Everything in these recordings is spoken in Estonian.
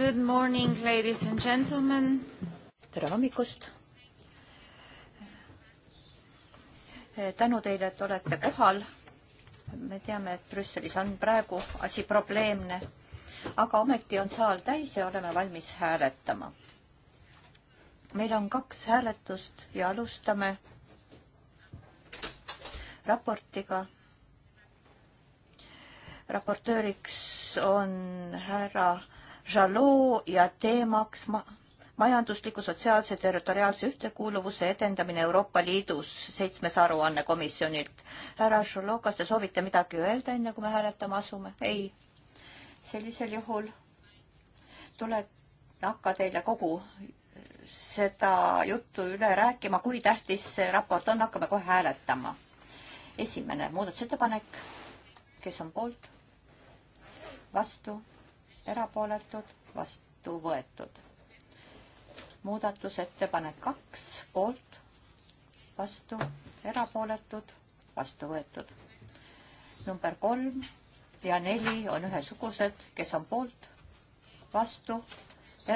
Good morning, ladies and gentlemen. tere hommikust. tänu teile, et olete kohal. me teame, et Brüsselis on praegu asi probleemne, aga ometi on saal täis ja oleme valmis hääletama. meil on kaks hääletust ja alustame raportiga raportööriks on härra Jaloo ja teemaks ma majandusliku, sotsiaalse, territoriaalse ühtekuuluvuse edendamine Euroopa Liidus, seitsmes aruanne komisjonilt. härra Žulo, kas te soovite midagi öelda, enne kui me hääletama asume? ei. sellisel juhul tule, hakka teile kogu seda juttu üle rääkima, kui tähtis see raport on, hakkame kohe hääletama. esimene muudatusettepanek, kes on poolt? vastu erapooletud, vastu võetud. muudatusettepanek kaks, poolt, vastu, erapooletud, vastu võetud. number kolm ja neli on ühesugused, kes on poolt, vastu,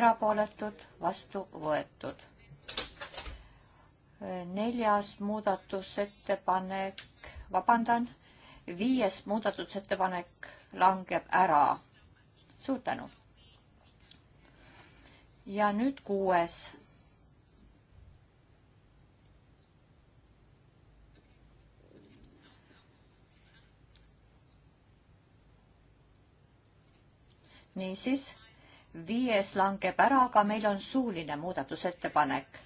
erapooletud, vastu võetud. neljas muudatusettepanek, vabandan, viies muudatusettepanek langeb ära suur tänu. ja nüüd kuues. niisiis, viies langeb ära, aga meil on suuline muudatusettepanek.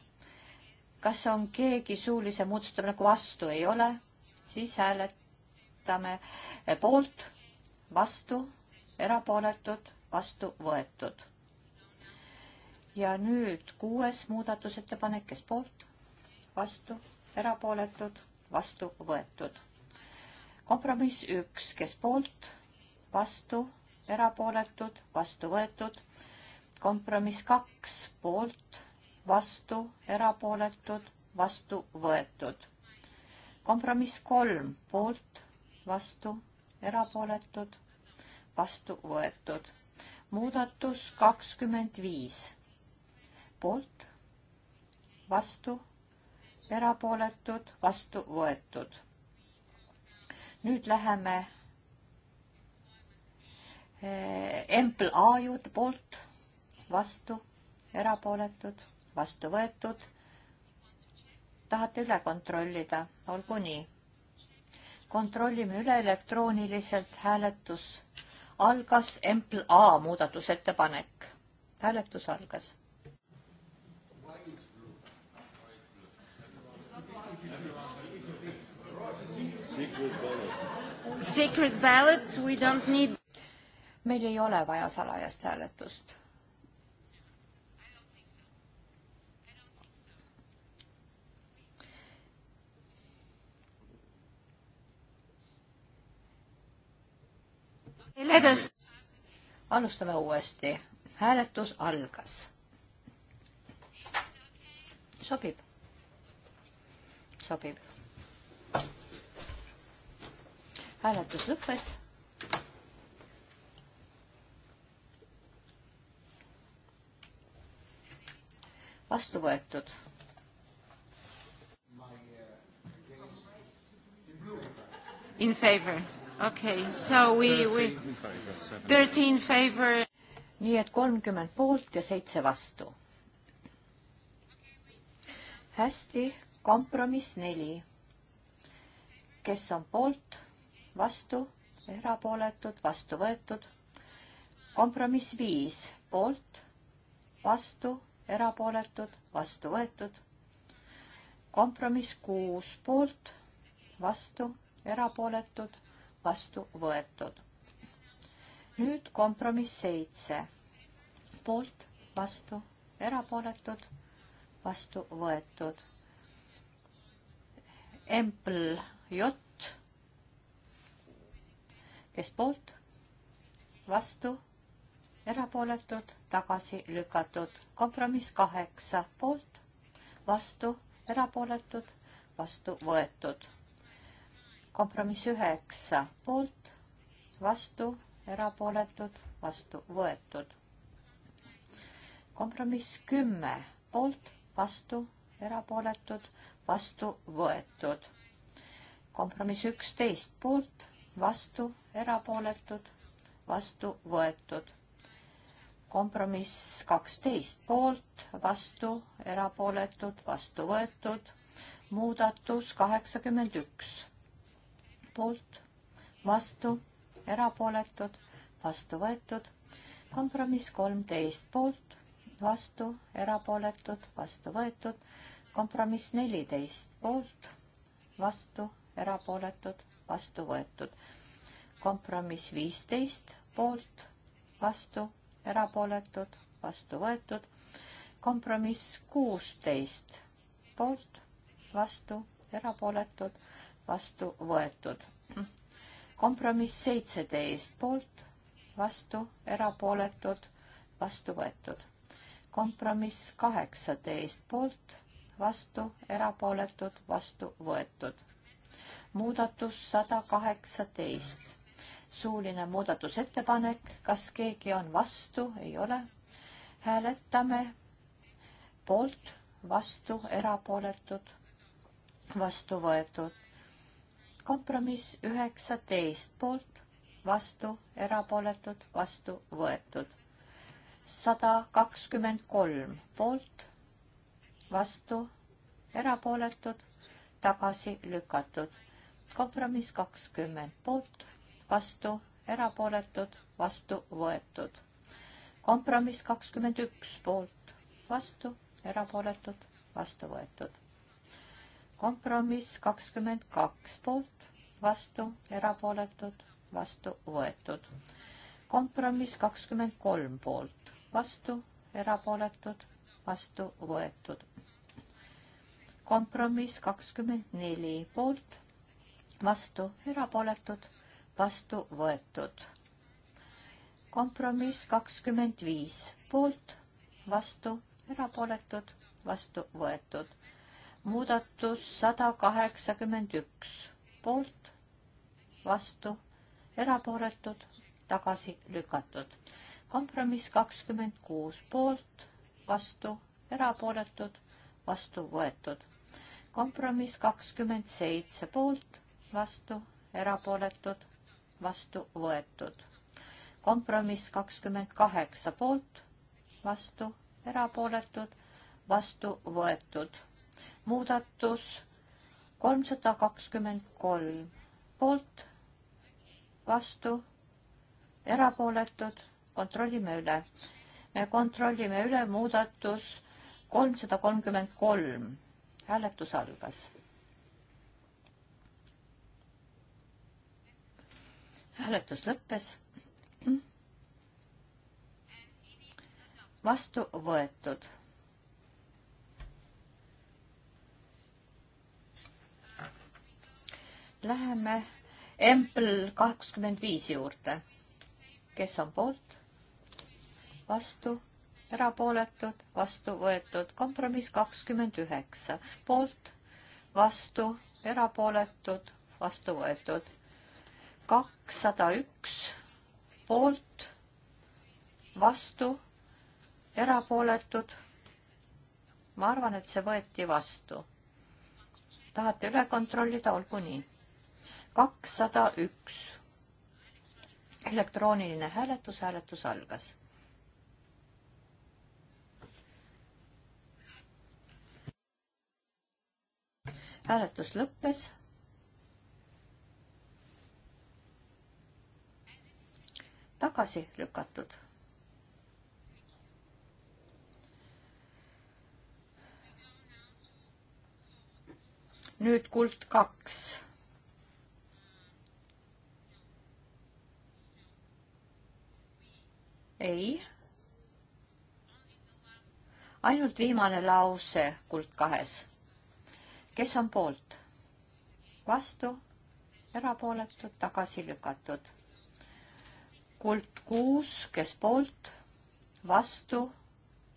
kas on keegi suulise muudatusettepaneku vastu, ei ole? siis hääletame poolt, vastu erapooletud, vastu võetud. ja nüüd kuues muudatusettepanek, kes poolt, vastu, erapooletud, vastu võetud. kompromiss üks, kes poolt, vastu, erapooletud, vastu võetud. kompromiss kaks, poolt, vastu, erapooletud, vastu võetud kompromiss kolm poolt, vastu, erapooletud, vastu võetud. muudatus kakskümmend viis poolt, vastu, erapooletud, vastu võetud. nüüd läheme eh, Empl A juurde poolt, vastu, erapooletud, vastu võetud. tahate üle kontrollida, olgu nii. kontrollime üle elektrooniliselt, hääletus algas Empl A muudatusettepanek. hääletus algas. Secret ballot, we don't need. meil ei ole vaja salajast hääletust alustame uuesti. hääletus algas. sobib? sobib. hääletus lõppes. vastu võetud in favor okei okay,, so we, we thirteen favor. nii et kolmkümmend poolt ja seitse vastu. hästi, kompromiss neli. kes on poolt, vastu, erapooletud, vastu võetud. kompromiss viis, poolt, vastu, erapooletud, vastu võetud. kompromiss kuus, poolt, vastu, erapooletud vastu võetud. nüüd kompromiss seitse, poolt, vastu, erapooletud, vastu võetud. Empl J, kes poolt, vastu, erapooletud, tagasi lükatud, kompromiss kaheksa, poolt, vastu, erapooletud, vastu võetud kompromiss üheksa poolt, vastu, erapooletud, vastu võetud. kompromiss kümme poolt, vastu, erapooletud, vastu võetud. kompromiss üksteist poolt, vastu, erapooletud, vastu võetud. kompromiss kaksteist poolt, vastu, erapooletud, vastu võetud. muudatus kaheksakümmend üks poolt, vastu, erapooletud, vastu võetud. kompromiss kolmteist poolt, vastu, erapooletud, vastu võetud. kompromiss neliteist poolt, vastu, erapooletud, vastu võetud. kompromiss viisteist poolt, vastu, erapooletud, vastu võetud. kompromiss kuusteist poolt, vastu, erapooletud, vastu võetud. kompromiss seitseteist poolt, vastu, erapooletud, vastu võetud. kompromiss kaheksateist poolt, vastu, erapooletud, vastu võetud. muudatus sada kaheksateist. suuline muudatusettepanek, kas keegi on vastu, ei ole? hääletame poolt, vastu, erapooletud, vastu võetud kompromiss üheksateist poolt, vastu, erapooletud, vastu võetud. sada kakskümmend kolm poolt, vastu, erapooletud, tagasi lükatud. kompromiss kakskümmend poolt, vastu, erapooletud, vastu võetud. kompromiss kakskümmend üks poolt, vastu, erapooletud, vastu võetud kompromiss kakskümmend kaks poolt, vastu, erapooletud, vastu võetud. kompromiss kakskümmend kolm poolt, vastu, erapooletud, vastu võetud. kompromiss kakskümmend neli poolt, vastu, erapooletud, vastu võetud. kompromiss kakskümmend viis poolt, vastu, erapooletud, vastu võetud muudatus sada kaheksakümmend üks poolt, vastu, erapooletud, tagasi lükatud. kompromiss kakskümmend kuus poolt, vastu, erapooletud, vastu võetud. kompromiss kakskümmend seitse poolt, vastu, erapooletud, vastu võetud. kompromiss kakskümmend kaheksa poolt, vastu, erapooletud, vastu võetud muudatus kolmsada kakskümmend kolm poolt, vastu, erapooletud, kontrollime üle. me kontrollime üle muudatus kolmsada kolmkümmend kolm. hääletus algas. hääletus lõppes. vastu võetud Läheme Empl kakskümmend viis juurde. kes on poolt? vastu? erapooletud? vastu võetud. kompromiss kakskümmend üheksa. poolt? vastu? erapooletud? vastu võetud. kakssada üks poolt? vastu? erapooletud? ma arvan, et see võeti vastu. tahate üle kontrollida, olgu nii kakssada üks. elektrooniline hääletus, hääletus algas. hääletus lõppes. tagasi lükatud nüüd kuld kaks ei. ainult viimane lause kuld kahes. kes on poolt? vastu, erapooletud, tagasi lükatud. kuld kuus, kes poolt? vastu,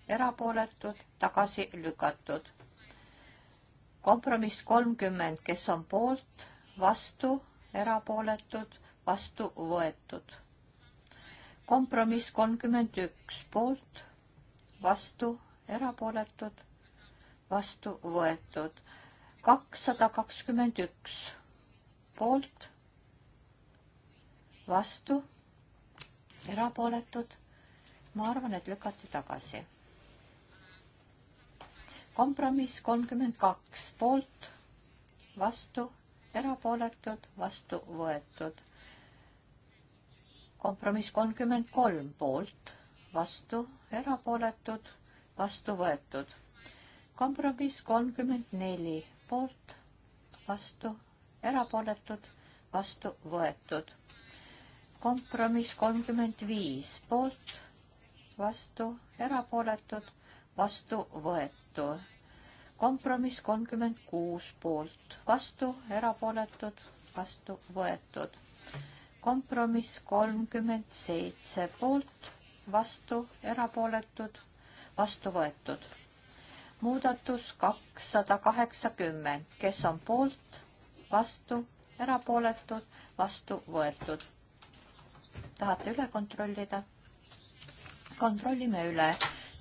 erapooletud, tagasi lükatud. kompromiss kolmkümmend, kes on poolt, vastu, erapooletud, vastu võetud kompromiss kolmkümmend üks poolt, vastu, erapooletud, vastu võetud. kakssada kakskümmend üks poolt, vastu, erapooletud. ma arvan, et lükati tagasi. kompromiss kolmkümmend kaks poolt, vastu, erapooletud, vastu võetud kompromiss kolmkümmend kolm poolt, vastu, erapooletud, vastu võetud. kompromiss kolmkümmend neli poolt, vastu, erapooletud, vastu võetud. kompromiss kolmkümmend viis poolt, vastu, erapooletud, vastu võetud. kompromiss kolmkümmend kuus poolt, vastu, erapooletud, vastu võetud kompromiss kolmkümmend seitse poolt, vastu, erapooletud, vastu võetud. muudatus kakssada kaheksakümmend, kes on poolt, vastu, erapooletud, vastu võetud. tahate üle kontrollida? kontrollime üle.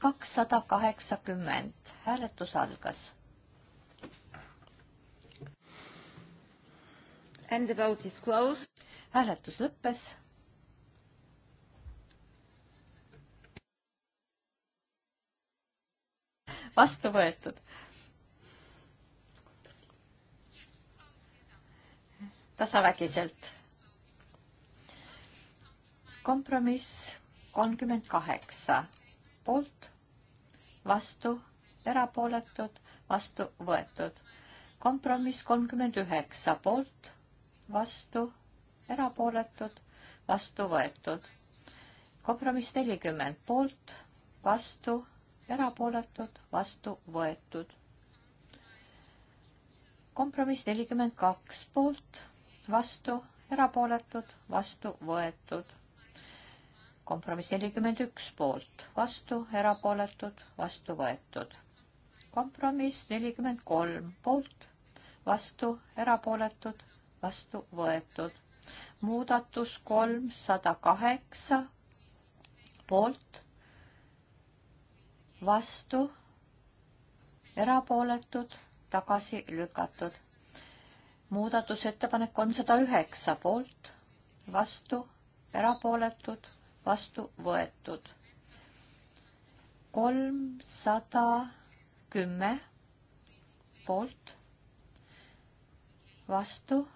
kakssada kaheksakümmend, hääletus algas. And the vote is closed hääletus lõppes. vastu võetud. tasavägiselt. kompromiss kolmkümmend kaheksa, poolt, vastu, erapooletud, vastu võetud. kompromiss kolmkümmend üheksa, poolt, vastu erapooletud, vastu võetud. kompromiss nelikümmend poolt, vastu, erapooletud, vastu võetud. kompromiss nelikümmend kaks poolt, vastu, erapooletud, vastu võetud kompromiss nelikümmend üks poolt, vastu, erapooletud, vastu võetud. kompromiss nelikümmend kolm poolt, vastu, erapooletud, vastu võetud muudatus kolmsada kaheksa poolt, vastu, erapooletud, tagasi lükatud. muudatusettepanek kolmsada üheksa poolt, vastu, erapooletud, vastu võetud. kolmsada kümme poolt, vastu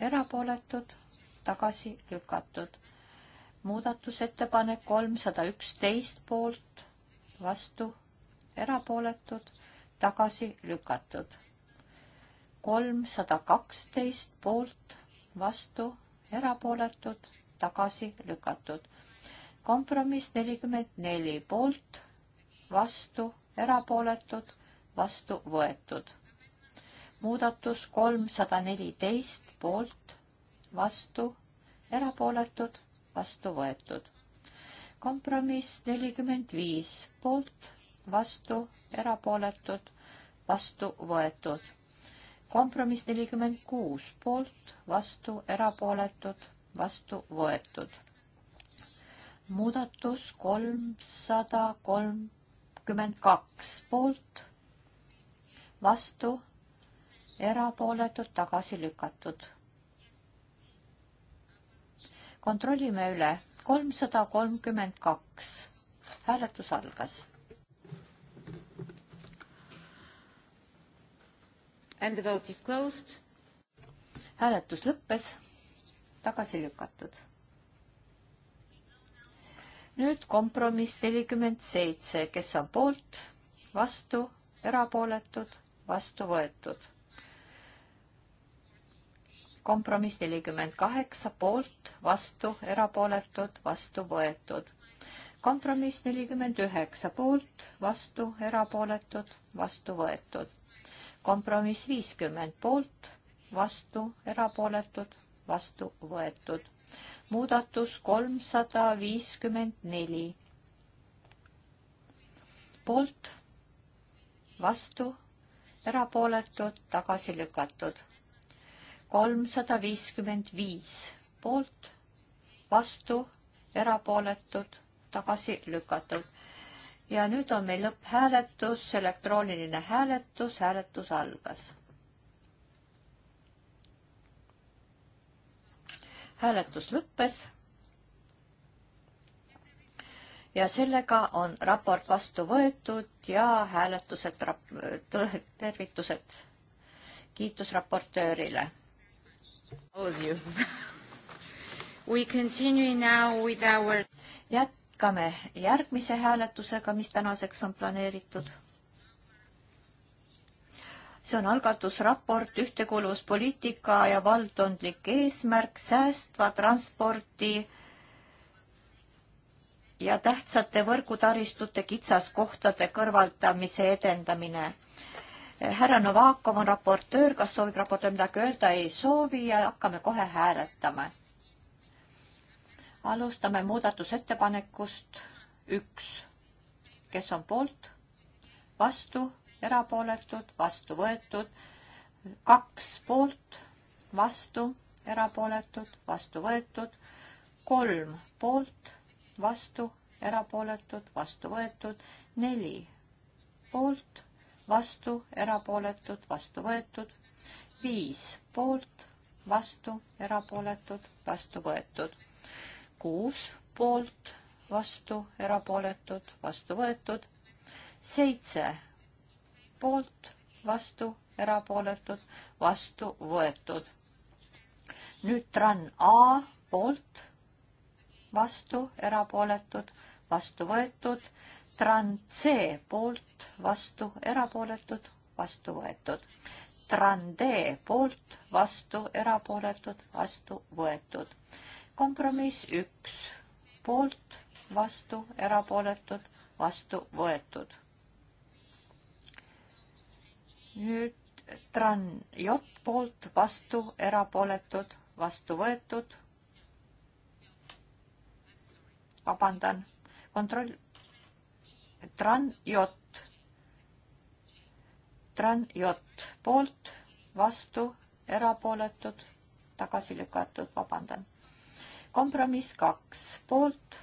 erapooletud, tagasi lükatud. muudatusettepanek kolmsada üksteist poolt, vastu, erapooletud, tagasi lükatud. kolmsada kaksteist poolt, vastu, erapooletud, tagasi lükatud. kompromiss nelikümmend neli poolt, vastu, erapooletud, vastu võetud muudatus kolmsada neliteist poolt, vastu, erapooletud, vastu võetud. kompromiss nelikümmend viis poolt, vastu, erapooletud, vastu võetud. kompromiss nelikümmend kuus poolt, vastu, erapooletud, vastu võetud. muudatus kolmsada kolmkümmend kaks poolt, vastu erapooletud, tagasi lükatud. kontrollime üle, kolmsada kolmkümmend kaks, hääletus algas. And the vote is closed. hääletus lõppes, tagasi lükatud nüüd kompromiss nelikümmend seitse, kes on poolt, vastu, erapooletud, vastu võetud kompromiss nelikümmend kaheksa poolt, vastu, erapooletud, vastu võetud. kompromiss nelikümmend üheksa poolt, vastu, erapooletud, vastu võetud. kompromiss viiskümmend poolt, vastu, erapooletud, vastu võetud. muudatus kolmsada viiskümmend neli. poolt, vastu, erapooletud, tagasi lükatud kolmsada viiskümmend viis poolt, vastu, erapooletud, tagasi lükatud. ja nüüd on meil lõpphääletus, elektrooniline hääletus, hääletus algas. hääletus lõppes. ja sellega on raport vastu võetud ja hääletused, tervitused, kiitus raportöörile All of you We continue now with our jätkame järgmise hääletusega, mis tänaseks on planeeritud. see on algatusraport Ühtekuuluvuspoliitika ja valdkondlik eesmärk säästva transporti ja tähtsate võrgutaristute kitsaskohtade kõrvaldamise edendamine härra Novakov on raportöör, kas soovib raportöör midagi öelda, ei soovi ja hakkame kohe hääletama. alustame muudatusettepanekust üks, kes on poolt, vastu, erapooletud, vastu võetud, kaks poolt, vastu, erapooletud, vastu võetud, kolm poolt, vastu, erapooletud, vastu võetud, neli poolt vastu, erapooletud, vastu võetud. viis poolt, vastu, erapooletud, vastu võetud. kuus poolt, vastu, erapooletud, vastu võetud. seitse poolt, vastu, erapooletud, vastu võetud. nüüd tran A poolt, vastu, erapooletud, vastu võetud. Tran C poolt, vastu, erapooletud, vastu võetud. Tran D poolt, vastu, erapooletud, vastu võetud. kompromiss üks poolt, vastu, erapooletud, vastu võetud. nüüd Tran J poolt, vastu, erapooletud, vastu võetud. vabandan, kontroll Tran Jot. Tran Jot poolt, vastu, erapooletud, tagasi lükatud, vabandan. kompromiss kaks, poolt,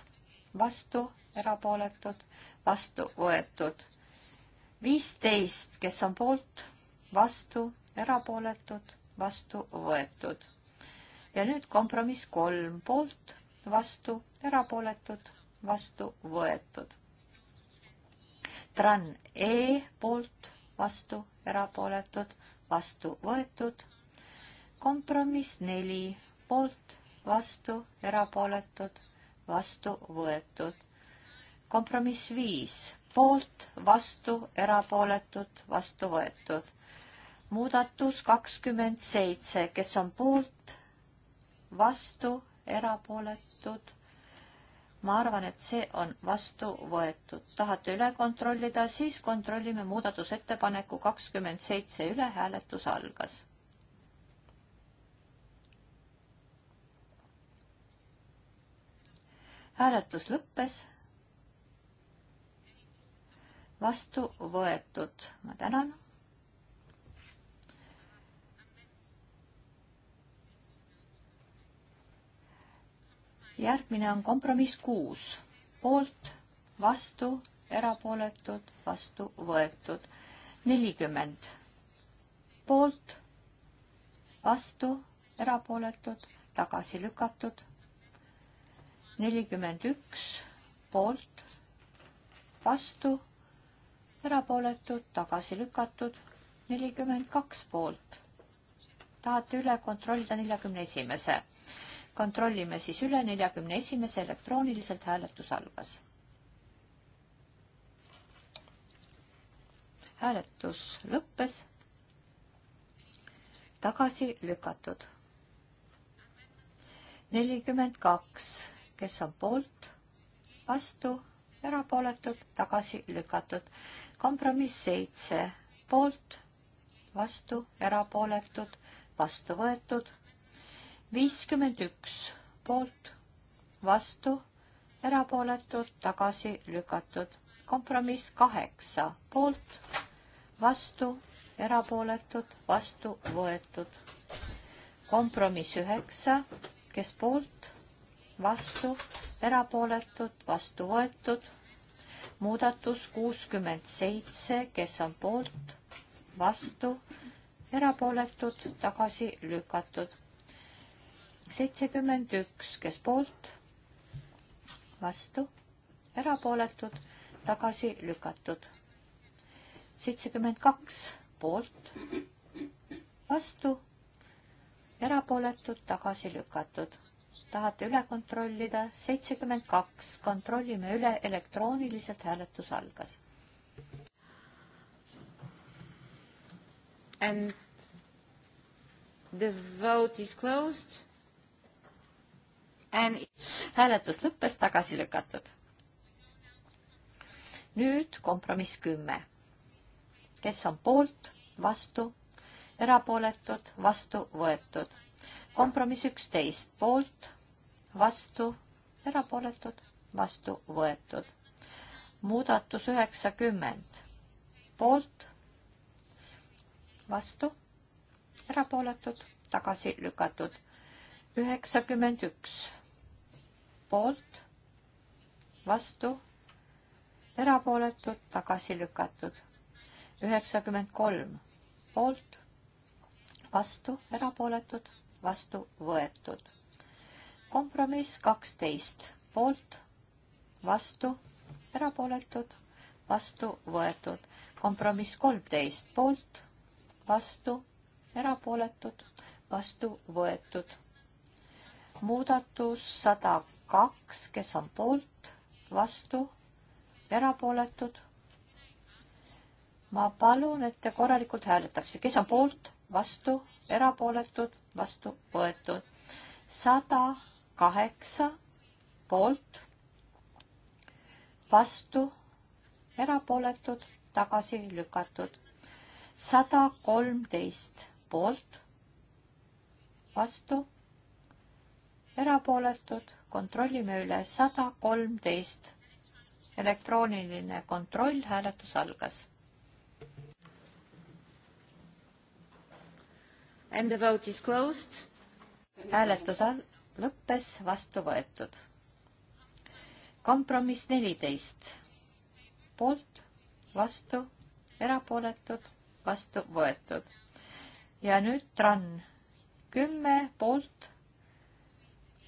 vastu, erapooletud, vastu võetud. viisteist, kes on poolt, vastu, erapooletud, vastu võetud. ja nüüd kompromiss kolm, poolt, vastu, erapooletud, vastu võetud Tran E poolt, vastu, erapooletud, vastu võetud. kompromiss neli poolt, vastu, erapooletud, vastu võetud. kompromiss viis poolt, vastu, erapooletud, vastu võetud. muudatus kakskümmend seitse, kes on poolt, vastu, erapooletud ma arvan, et see on vastu võetud. tahate üle kontrollida, siis kontrollime muudatusettepaneku kakskümmend seitse üle, hääletus algas. hääletus lõppes. vastu võetud, ma tänan järgmine on kompromiss kuus, poolt, vastu, erapooletud, vastu võetud. nelikümmend, poolt, vastu, erapooletud, tagasi lükatud. nelikümmend üks, poolt, vastu, erapooletud, tagasi lükatud. nelikümmend kaks poolt. tahate üle kontrollida neljakümne esimese? kontrollime siis üle, neljakümne esimese elektrooniliselt hääletus algas. hääletus lõppes, tagasi lükatud. nelikümmend kaks, kes on poolt, vastu, erapooletud, tagasi lükatud. kompromiss seitse, poolt, vastu, erapooletud, vastu võetud viiskümmend üks poolt, vastu, erapooletud, tagasi lükatud. kompromiss kaheksa poolt, vastu, erapooletud, vastu võetud. kompromiss üheksa, kes poolt, vastu, erapooletud, vastu võetud muudatus kuuskümmend seitse, kes on poolt, vastu, erapooletud, tagasi lükatud seitsekümmend üks, kes poolt, vastu, erapooletud, tagasi lükatud. seitsekümmend kaks poolt, vastu, erapooletud, tagasi lükatud tahate üle kontrollida, seitsekümmend kaks, kontrollime üle, elektrooniliselt hääletus algas. And the vote is closed hääletus lõppes tagasi lükatud. nüüd kompromiss kümme. kes on poolt, vastu, erapooletud, vastu võetud. kompromiss üksteist, poolt, vastu, erapooletud, vastu võetud. muudatus üheksakümmend, poolt, vastu, erapooletud, tagasi lükatud. üheksakümmend üks poolt, vastu, erapooletud, tagasi lükatud. üheksakümmend kolm poolt, vastu, erapooletud, vastu võetud. kompromiss kaksteist poolt, vastu, erapooletud, vastu võetud. kompromiss kolmteist poolt, vastu, erapooletud, vastu võetud muudatus sada kaks, kes on poolt, vastu, erapooletud. ma palun, et te korralikult hääletaksite, kes on poolt, vastu, erapooletud, vastu võetud. sada kaheksa poolt, vastu, erapooletud, tagasi lükatud. sada kolmteist poolt, vastu, erapooletud kontrollime üle sada kolmteist. elektrooniline kontroll, hääletus algas. And the vote is closed. hääletus lõppes, vastu võetud. kompromiss neliteist, poolt, vastu, erapooletud, vastu võetud. ja nüüd TRAN kümme poolt,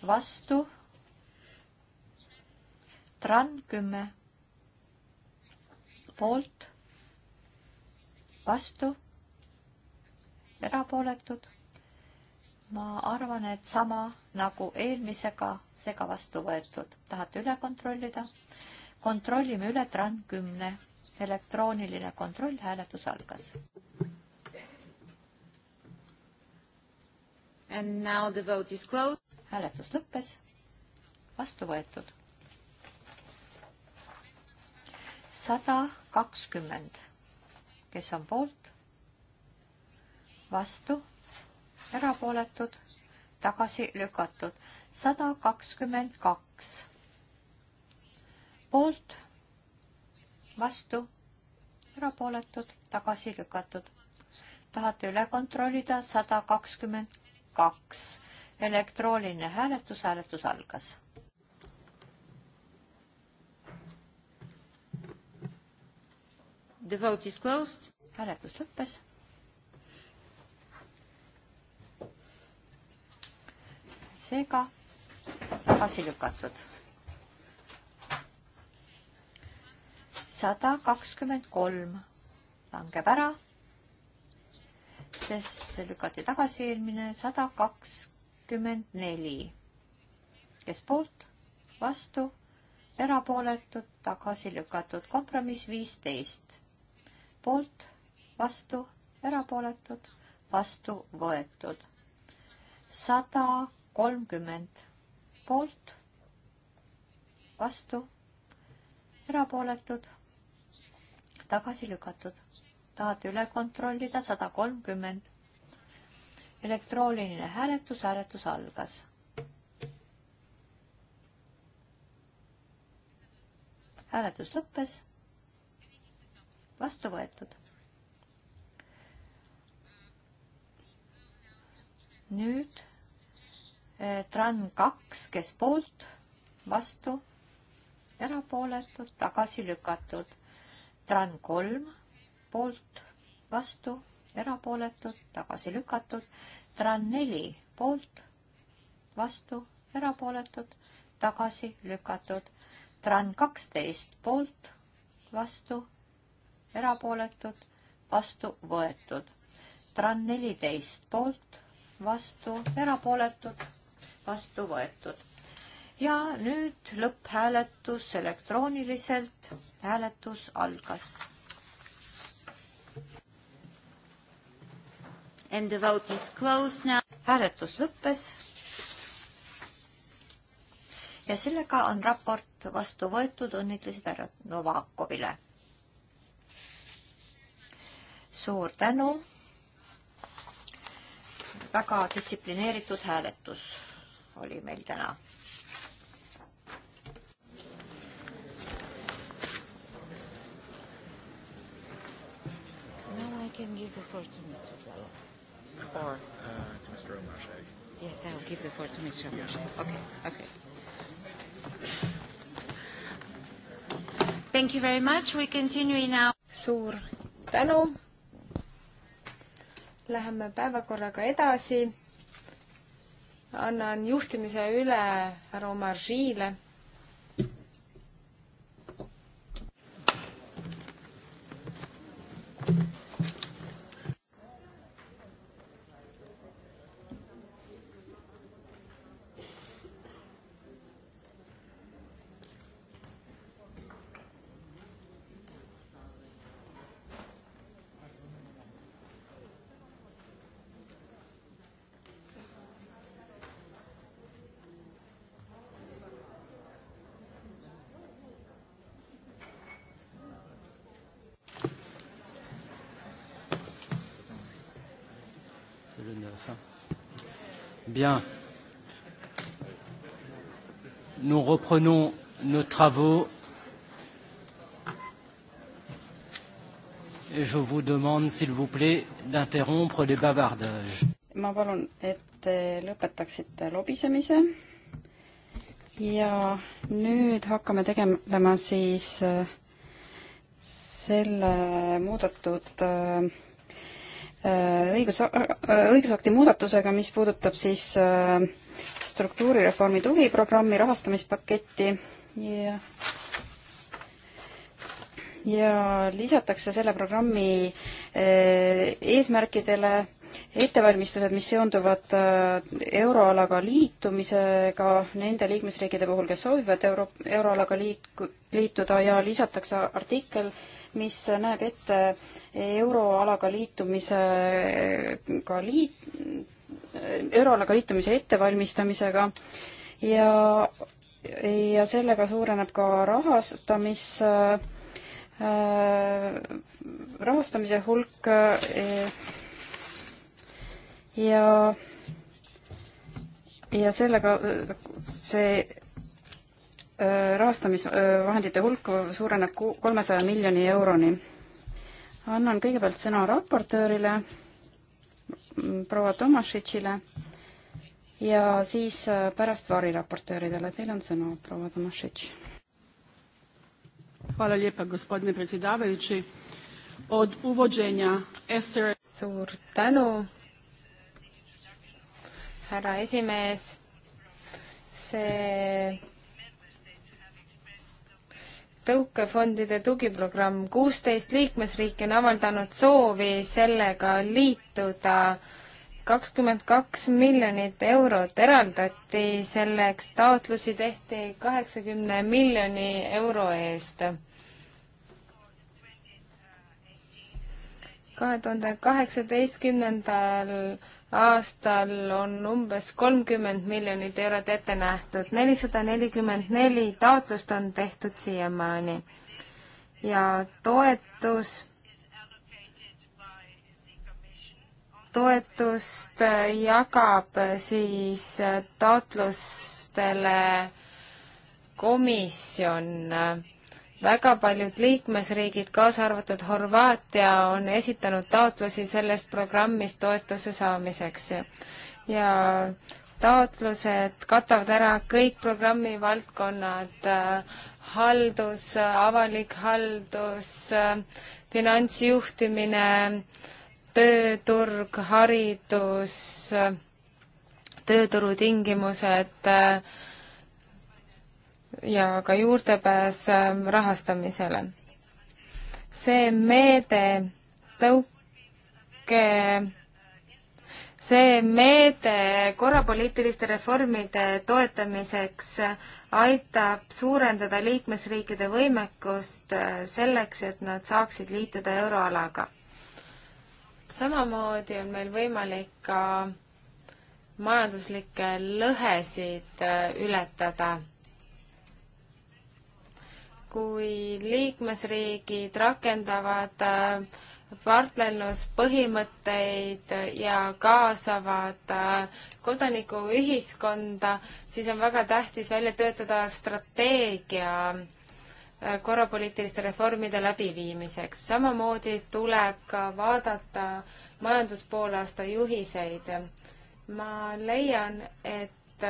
vastu Tran kümme poolt, vastu, erapooletud. ma arvan, et sama nagu eelmisega, seega vastu võetud. tahate üle kontrollida? kontrollime üle Tran kümne. elektrooniline kontroll, hääletus algas. And now the vote is closed. hääletus lõppes, vastu võetud sada kakskümmend, kes on poolt, vastu, erapooletud, tagasi lükatud, sada kakskümmend kaks, poolt, vastu, erapooletud, tagasi lükatud. tahate üle kontrollida, sada kakskümmend kaks, elektrooniline hääletus, hääletus algas The vote is closed. hääletus lõppes. seega tagasi lükatud. sada kakskümmend kolm langeb ära, sest lükati tagasi eelmine sada kakskümmend neli. kes poolt, vastu, erapooletud, tagasi lükatud, kompromiss viisteist poolt, vastu, erapooletud, vastu võetud. sada kolmkümmend poolt, vastu, erapooletud, tagasi lükatud. tahad üle kontrollida, sada kolmkümmend. elektrooniline hääletus, hääletus algas hääletus lõppes vastu võetud. nüüd eh, TRAN kaks, kes poolt, vastu, erapooletud, tagasi lükatud. TRAN kolm, poolt, vastu, erapooletud, tagasi lükatud. TRAN neli, poolt, vastu, erapooletud, tagasi lükatud. TRAN kaksteist, poolt, vastu, erapooletud, vastu võetud. Tran neliteist poolt, vastu erapooletud, vastu võetud. ja nüüd lõpphääletus elektrooniliselt. hääletus algas. And the vote is closed now. hääletus lõppes ja sellega on raport vastu võetud, õnnitlused härra Novakovile suur tänu. väga distsiplineeritud hääletus oli meil täna. Now I can give the floor to Mr. Gallo. Or uh, to Mr. Omarjee. Yes, I'll give the floor to Mr. Omarjee. Yeah. Okay, okay. Thank you very much. We continue now. Suur tänu. Läheme päevakorraga edasi. annan juhtimise üle härra Omar Žiile fin. Bien. Nous reprenons nos travaux et je vous demande, s'il vous plaît, d'interrompre les bavardages. ma palun, et te lõpetaksite lobisemise ja nüüd hakkame tegelema siis äh, selle muudetud äh, Äh, õigus, äh, äh, õigusakti muudatusega, mis puudutab siis struktuurireformi tugiprogrammi rahastamispaketti ja ja lisatakse selle programmi eesmärkidele ettevalmistused, mis seonduvad euroalaga liitumisega nende liikmesriikide puhul, kes soovivad euro, euroalaga liik-, liituda ja lisatakse artikkel, mis näeb ette euroalaga liitumisega liit, euroalaga liitumise ettevalmistamisega ja, ja sellega suureneb ka rahastamis äh,, rahastamise hulk äh, ja, ja sellega see rahastamisvahendite hulk suureneb kolmesaja miljoni euroni. annan kõigepealt sõna raportöörile, proua Tomašitšile ja siis äh, pärast variraportööridele. Teil on sõna, proua Tomašitš. Hvala lijepa, gospodine predsjedavajući. Od uvođenja SR... Suur tänu, härra esimees. See tõukefondide tugiprogramm, kuusteist liikmesriiki on avaldanud soovi sellega liituda, kakskümmend kaks miljonit eurot eraldati selleks, taotlusi tehti kaheksakümne miljoni euro eest. kahe tuhande kaheksateistkümnendal aastal on umbes kolmkümmend miljonit eurot ette nähtud, nelisada nelikümmend neli taotlust on tehtud siiamaani ja toetus, toetust jagab siis taotlustele komisjon väga paljud liikmesriigid, kaasa arvatud Horvaatia, on esitanud taotlusi sellest programmist toetuse saamiseks. ja taotlused katavad ära kõik programmi valdkonnad, äh, haldus, äh, avalik haldus, äh, finantsjuhtimine, tööturg, haridus, tööturutingimused äh,, ja ka juurdepääs ähm, rahastamisele. see meede tõuke see meede korrapoliitiliste reformide toetamiseks aitab suurendada liikmesriikide võimekust äh, selleks, et nad saaksid liituda euroalaga. samamoodi on meil võimalik ka majanduslikke lõhesid äh, ületada kui liikmesriigid rakendavad äh, partnerluspõhimõtteid ja kaasavad äh, kodanikuühiskonda, siis on väga tähtis välja töötada strateegia äh, korrapoliitiliste reformide läbiviimiseks. samamoodi tuleb ka vaadata majanduspoolaasta juhiseid. ma leian, et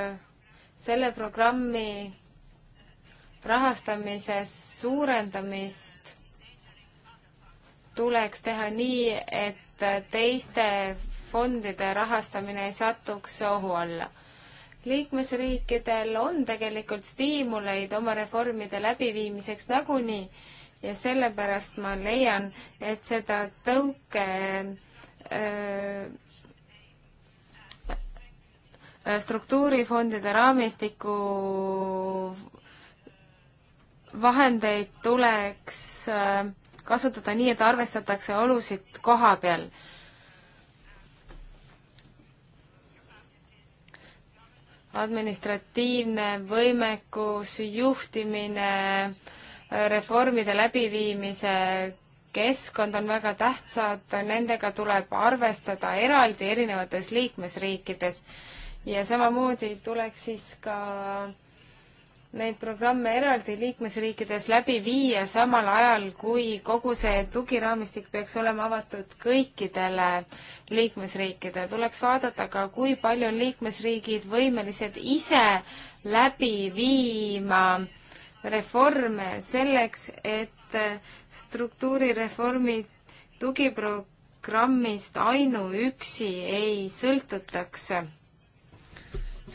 selle programmi rahastamise suurendamist tuleks teha nii, et teiste fondide rahastamine ei satuks ohu alla. liikmesriikidel on tegelikult stiimuleid oma reformide läbiviimiseks nagunii ja sellepärast ma leian, et seda tõuke öö, äh, struktuurifondide raamistiku vahendeid tuleks äh, kasutada nii, et arvestatakse olusid koha peal. administratiivne võimekus, juhtimine, äh, reformide läbiviimise keskkond on väga tähtsad, nendega tuleb arvestada eraldi erinevates liikmesriikides ja samamoodi tuleks siis ka äh, neid programme eraldi liikmesriikides läbi viia samal ajal, kui kogu see tugiraamistik peaks olema avatud kõikidele liikmesriikidele. tuleks vaadata ka, kui palju on liikmesriigid võimelised ise läbi viima reforme selleks, et struktuurireformi tugiprogrammist ainuüksi ei sõltutaks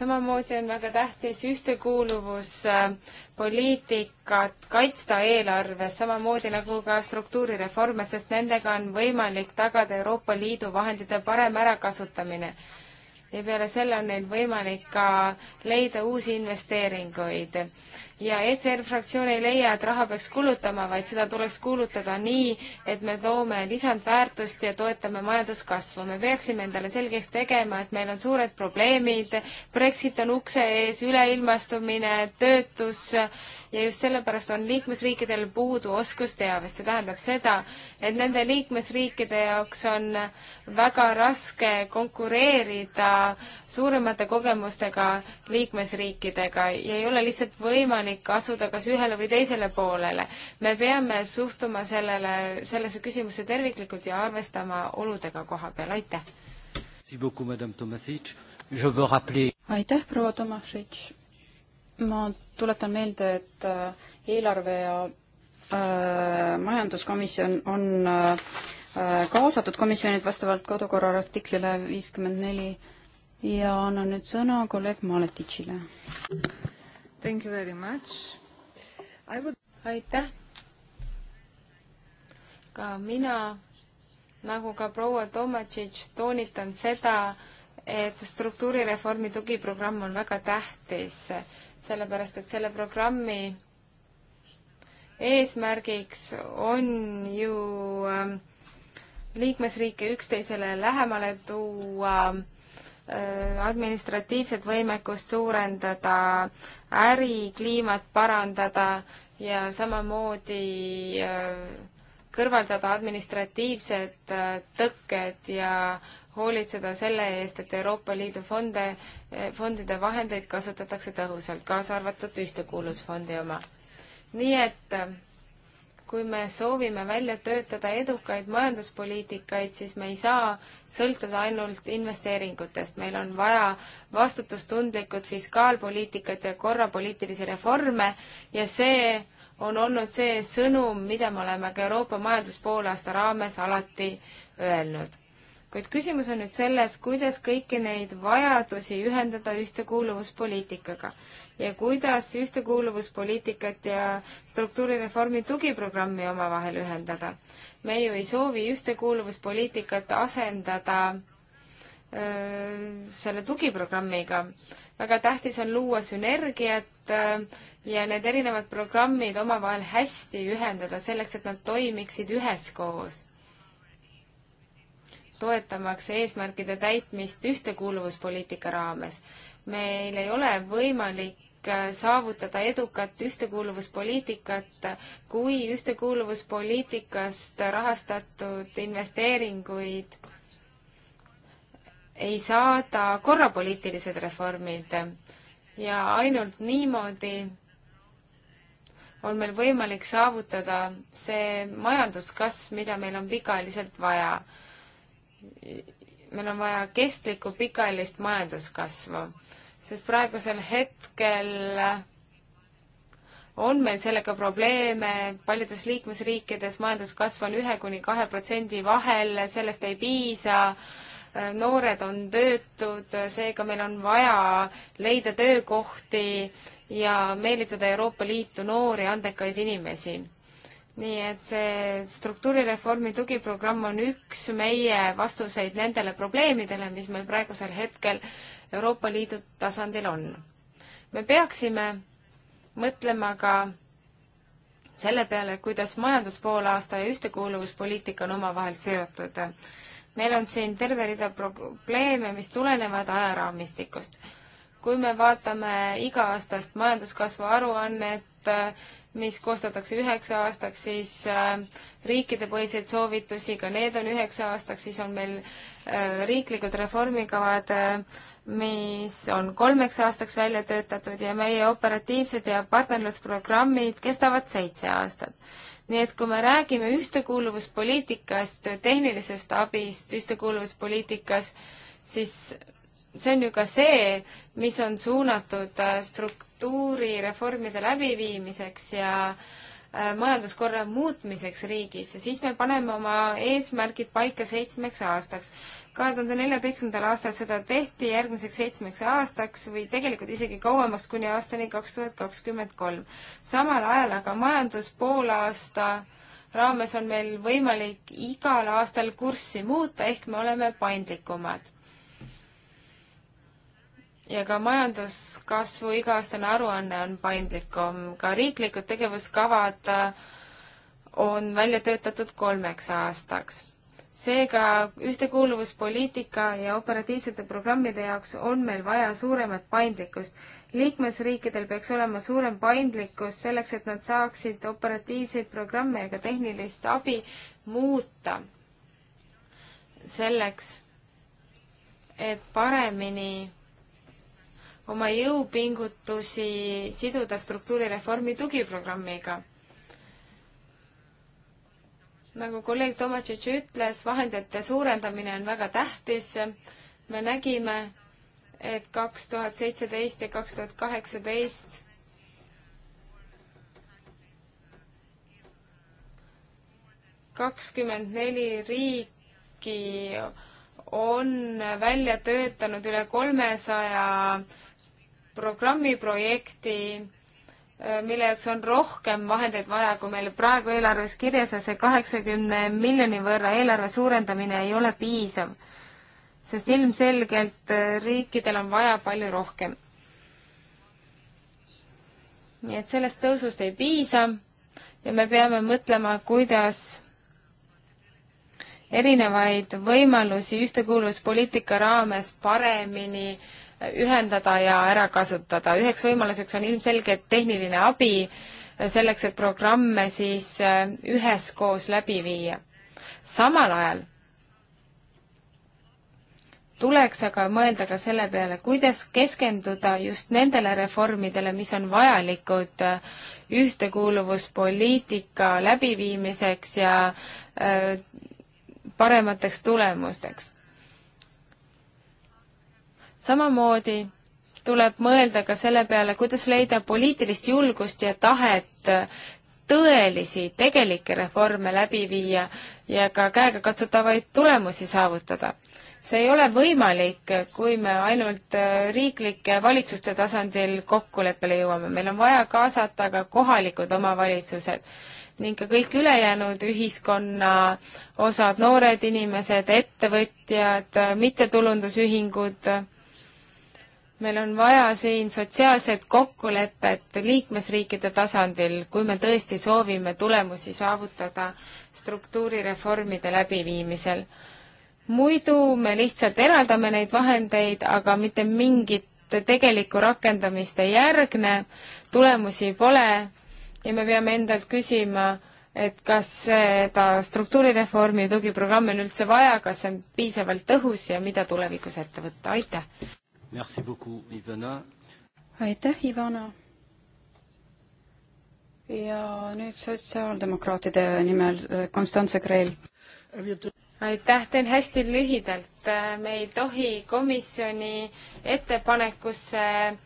samamoodi on väga tähtis ühtekuuluvuspoliitikat äh, kaitsta eelarves, samamoodi nagu ka struktuurireforme, sest nendega on võimalik tagada Euroopa Liidu vahendite parem ärakasutamine. ja peale selle on neil võimalik ka leida uusi investeeringuid ja ECR fraktsioon ei leia, et raha peaks kulutama, vaid seda tuleks kuulutada nii, et me toome lisandväärtust ja toetame majanduskasvu. me peaksime endale selgeks tegema, et meil on suured probleemid, Brexit on ukse ees, üleilmastumine, töötus ja just sellepärast on liikmesriikidel puudu oskusteavest. see tähendab seda, et nende liikmesriikide jaoks on väga raske konkureerida suuremate kogemustega liikmesriikidega ja ei ole lihtsalt võimalik võimalik asuda kas ühele või teisele poolele. me peame suhtuma sellele, sellesse küsimusse terviklikult ja arvestama oludega koha peal, aitäh! aitäh, proua Tomasic! ma tuletan meelde, et äh, eelarve ja äh, majanduskomisjon on äh, äh, kaasatud komisjonid vastavalt kodukorra artiklile viiskümmend neli ja annan nüüd sõna kolleeg Maletitšile. Thank you very much. I would... aitäh! ka mina, nagu ka proua Tomatšitš, toonitan seda, et struktuurireformi tugiprogramm on väga tähtis, sellepärast et selle programmi eesmärgiks on ju ähm, liikmesriike üksteisele lähemale tuua äh, Äh, administratiivset võimekust suurendada, ärikliimat parandada ja samamoodi äh, kõrvaldada administratiivsed äh, tõkked ja hoolitseda selle eest, et Euroopa Liidu fonde, fondide vahendeid kasutatakse tõhusalt, kaasa arvatud Ühtekuuluvusfondi oma. nii et kui me soovime välja töötada edukaid majanduspoliitikaid, siis me ei saa sõltuda ainult investeeringutest, meil on vaja vastutustundlikud fiskaalpoliitikat ja korrapoliitilisi reforme ja see on olnud see sõnum, mida me oleme ka Euroopa majanduspoolaasta raames alati öelnud kuid küsimus on nüüd selles, kuidas kõiki neid vajadusi ühendada ühtekuuluvuspoliitikaga ja kuidas ühtekuuluvuspoliitikat ja struktuurireformi tugiprogrammi omavahel ühendada. me ju ei soovi ühtekuuluvuspoliitikat asendada öö, selle tugiprogrammiga. väga tähtis on luua sünergiat öö, ja need erinevad programmid omavahel hästi ühendada selleks, et nad toimiksid üheskoos toetamaks eesmärkide täitmist ühtekuuluvuspoliitika raames. meil ei ole võimalik äh, saavutada edukat ühtekuuluvuspoliitikat, kui ühtekuuluvuspoliitikast rahastatud investeeringuid ei saada korrapoliitilised reformid ja ainult niimoodi on meil võimalik saavutada see majanduskasv, mida meil on pikaajaliselt vaja meil on vaja kestlikku pikaajalist majanduskasvu, sest praegusel hetkel on meil sellega probleeme, paljudes liikmesriikides majanduskasv on ühe kuni kahe protsendi vahel, sellest ei piisa, noored on töötud, seega meil on vaja leida töökohti ja meelitada Euroopa Liitu noori andekaid inimesi nii et see struktuurireformi tugiprogramm on üks meie vastuseid nendele probleemidele, mis meil praegusel hetkel Euroopa Liidu tasandil on. me peaksime mõtlema ka selle peale, kuidas majanduspoolaasta ja ühtekuuluvuspoliitika on omavahel seotud. meil on siin terve rida probleeme, mis tulenevad ajaraamistikust. kui me vaatame iga-aastast majanduskasvu aruannet, mis koostatakse üheksa aastaks, siis äh, riikidepõhiseid soovitusi, ka need on üheksa aastaks, siis on meil äh, riiklikud reformikavad äh,, mis on kolmeks aastaks välja töötatud ja meie operatiivsed ja partnerlusprogrammid kestavad seitse aastat. nii et kui me räägime ühtekuuluvuspoliitikast, tehnilisest abist ühtekuuluvuspoliitikas, siis see on ju ka see, mis on suunatud äh, struktuurireformide läbiviimiseks ja äh, majanduskorra muutmiseks riigis ja siis me paneme oma eesmärgid paika seitsmeks aastaks. kahe tuhande neljateistkümnendal aastal seda tehti järgmiseks seitsmeks aastaks või tegelikult isegi kauemaks, kuni aastani kaks tuhat kakskümmend kolm. samal ajal aga majandus poolaasta raames on meil võimalik igal aastal kurssi muuta, ehk me oleme paindlikumad ja ka majanduskasvu iga-aastane aruanne on paindlikum, ka riiklikud tegevuskavad äh, on välja töötatud kolmeks aastaks. seega ühtekuuluvuspoliitika ja operatiivsete programmide jaoks on meil vaja suuremat paindlikkust. liikmesriikidel peaks olema suurem paindlikkus selleks, et nad saaksid operatiivseid programme ja ka tehnilist abi muuta selleks, et paremini oma jõupingutusi siduda struktuurireformi tugiprogrammiga. nagu kolleeg Tomatšitš ütles, vahendite suurendamine on väga tähtis. me nägime, et kaks tuhat seitseteist ja kaks tuhat kaheksateist kakskümmend neli riiki on välja töötanud üle kolmesaja 300 programmi projekti, äh, mille jaoks on rohkem vahendeid vaja, kui meil praegu eelarves kirjas ja see kaheksakümne miljoni võrra eelarve suurendamine ei ole piisav, sest ilmselgelt äh, riikidel on vaja palju rohkem. nii et sellest tõusust ei piisa ja me peame mõtlema, kuidas erinevaid võimalusi ühtekuuluvuspoliitika raames paremini äh, ühendada ja ära kasutada. üheks võimaluseks on ilmselgelt tehniline abi selleks, et programme siis äh, üheskoos läbi viia. samal ajal tuleks aga mõelda ka selle peale, kuidas keskenduda just nendele reformidele, mis on vajalikud äh, ühtekuuluvuspoliitika läbiviimiseks ja öö, äh, paremateks tulemusteks samamoodi tuleb mõelda ka selle peale, kuidas leida poliitilist julgust ja tahet tõelisi, tegelikke reforme läbi viia ja ka käegakatsutavaid tulemusi saavutada. see ei ole võimalik, kui me ainult äh, riiklike valitsuste tasandil kokkuleppele jõuame, meil on vaja kaasata ka kohalikud omavalitsused ning ka kõik ülejäänud ühiskonna osad, noored inimesed, ettevõtjad, mittetulundusühingud meil on vaja siin sotsiaalset kokkulepet liikmesriikide tasandil, kui me tõesti soovime tulemusi saavutada struktuurireformide läbiviimisel. muidu me lihtsalt eraldame neid vahendeid, aga mitte mingit tegelikku rakendamist ei järgne, tulemusi pole ja me peame endalt küsima, et kas seda struktuurireformi tugiprogrammi on üldse vaja, kas see on piisavalt tõhus ja mida tulevikus ette võtta, aitäh! Merci beaucoup, Ivana. aitäh, Ivana. ja nüüd sotsiaaldemokraatide nimel Konstantse äh, Kreel. aitäh, teen hästi lühidalt. Äh, me ei tohi komisjoni ettepanekusse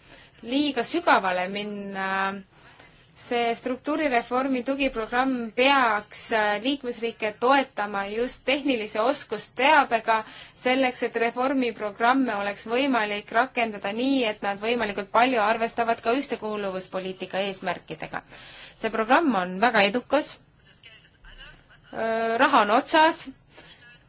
liiga sügavale minna see struktuurireformi tugiprogramm peaks äh, liikmesriike toetama just tehnilise oskusteabega, selleks et reformiprogramme oleks võimalik rakendada nii, et nad võimalikult palju arvestavad ka ühtekuuluvuspoliitika eesmärkidega. see programm on väga edukas, äh, raha on otsas,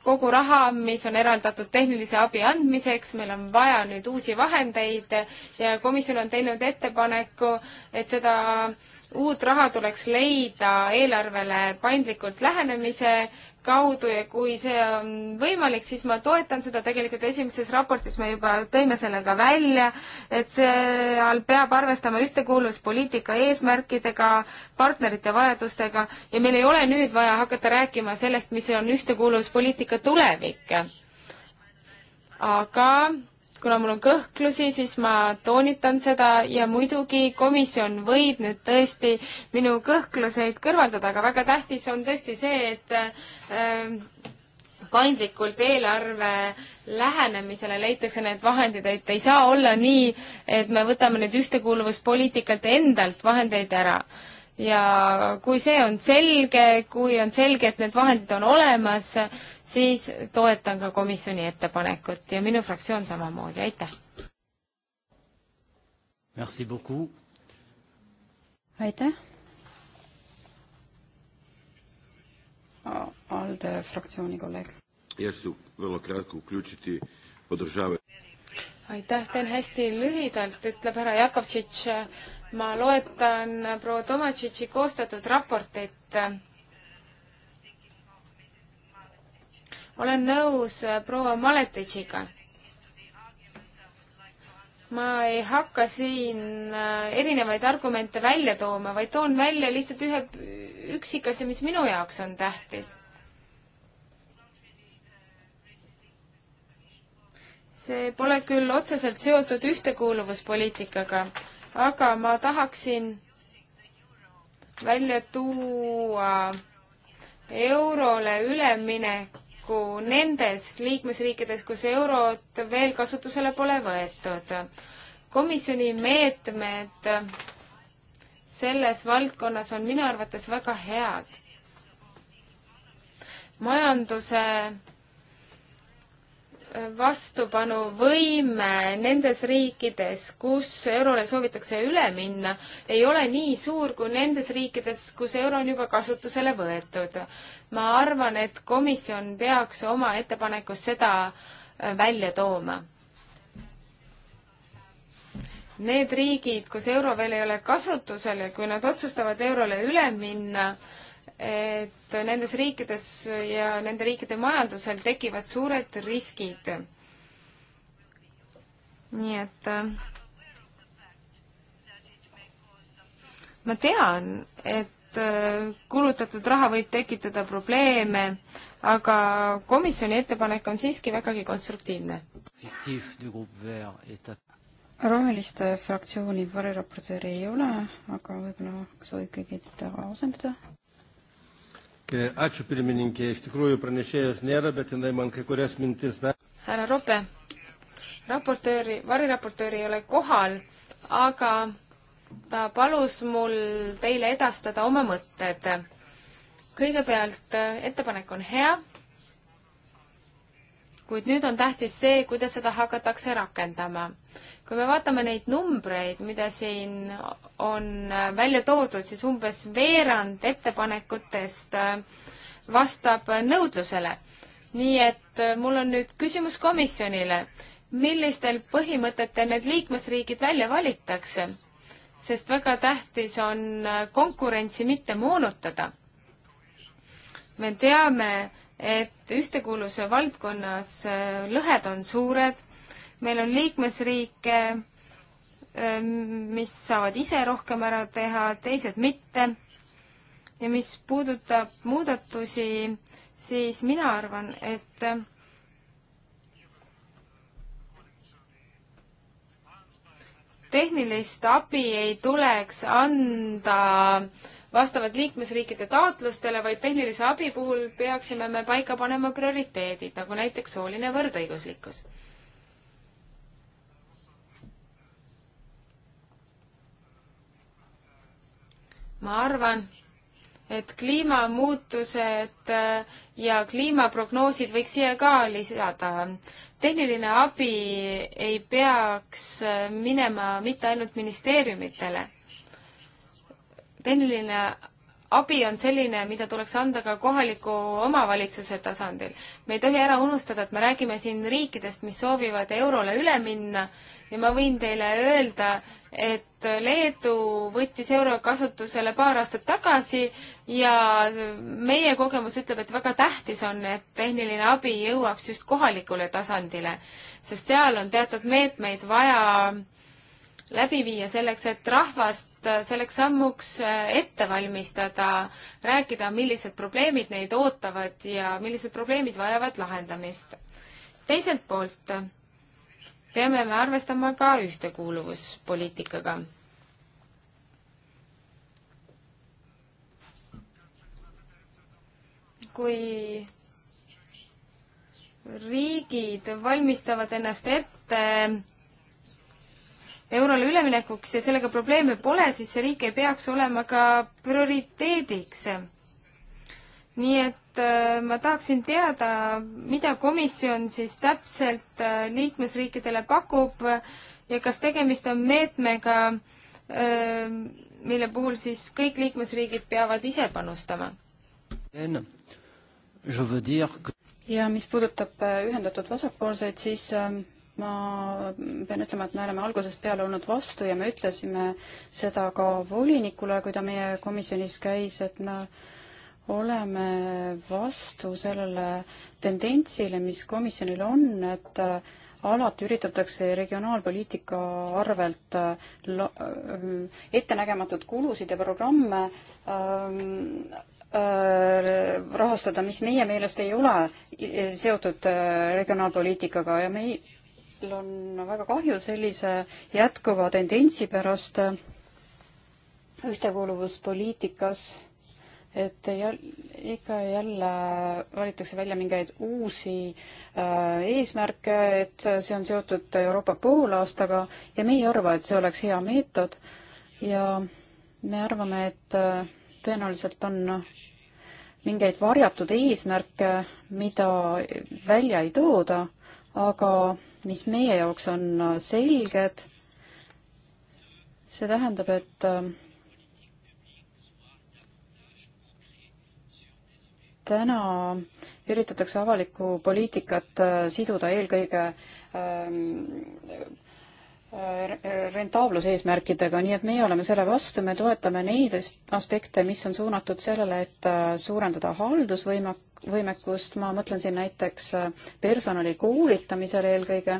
kogu raha, mis on eraldatud tehnilise abi andmiseks, meil on vaja nüüd uusi vahendeid ja komisjon on teinud ettepaneku, et seda uut raha tuleks leida eelarvele paindlikult lähenemise kaudu ja kui see on võimalik, siis ma toetan seda, tegelikult esimeses raportis me juba tõime selle ka välja, et seal peab arvestama ühtekuuluvuspoliitika eesmärkidega, partnerite vajadustega ja meil ei ole nüüd vaja hakata rääkima sellest, mis on ühtekuuluvuspoliitika tulevik. aga kuna mul on kõhklusi, siis ma toonitan seda ja muidugi komisjon võib nüüd tõesti minu kõhkluseid kõrvaldada, aga väga tähtis on tõesti see, et äh, paindlikult eelarve lähenemisele leitakse need vahendid, et ei saa olla nii, et me võtame nüüd ühtekuuluvuspoliitikalt endalt vahendeid ära. ja kui see on selge, kui on selge, et need vahendid on olemas, siis toetan ka komisjoni ettepanekut ja minu fraktsioon samamoodi, aitäh! Merci beaucoup! aitäh! ALDE fraktsiooni kolleeg. aitäh, teen hästi lühidalt, ütleb härra Jakovtšitš. ma loetan proua Tomatšitši koostatud raportit olen nõus äh, proua Maletitšiga. ma ei hakka siin äh, erinevaid argumente välja tooma, vaid toon välja lihtsalt ühe üksikasja, mis minu jaoks on tähtis see pole küll otseselt seotud ühtekuuluvuspoliitikaga, aga ma tahaksin välja tuua eurole üleminek paraku nendes liikmesriikides, kus eurot veel kasutusele pole võetud. komisjoni meetmed selles valdkonnas on minu arvates väga head. majanduse vastupanuvõime nendes riikides, kus eurole soovitakse üle minna, ei ole nii suur kui nendes riikides, kus euro on juba kasutusele võetud. ma arvan, et komisjon peaks oma ettepanekus seda äh, välja tooma. Need riigid, kus euro veel ei ole kasutusel ja kui nad otsustavad eurole üle minna, et nendes riikides ja nende riikide majandusel tekivad suured riskid. nii et äh, ma tean, et äh, kulutatud raha võib tekitada probleeme, aga komisjoni ettepanek on siiski vägagi konstruktiivne. roheliste fraktsiooni variraportööri ei ole, aga võib-olla soovib keegi teda asendada? Ačiū pirmininkė, iš tikrųjų pranešėjas nėra, bet jinai man kai kurias mintis. härra Rope, raportööri, variraportööri ei ole kohal, aga ta palus mul teile edastada oma mõtted. kõigepealt ettepanek on hea, kuid nüüd on tähtis see, kuidas seda hakatakse rakendama kui me vaatame neid numbreid, mida siin on välja toodud, siis umbes veerand ettepanekutest äh, vastab nõudlusele. nii et äh, mul on nüüd küsimus komisjonile, millistel põhimõtetel need liikmesriigid välja valitakse? sest väga tähtis on äh, konkurentsi mitte moonutada. me teame, et ühtekuuluvuse valdkonnas lõhed on suured meil on liikmesriike, ähm, mis saavad ise rohkem ära teha, teised mitte. ja mis puudutab muudatusi, siis mina arvan, et tehnilist abi ei tuleks anda vastavalt liikmesriikide taotlustele, vaid tehnilise abi puhul peaksime me paika panema prioriteedid, nagu näiteks sooline võrdõiguslikkus ma arvan, et kliimamuutused äh, ja kliimaprognoosid võiks siia ka lisada. tehniline abi ei peaks äh, minema mitte ainult ministeeriumitele. tehniline abi on selline, mida tuleks anda ka kohaliku omavalitsuse tasandil. me ei tohi ära unustada, et me räägime siin riikidest, mis soovivad eurole üle minna ja ma võin teile öelda, et Leedu võttis euro kasutusele paar aastat tagasi ja meie kogemus ütleb, et väga tähtis on, et tehniline abi jõuaks just kohalikule tasandile, sest seal on teatud meetmeid vaja läbi viia selleks, et rahvast äh, selleks sammuks äh, ette valmistada, rääkida, millised probleemid neid ootavad ja millised probleemid vajavad lahendamist. teiselt poolt äh, peame me arvestama ka ühtekuuluvuspoliitikaga. kui riigid valmistavad ennast ette eurole üleminekuks ja sellega probleeme pole, siis see riik ei peaks olema ka prioriteediks. nii et äh, ma tahaksin teada, mida komisjon siis täpselt äh, liikmesriikidele pakub ja kas tegemist on meetmega äh,, mille puhul siis kõik liikmesriigid peavad ise panustama? ja mis puudutab äh, ühendatud vasakpoolseid, siis ähm, ma pean ütlema, et me oleme algusest peale olnud vastu ja me ütlesime seda ka volinikule, kui ta meie komisjonis käis, et me oleme vastu sellele tendentsile, mis komisjonil on, et äh, alati üritatakse regionaalpoliitika arvelt äh, äh, ettenägematud kulusid ja programme ähm, rahastada, mis meie meelest ei ole seotud regionaalpoliitikaga ja me ei, on väga kahju sellise jätkuva tendentsi pärast ühtekuuluvuspoliitikas, et jäl-, ikka ja jälle valitakse välja mingeid uusi äh, eesmärke, et see on seotud Euroopa poolaastaga ja me ei arva, et see oleks hea meetod ja me arvame, et äh, tõenäoliselt on mingeid varjatud eesmärke, mida välja ei tooda, aga mis meie jaoks on äh, selged. see tähendab, et äh, täna üritatakse avalikku poliitikat äh, siduda eelkõige ähm, rentaabluse eesmärkidega, nii et meie oleme selle vastu, me toetame neid aspekte, mis on suunatud sellele, et suurendada haldusvõime, võimekust, ma mõtlen siin näiteks äh, personali koolitamisele eelkõige,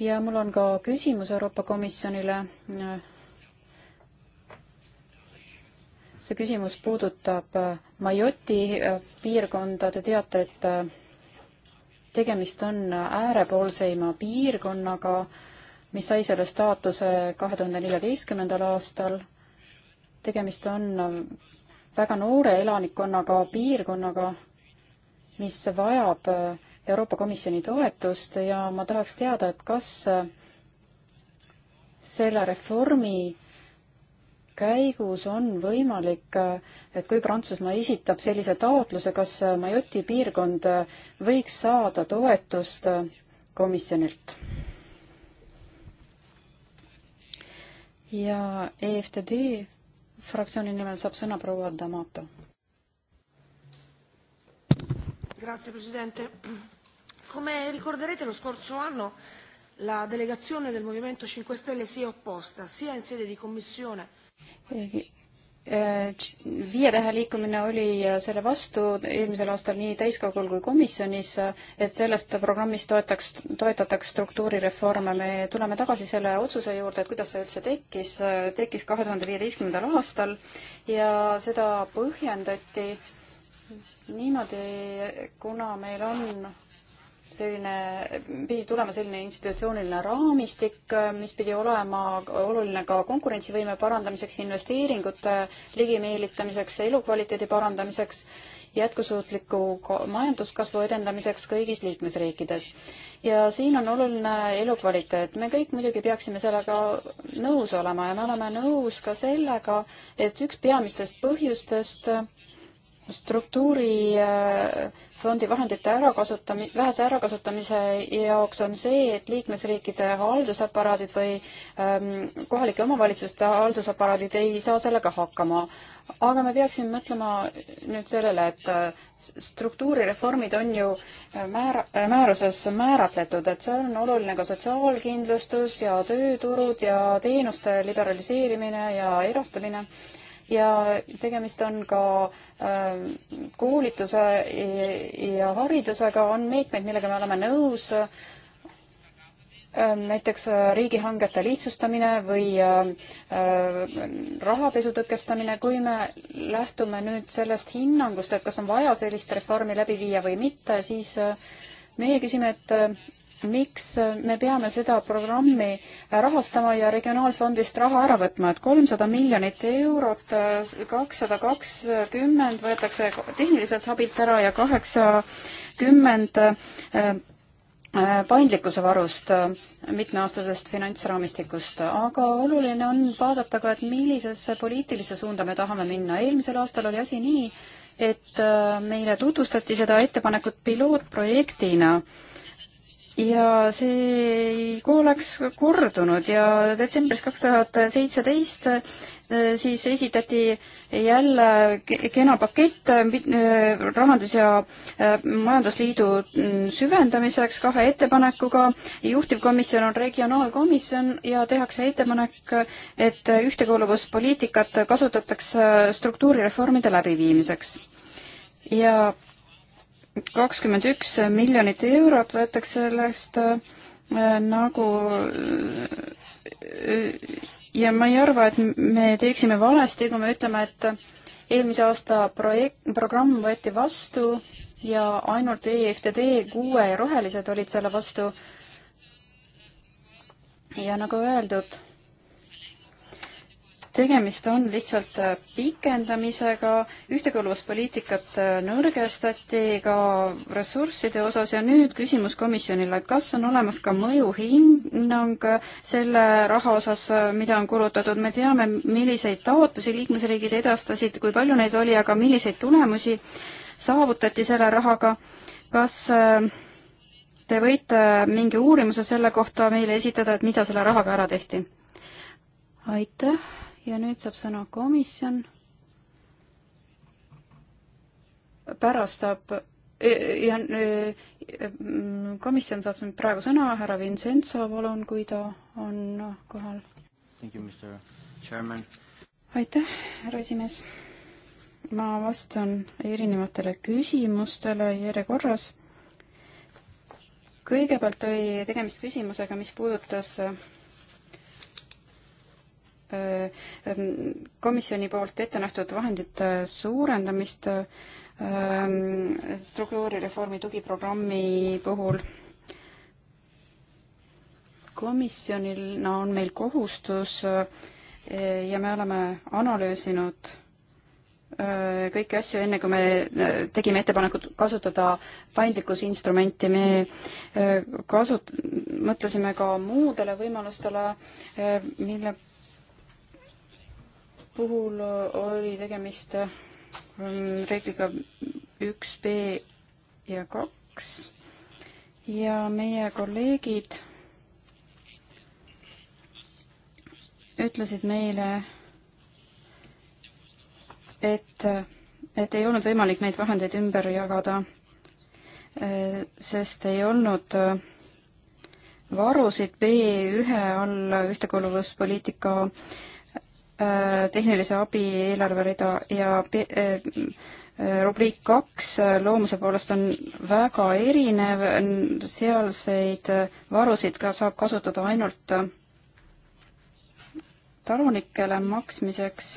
ja mul on ka küsimus Euroopa Komisjonile. see küsimus puudutab äh, Majoti äh, piirkonda, te teate, et tegemist on äärepoolseima piirkonnaga, mis sai selle staatuse kahe tuhande neljateistkümnendal aastal. tegemist on väga noore elanikkonnaga piirkonnaga mis vajab äh, Euroopa Komisjoni toetust ja ma tahaks teada, et kas äh, selle reformi käigus on võimalik, äh, et kui Prantsusmaa esitab sellise taotluse, kas Majoti piirkond võiks saada toetust komisjonilt? ja EFTD fraktsiooni nimel saab sõna proua D'Amato Grazie Presidente. Come ricorderete lo scorso anno la delegazione del Movimento 5 Stelle si è opposta sia in sede di commissione eh, viie tähe liikumine oli eh, selle vastu eelmisel aastal nii täiskogul kui komisjonis, eh, et sellest programmist toetaks, toetataks struktuurireforme. me tuleme tagasi selle otsuse juurde, et kuidas see üldse tekkis, tekkis kahe tuhande viieteistkümnendal aastal ja seda põhjendati niimoodi, kuna meil on selline, pidi tulema selline institutsiooniline raamistik, mis pidi olema oluline ka konkurentsivõime parandamiseks, investeeringute ligimeelitamiseks, elukvaliteedi parandamiseks, jätkusuutliku majanduskasvu edendamiseks kõigis liikmesriikides. ja siin on oluline elukvaliteet. me kõik muidugi peaksime sellega nõus olema ja me oleme nõus ka sellega, et üks peamistest põhjustest struktuurifondi äh, vahendite ärakasutami-, vähese ärakasutamise jaoks on see, et liikmesriikide haldusaparaadid või ähm, kohalike omavalitsuste haldusaparaadid ei saa sellega hakkama. aga me peaksime mõtlema nüüd sellele, et äh, struktuurireformid on ju äh, määra-, määruses määratletud, et seal on oluline ka sotsiaalkindlustus ja tööturud ja teenuste liberaliseerimine ja erastamine ja tegemist on ka äh, koolituse ja haridusega, on meetmeid, millega me oleme nõus, äh, näiteks äh, riigihangete lihtsustamine või rahapesu tõkestamine, kui me lähtume nüüd sellest hinnangust, et kas on vaja sellist reformi läbi viia või mitte, siis meie küsime, et miks me peame seda programmi rahastama ja Regionaalfondist raha ära võtma, et kolmsada miljonit eurot, kakssada kakskümmend võetakse tehniliselt abilt ära ja kaheksakümmend eh, eh, paindlikkuse varust eh, mitmeaastasest finantsraamistikust, aga oluline on vaadata ka, et millisesse poliitilisse suunda me tahame minna. eelmisel aastal oli asi nii, et meile tutvustati seda ettepanekut pilootprojektina äh, ja see oleks kordunud ja detsembris kaks tuhat seitseteist äh, siis esitati jälle kena pakett äh, äh, Rahandus- ja Majandusliidu mm, süvendamiseks kahe ettepanekuga. juhtivkomisjon on regionaalkomisjon ja tehakse ettepanek, et ühtekuuluvuspoliitikat kasutatakse struktuurireformide läbiviimiseks. ja kakskümmend üks miljonit eurot võetakse sellest äh, nagu äh, ja ma ei arva, et me teeksime valesti, kui me ütleme, et eelmise aasta projekt, programm võeti vastu ja ainult EFTD, kuue ja rohelised olid selle vastu. ja nagu öeldud tegemist on lihtsalt äh, pikendamisega, ühtekuuluvuspoliitikat äh, nõrgestati ka ressursside osas ja nüüd küsimus komisjonile, et kas on olemas ka mõjuhinnang äh, selle raha osas, mida on kulutatud, me teame, milliseid taotlusi liikmesriigid edastasid, kui palju neid oli, aga milliseid tulemusi saavutati selle rahaga, kas te võite mingi uurimuse selle kohta meile esitada, et mida selle rahaga ära tehti? aitäh ja nüüd saab sõna komisjon. pärast saab e, ja e, komisjon saab nüüd praegu sõna, härra Vincenzo, palun, kui ta on kohal. aitäh, härra esimees. ma vastan erinevatele küsimustele järjekorras kõigepealt oli tegemist küsimusega, mis puudutas komisjoni poolt ette nähtud vahendite suurendamist struktuurireformi tugiprogrammi puhul. komisjonina on meil kohustus ja me oleme analüüsinud kõiki asju, enne kui me tegime ettepanekut kasutada paindlikkusinstrumenti, me kasut-, mõtlesime ka muudele võimalustele, mille puhul oli tegemist reegliga üks B ja kaks ja meie kolleegid ütlesid meile, et, et ei olnud võimalik neid vahendeid ümber jagada, sest ei olnud varusid B1 all ühtekuuluvuspoliitika äh, Äh, tehnilise abi eelarverida ja äh, äh, rubriik kaks loomuse poolest on väga erinev, sealseid varusid ka saab kasutada ainult talunikele maksmiseks,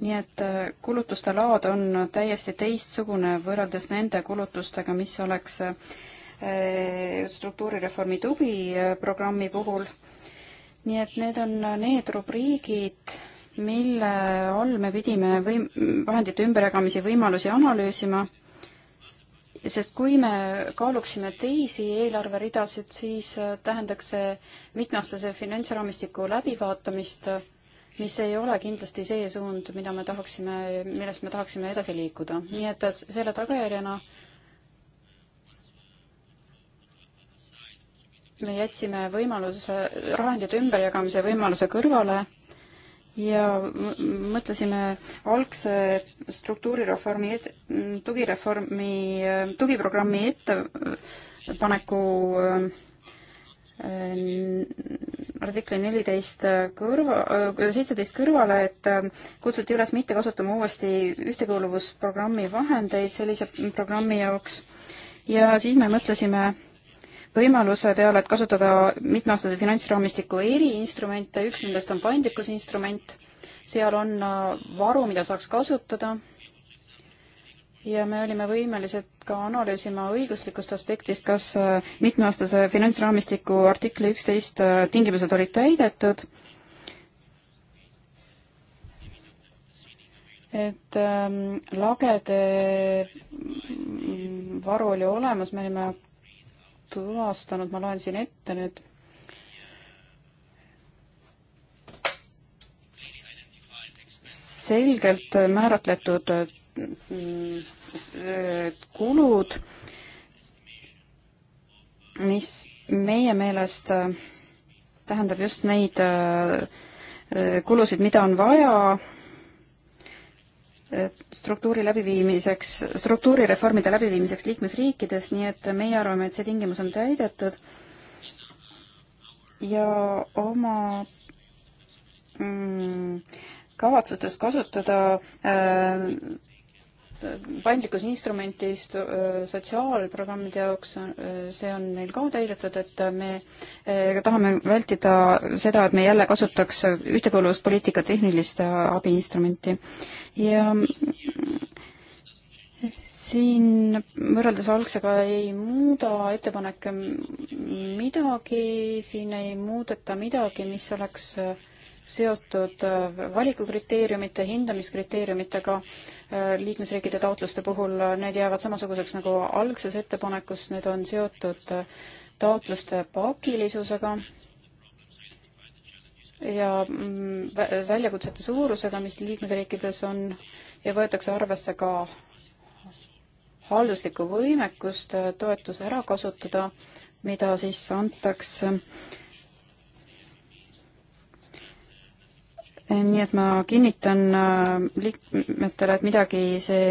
nii et kulutuste laad on täiesti teistsugune võrreldes nende kulutustega, mis oleks struktuurireformi tugiprogrammi puhul. nii et need on need rubriigid, mille all me pidime võim-, vahendite ümberjagamise võimalusi analüüsima, sest kui me kaaluksime teisi eelarveridasid, siis äh, tähendaks see mitmeaastase finantsraamistiku läbivaatamist, mis ei ole kindlasti see suund, mida me tahaksime, millest me tahaksime edasi liikuda. nii et selle tagajärjena me jätsime võimaluse, vahendite ümberjagamise võimaluse kõrvale ja mõtlesime algse struktuurireformi, tugireformi, tugiprogrammi ettepaneku äh, artikli neliteist kõrva, äh, seitseteist kõrvale, et äh, kutsuti üles mitte kasutama uuesti ühtekuuluvusprogrammi vahendeid sellise programmi jaoks ja siis me mõtlesime võimaluse peale, et kasutada mitmeaastase finantsraamistiku eriinstrumente, üks nendest on paindlikkusinstrument, seal on äh, varu, mida saaks kasutada ja me olime võimelised ka analüüsima õiguslikust aspektist, kas äh, mitmeaastase finantsraamistiku artikli üksteist äh, tingimused olid täidetud et ähm, lagede mm, varu oli olemas, me olime tuvastanud, ma loen siin ette nüüd. selgelt määratletud mm, kulud, mis meie meelest tähendab just neid äh, kulusid, mida on vaja struktuuri läbiviimiseks, struktuurireformide läbiviimiseks liikmesriikides, nii et meie arvame, et see tingimus on täidetud ja oma mm, kavatsustest kasutada äh, paindlikkusinstrumenti sotsiaalprogrammide jaoks, see on meil ka täidetud, et me tahame vältida seda, et me jälle kasutaks ühtekuuluvuspoliitika tehnilist abiinstrumenti ja siin võrreldes algsega ei muuda ettepanek midagi, siin ei muudeta midagi, mis oleks äh, seotud äh, valikukriteeriumite, hindamiskriteeriumitega äh, liikmesriikide taotluste puhul, äh, need jäävad samasuguseks nagu algses ettepanekus, need on seotud taotluste pakilisusega ja mm, väljakutsete suurusega, mis liikmesriikides on ja võetakse arvesse ka halduslikku võimekust toetus ära kasutada, mida siis antakse äh, nii et ma kinnitan äh, liikmetele, et midagi see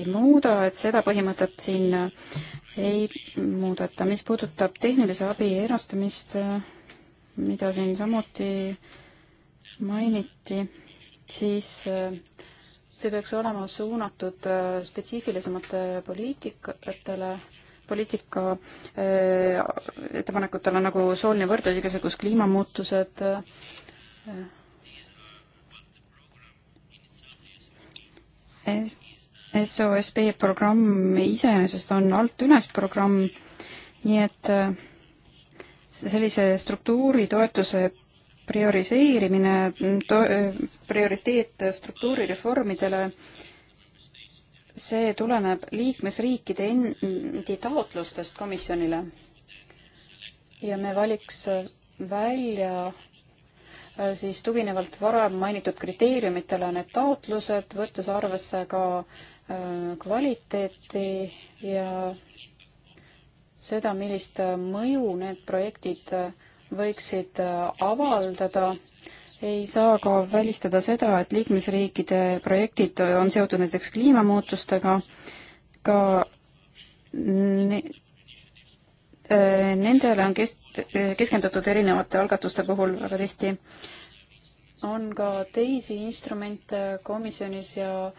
ei muuda, et seda põhimõtet siin äh, ei muudeta. mis puudutab tehnilise abi erastamist, äh, mida siin samuti mainiti, siis see peaks olema suunatud spetsiifilisematele poliitikatele, poliitika ettepanekutele nagu sooline võrdõiguslikkus, kliimamuutused, SOSB programm iseenesest on alt üles programm, nii et äh, sellise struktuuritoetuse prioriseerimine, mm, äh, prioriteet struktuurireformidele, see tuleneb liikmesriikide endi taotlustest komisjonile. ja me valiks välja Äh, siis tuginevalt varem mainitud kriteeriumitele need taotlused, võttes arvesse ka äh, kvaliteeti ja seda, millist äh, mõju need projektid võiksid avaldada, ei saa ka välistada seda, et liikmesriikide projektid on seotud näiteks kliimamuutustega, ka Äh, nendele on kest-, keskendutud erinevate algatuste puhul väga tihti. on ka teisi instrumente komisjonis ja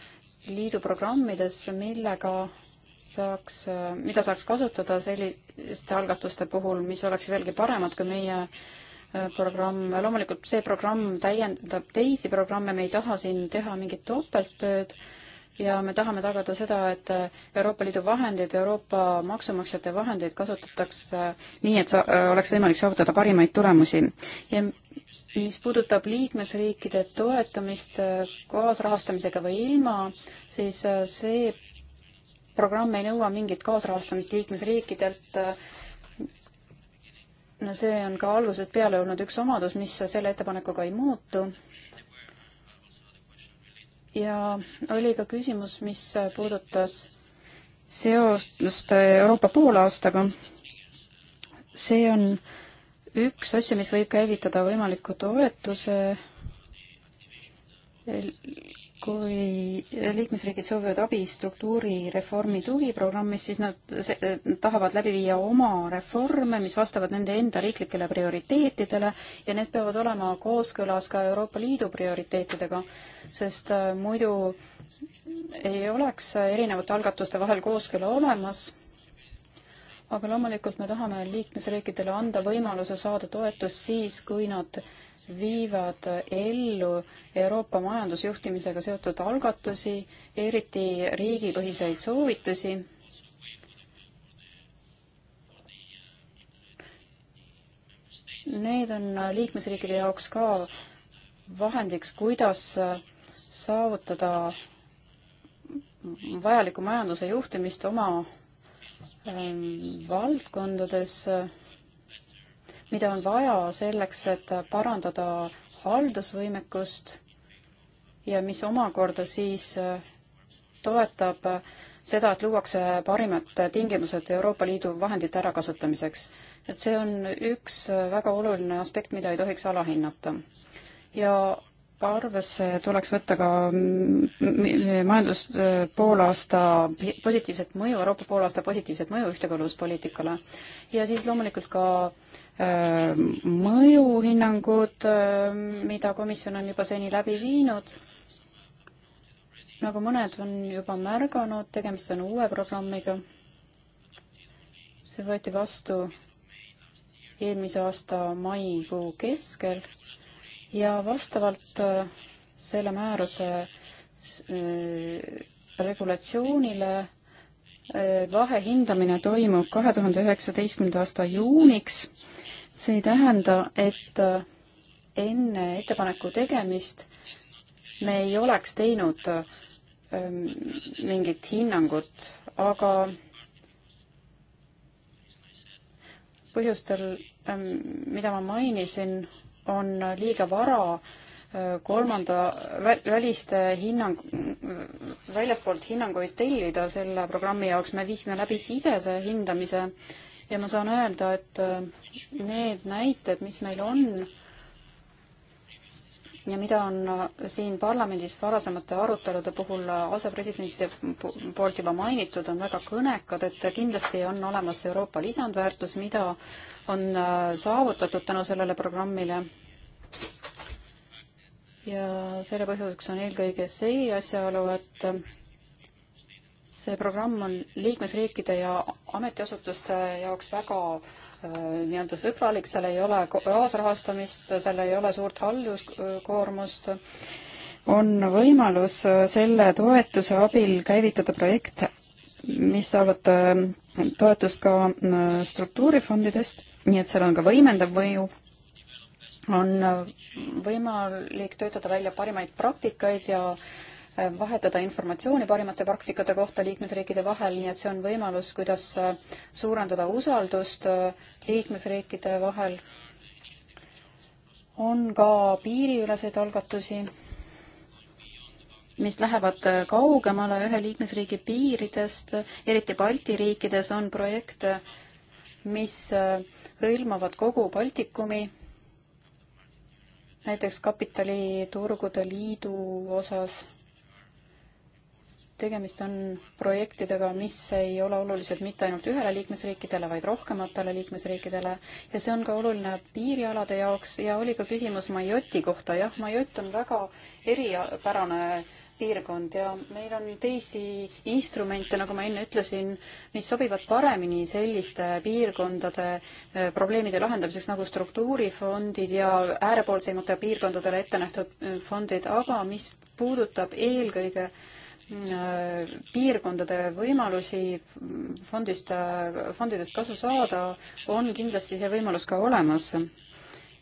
liidu programmides, millega saaks, mida saaks kasutada selliste algatuste puhul, mis oleks veelgi paremad kui meie äh, programm. loomulikult see programm täiendab teisi programme, me ei taha siin teha mingit topelttööd ja me tahame tagada seda, et Euroopa Liidu vahendeid, Euroopa maksumaksjate vahendeid kasutatakse nii, et sa, oleks võimalik saavutada parimaid tulemusi. ja mis puudutab liikmesriikide toetamist kaasrahastamisega või ilma, siis see programm ei nõua mingit kaasrahastamist liikmesriikidelt no see on ka algusest peale olnud üks omadus, mis selle ettepanekuga ei muutu ja oli ka küsimus, mis puudutas seost Euroopa poolaastaga. see on üks asju, mis võib käivitada võimaliku toetuse kui liikmesriigid soovivad abi struktuurireformi tugiprogrammist, siis nad se-, tahavad läbi viia oma reforme, mis vastavad nende enda riiklikele prioriteetidele ja need peavad olema kooskõlas ka Euroopa Liidu prioriteetidega, sest äh, muidu ei oleks erinevate algatuste vahel kooskõla olemas, aga loomulikult me tahame liikmesriikidele anda võimaluse saada toetust siis, kui nad viivad ellu Euroopa majandusjuhtimisega seotud algatusi, eriti riigipõhiseid soovitusi. Need on liikmesriikide jaoks ka vahendiks, kuidas saavutada vajalikku majanduse juhtimist oma ähm, valdkondades mida on vaja selleks, et parandada haldusvõimekust ja mis omakorda siis äh, toetab seda, et luuakse parimad tingimused Euroopa Liidu vahendite ärakasutamiseks. et see on üks äh, väga oluline aspekt, mida ei tohiks alahinnata. ja arvesse tuleks võtta ka majandus äh, poolaasta positiivset mõju, Euroopa poolaasta positiivset mõju ühtekuuluvuspoliitikale ja siis loomulikult ka äh, Äh, mõjuhinnangud, äh, mida komisjon on juba seni läbi viinud. nagu mõned on juba märganud, tegemist on uue programmiga. see võeti vastu eelmise aasta maikuu keskel ja vastavalt äh, selle määruse regulatsioonile vahe hindamine toimub kahe tuhande üheksateistkümnenda aasta juuniks see ei tähenda, et äh, enne ettepaneku tegemist me ei oleks teinud ähm, mingit hinnangut, aga põhjustel, ähm, mida ma mainisin, on liiga vara äh, kolmanda väliste hinnang, väljaspoolt hinnanguid tellida selle programmi jaoks, me viisime läbi sisese hindamise ja ma saan öelda, et äh, need näited, mis meil on ja mida on siin parlamendis varasemate arutelude puhul asepresidentide poolt juba mainitud, on väga kõnekad, et kindlasti on olemas Euroopa lisandväärtus, mida on äh, saavutatud tänu sellele programmile. ja selle põhjuseks on eelkõige see asjaolu, et see programm on liikmesriikide ja ametiasutuste jaoks väga nii-öelda sõbralik, seal ei ole kaasrahastamist, seal ei ole suurt halduskoormust, on võimalus selle toetuse abil käivitada projekte, mis saavad äh, toetust ka äh, struktuurifondidest, nii et seal on ka võimendav mõju on äh, võimalik töötada välja parimaid praktikaid ja vahetada informatsiooni parimate praktikate kohta liikmesriikide vahel, nii et see on võimalus, kuidas äh, suurendada usaldust äh, liikmesriikide vahel. on ka piiriüleseid algatusi, mis lähevad äh, kaugemale ühe liikmesriigi piiridest, eriti Balti riikides on projekte, mis hõlmavad kogu Baltikumi, näiteks kapitaliturgude liidu osas tegemist on projektidega, mis ei ole olulised mitte ainult ühele liikmesriikidele, vaid rohkematele liikmesriikidele ja see on ka oluline piirialade jaoks ja oli ka küsimus Majoti kohta, jah, Majot on väga eripärane piirkond ja meil on teisi instrumente, nagu ma enne ütlesin, mis sobivad paremini selliste piirkondade eh, probleemide lahendamiseks nagu struktuurifondid ja äärepoolseimate piirkondadele ette nähtud eh, fondid, aga mis puudutab eelkõige äh, Äh, piirkondade võimalusi fondist, fondidest kasu saada, on kindlasti see võimalus ka olemas.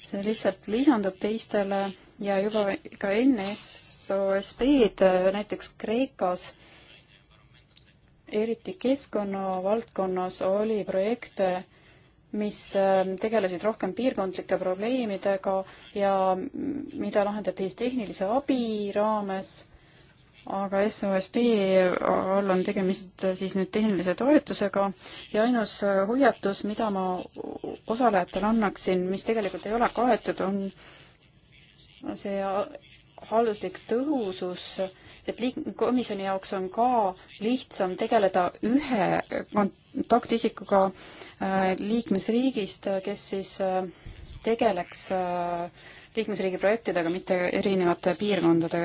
see lihtsalt lisandub teistele ja juba ka enne SOSB-d näiteks Kreekas, eriti keskkonnavaldkonnas oli projekte, mis äh, tegelesid rohkem piirkondlike probleemidega ja mida lahendati siis tehnilise abi raames aga SOSB all on tegemist siis nüüd tehnilise toetusega ja ainus hoiatus, mida ma osalejatele annaksin, mis tegelikult ei ole kaetud, on see halduslik tõhusus, et liik-, komisjoni jaoks on ka lihtsam tegeleda ühe kontaktisikuga äh, liikmesriigist, kes siis äh, tegeleks äh, liikmesriigi projektidega, mitte erinevate piirkondade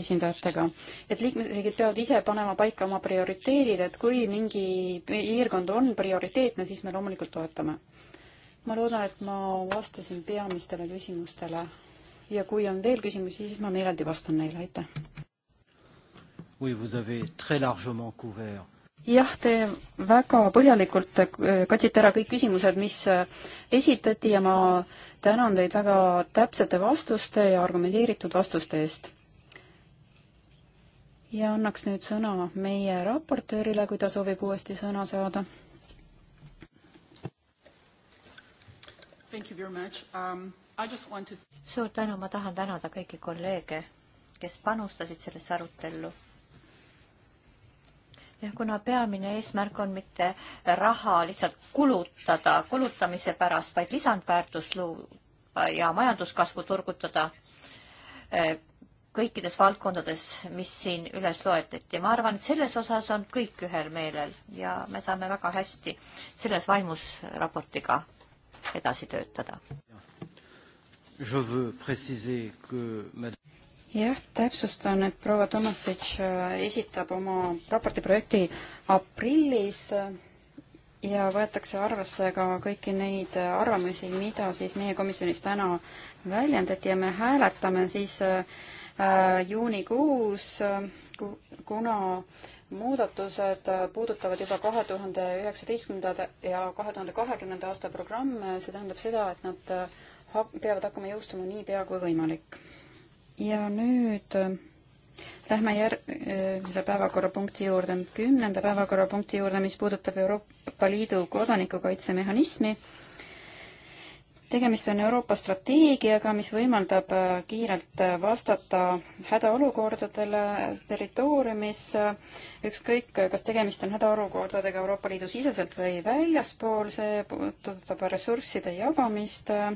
esindajatega. et liikmesriigid peavad ise panema paika oma prioriteedid, et kui mingi piirkond on prioriteetne, siis me loomulikult toetame. ma loodan, et ma vastasin peamistele küsimustele ja kui on veel küsimusi, siis ma meeleldi vastan neile, aitäh. Oui, vous avez très largement couvert jah, te väga põhjalikult äh, katsite ära kõik küsimused, mis äh, esitati ja ma tänan teid väga täpsete vastuste ja argumenteeritud vastuste eest. ja annaks nüüd sõna meie raportöörile, kui ta soovib uuesti sõna saada. Um, to... suur tänu, ma tahan tänada kõiki kolleege, kes panustasid sellesse arutellu kuna peamine eesmärk on mitte raha lihtsalt kulutada kulutamise pärast, vaid lisandväärtust luua ja majanduskasvu turgutada eh, kõikides valdkondades, mis siin üles loetleti. ma arvan, et selles osas on kõik ühel meelel ja me saame väga hästi selles vaimus raportiga edasi töötada. Que jah, täpsustan, et proua Tomasitš äh, esitab oma raporti projekti aprillis äh, ja võetakse arvesse ka kõiki neid äh, arvamusi, mida siis meie komisjonis täna väljendati ja me hääletame siis äh, juunikuus, kuna muudatused puudutavad juba kahe tuhande üheksateistkümnenda ja kahe tuhande kahekümnenda aasta programme, see tähendab seda, et nad peavad hakkama jõustuma niipea kui võimalik ja nüüd äh, lähme järgmise äh, päevakorrapunkti juurde, kümnenda päevakorrapunkti juurde, mis puudutab Euroopa Liidu kodanikukaitsemehhanismi. tegemist on Euroopa strateegiaga, mis võimaldab äh, kiirelt vastata hädaolukordadele territooriumis äh, ükskõik, kas tegemist on hädaolukordadega Euroopa Liidu siseselt või väljaspool, see puudutab ressursside jagamist, äh,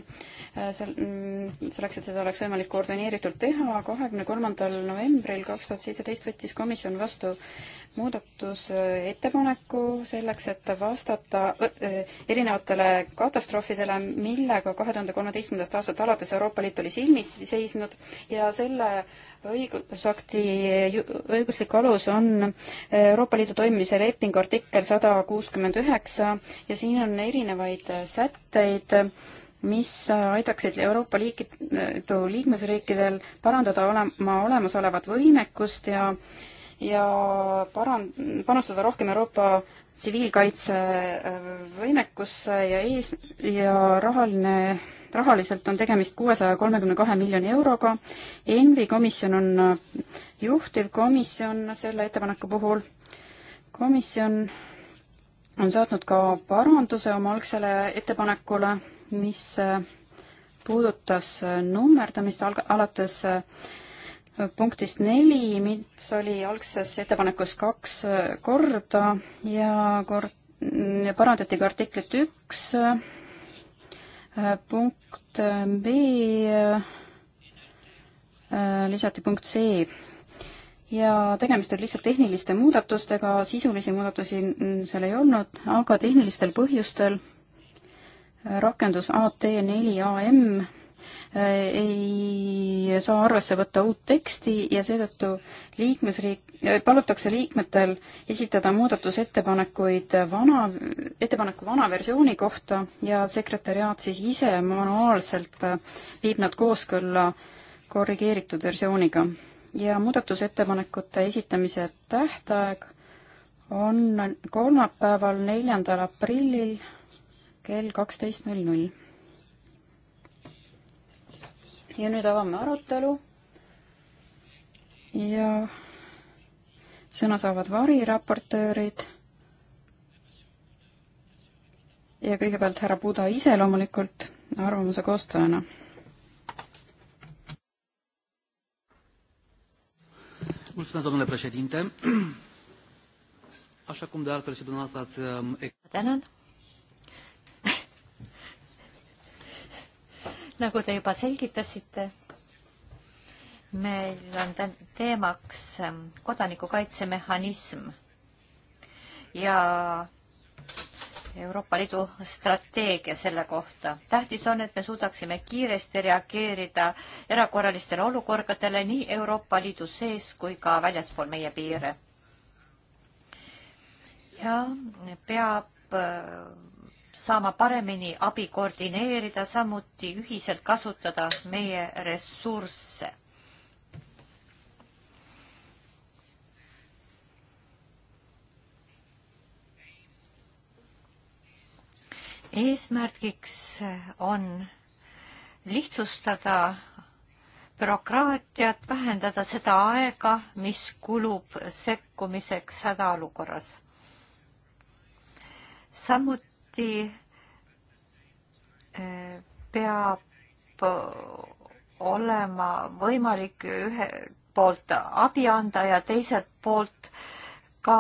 mm, selleks, et seda oleks võimalik koordineeritult teha, kahekümne kolmandal novembril kaks tuhat seitseteist võttis komisjon vastu muudatusettepaneku selleks, et vastata äh, erinevatele katastroofidele, millega kahe tuhande kolmeteistkümnendast aastast alates Euroopa Liit oli silmis seisnud ja selle õigusakti õiguslik alus on Euroopa Liidu toimimise lepingu artikkel sada kuuskümmend üheksa ja siin on erinevaid sätteid, mis aitaksid Euroopa Liidu liikmesriikidel parandada olema olemasolevat võimekust ja ja paran-, panustada rohkem Euroopa tsiviilkaitsevõimekusse ja ees- ja rahaline et rahaliselt on tegemist kuuesaja kolmekümne kahe miljoni euroga. ENVI komisjon on äh, juhtivkomisjon selle ettepaneku puhul. komisjon on saatnud ka paranduse oma algsele ettepanekule, mis äh, puudutas äh, nummerdamist alg-, alates punktist neli, mis oli algses ettepanekus kaks korda ja kord, parandati ka artiklit üks Äh, punkt äh, B äh, lisati punkt C ja tegemist oli lihtsalt tehniliste muudatustega, sisulisi muudatusi seal ei olnud, aga tehnilistel põhjustel rakendus AT4AM Äh, ei saa arvesse võtta uut teksti ja seetõttu liikmesriik, äh, palutakse liikmetel esitada muudatusettepanekuid vana, ettepaneku vana versiooni kohta ja sekretäriaat siis ise manuaalselt äh, viib nad kooskõlla korrigeeritud versiooniga. ja muudatusettepanekute esitamise tähtaeg on kolmapäeval, neljandal aprillil kell kaksteist null null ja nüüd avame arutelu. ja sõna saavad variraportöörid. ja kõigepealt härra Buda ise loomulikult arvamuse koostajana. tänan nagu te juba selgitasite, meil on teemaks ähm, kodanikukaitsemehhanism ja Euroopa Liidu strateegia selle kohta. tähtis on, et me suudaksime kiiresti reageerida erakorralistele olukordadele nii Euroopa Liidu sees kui ka väljaspool meie piire. ja peab äh, saama paremini abi koordineerida, samuti ühiselt kasutada meie ressursse. eesmärgiks on lihtsustada bürokraatiat, vähendada seda aega, mis kulub sekkumiseks hädaolukorras. samuti samuti eh, peab eh, olema võimalik ühe poolt abi anda ja teiselt poolt ka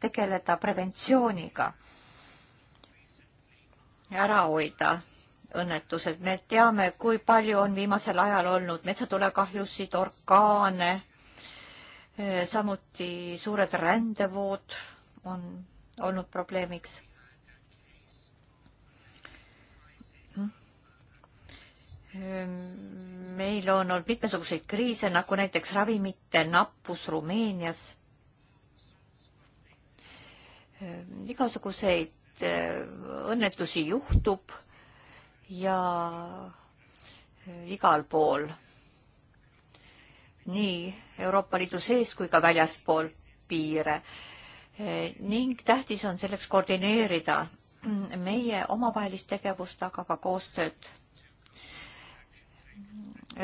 tegeleda preventsiooniga, ära hoida õnnetused. me teame, kui palju on viimasel ajal olnud metsatulekahjusid, orkaane, eh, samuti suured rändevood on olnud probleemiks meil on olnud mitmesuguseid kriise, nagu näiteks ravimite nappus Rumeenias. igasuguseid eh, õnnetusi juhtub ja eh, igal pool, nii Euroopa Liidu sees kui ka väljaspool piire. Eh, ning tähtis on selleks koordineerida meie omavahelist tegevust, aga ka koostööd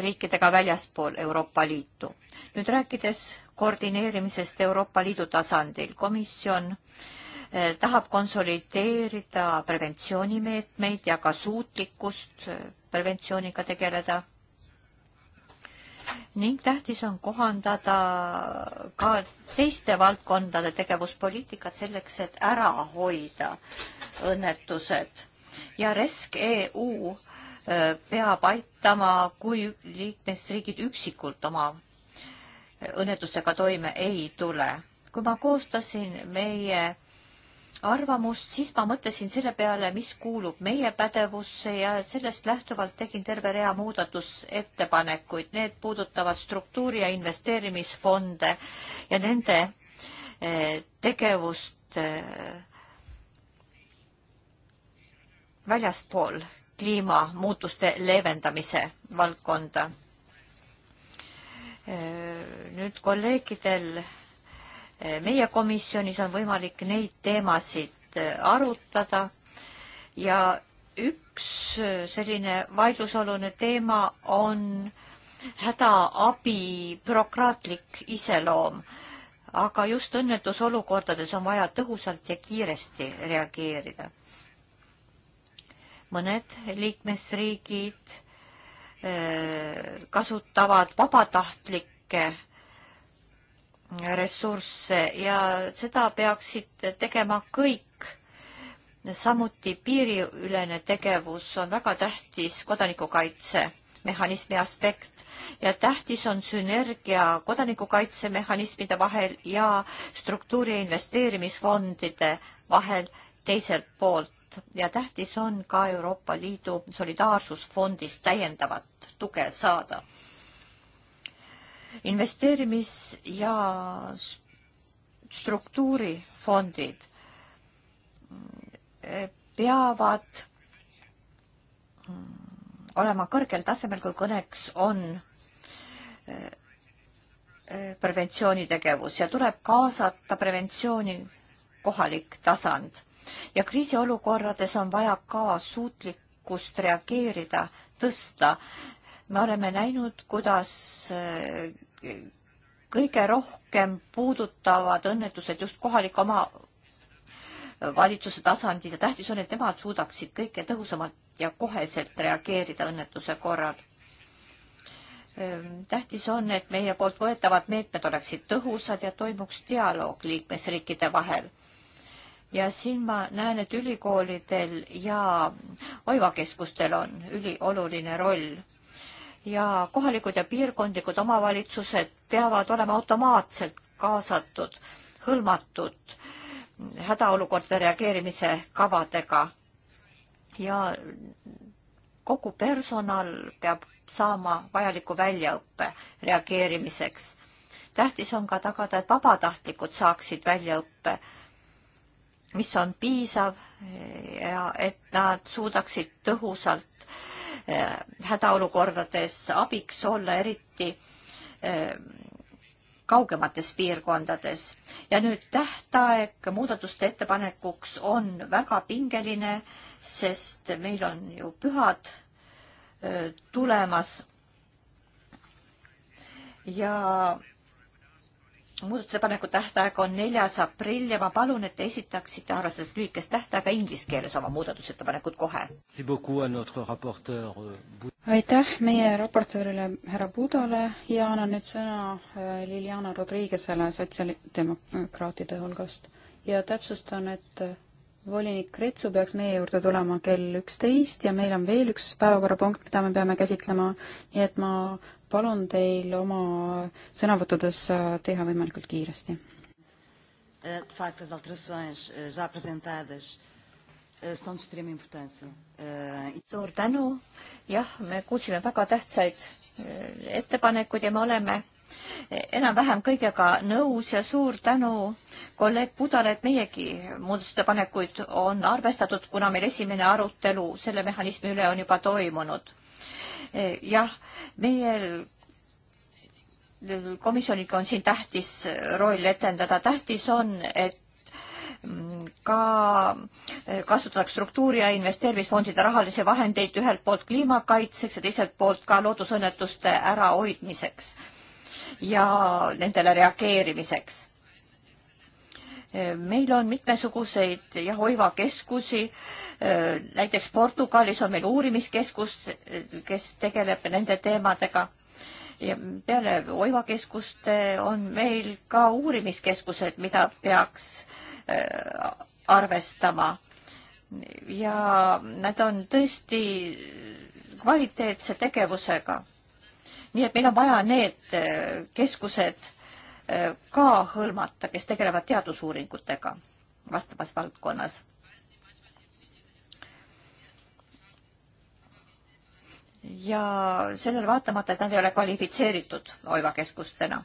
riikidega väljaspool Euroopa Liitu. nüüd rääkides koordineerimisest Euroopa Liidu tasandil, komisjon eh, tahab konsolideerida preventsioonimeetmeid ja ka suutlikkust eh, preventsiooniga tegeleda ning tähtis on kohandada ka teiste valdkondade tegevuspoliitikat selleks, et ära hoida õnnetused. ja RESC EU peab aitama, kui liikmesriigid üksikult oma õnnetustega toime ei tule. kui ma koostasin meie arvamust, siis ma mõtlesin selle peale, mis kuulub meie pädevusse ja sellest lähtuvalt tegin terve rea muudatusettepanekuid. Need puudutavad struktuuri- ja investeerimisfonde ja nende eh, tegevust eh, väljaspool kliimamuutuste leevendamise valdkonda. nüüd kolleegidel meie komisjonis on võimalik neid teemasid arutada ja üks selline vaidlusolune teema on hädaabi bürokraatlik iseloom, aga just õnnetusolukordades on vaja tõhusalt ja kiiresti reageerida mõned liikmesriigid eh, kasutavad vabatahtlikke eh, ressursse ja seda peaksid tegema kõik. samuti piiriülene tegevus on väga tähtis kodanikukaitsemehhanismi aspekt ja tähtis on sünergia kodanikukaitsemehhanismide vahel ja struktuuri investeerimisfondide vahel teiselt poolt vajavad ja tähtis on ka Euroopa Liidu solidaarsusfondist täiendavat tuge saada. investeerimis- ja struktuurifondid eh, peavad mm, olema kõrgel tasemel, kui kõneks on eh, eh, preventsioonitegevus ja tuleb kaasata preventsiooni kohalik tasand ja kriisiolukordades on vaja ka suutlikkust reageerida, tõsta. me oleme näinud, kuidas eh, kõige rohkem puudutavad õnnetused just kohalikke oma eh, valitsuse tasandil ja tähtis on, et nemad suudaksid kõike tõhusamalt ja koheselt reageerida õnnetuse korral. Eh, tähtis on, et meie poolt võetavad meetmed oleksid tõhusad ja toimuks dialoog liikmesriikide vahel ja siin ma näen, et ülikoolidel ja hoivakeskustel on ülioluline roll. ja kohalikud ja piirkondlikud omavalitsused peavad olema automaatselt kaasatud, hõlmatud hädaolukordade reageerimise kavadega ja kogu personal peab saama vajaliku väljaõppe reageerimiseks. tähtis on ka tagada, et vabatahtlikud saaksid väljaõppe mis on piisav eh, ja et nad suudaksid tõhusalt eh, hädaolukordades abiks olla, eriti eh, kaugemates piirkondades. ja nüüd tähtaeg muudatuste ettepanekuks on väga pingeline, sest meil on ju pühad tulemas. ja muudatusettepaneku tähtaeg on neljas aprill ja ma palun, et te esitaksite arvestades lühikest tähtaega inglise keeles oma muudatusettepanekud kohe. Euh, aitäh meie raportöörile härra Budole ja annan nüüd sõna äh, Liliana Rodriguez'ele sotsiaaldemokraatide hulgast ja täpsustan, et äh, volinik Kretsu peaks meie juurde tulema kell üksteist ja meil on veel üks päevakorrapunkt, mida me peame käsitlema, nii et ma palun teil oma sõnavõttudes äh, teha võimalikult kiiresti. Eh, de facto, as alterações eh, já apresentadas eh, são de extrema importância. E- suur tänu. jah, me kuulsime väga tähtsaid ettepanekuid ja me oleme enam-vähem kõigega nõus ja suur tänu kolleeg Budale, et meiegi muudatusettepanekuid on arvestatud, kuna meil esimene arutelu selle mehhanismi üle on juba toimunud jah, meie komisjoniga on siin tähtis roll etendada, tähtis on, et ka kasutatakse struktuuri ja investeerimisfondide rahalisi vahendeid ühelt poolt kliimakaitseks ja teiselt poolt ka loodusõnnetuste ärahoidmiseks ja nendele reageerimiseks meil on mitmesuguseid jah, hoivakeskusi, näiteks Portugalis on meil uurimiskeskus, kes tegeleb nende teemadega. ja peale hoivakeskuste on meil ka uurimiskeskused, mida peaks äh, arvestama. ja nad on tõesti kvaliteetse tegevusega. nii et meil on vaja need äh, keskused ka hõlmata, kes tegelevad teadusuuringutega vastavas valdkonnas. ja sellele vaatamata, et nad ei ole kvalifitseeritud oivakeskustena.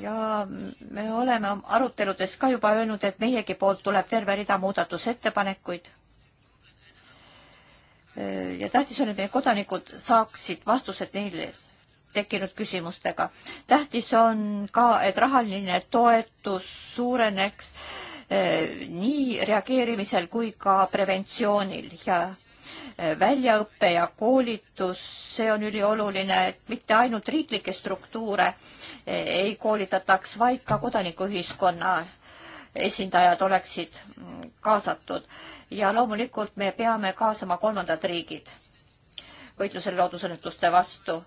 ja me oleme aruteludes ka juba öelnud, et meiegi poolt tuleb terve rida muudatusettepanekuid ja tähtis on, et meie kodanikud saaksid vastused neile tekkinud küsimustega. tähtis on ka, et rahaline toetus suureneks eh, nii reageerimisel kui ka preventsioonil ja eh, väljaõpe ja koolitus, see on ülioluline, et mitte ainult riiklikke struktuure eh, ei koolitataks, vaid ka kodanikuühiskonna esindajad oleksid mm, kaasatud. ja loomulikult me peame kaasama kolmandad riigid võitlusel loodusõnnetuste vastu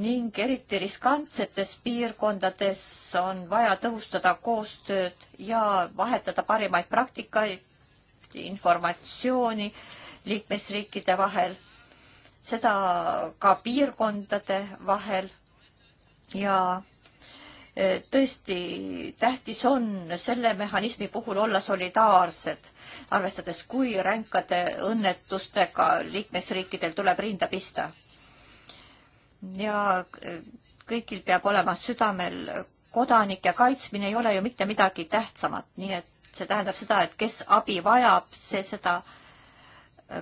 ning eriti riskantsetes piirkondades on vaja tõhustada koostööd ja vahetada parimaid praktikaid, informatsiooni liikmesriikide vahel, seda ka piirkondade vahel ja tõesti tähtis on selle mehhanismi puhul olla solidaarsed, arvestades, kui ränkade õnnetustega liikmesriikidel tuleb rinda pista. ja kõigil peab olema südamel kodanike kaitsmine ei ole ju mitte midagi tähtsamat, nii et see tähendab seda, et kes abi vajab, see seda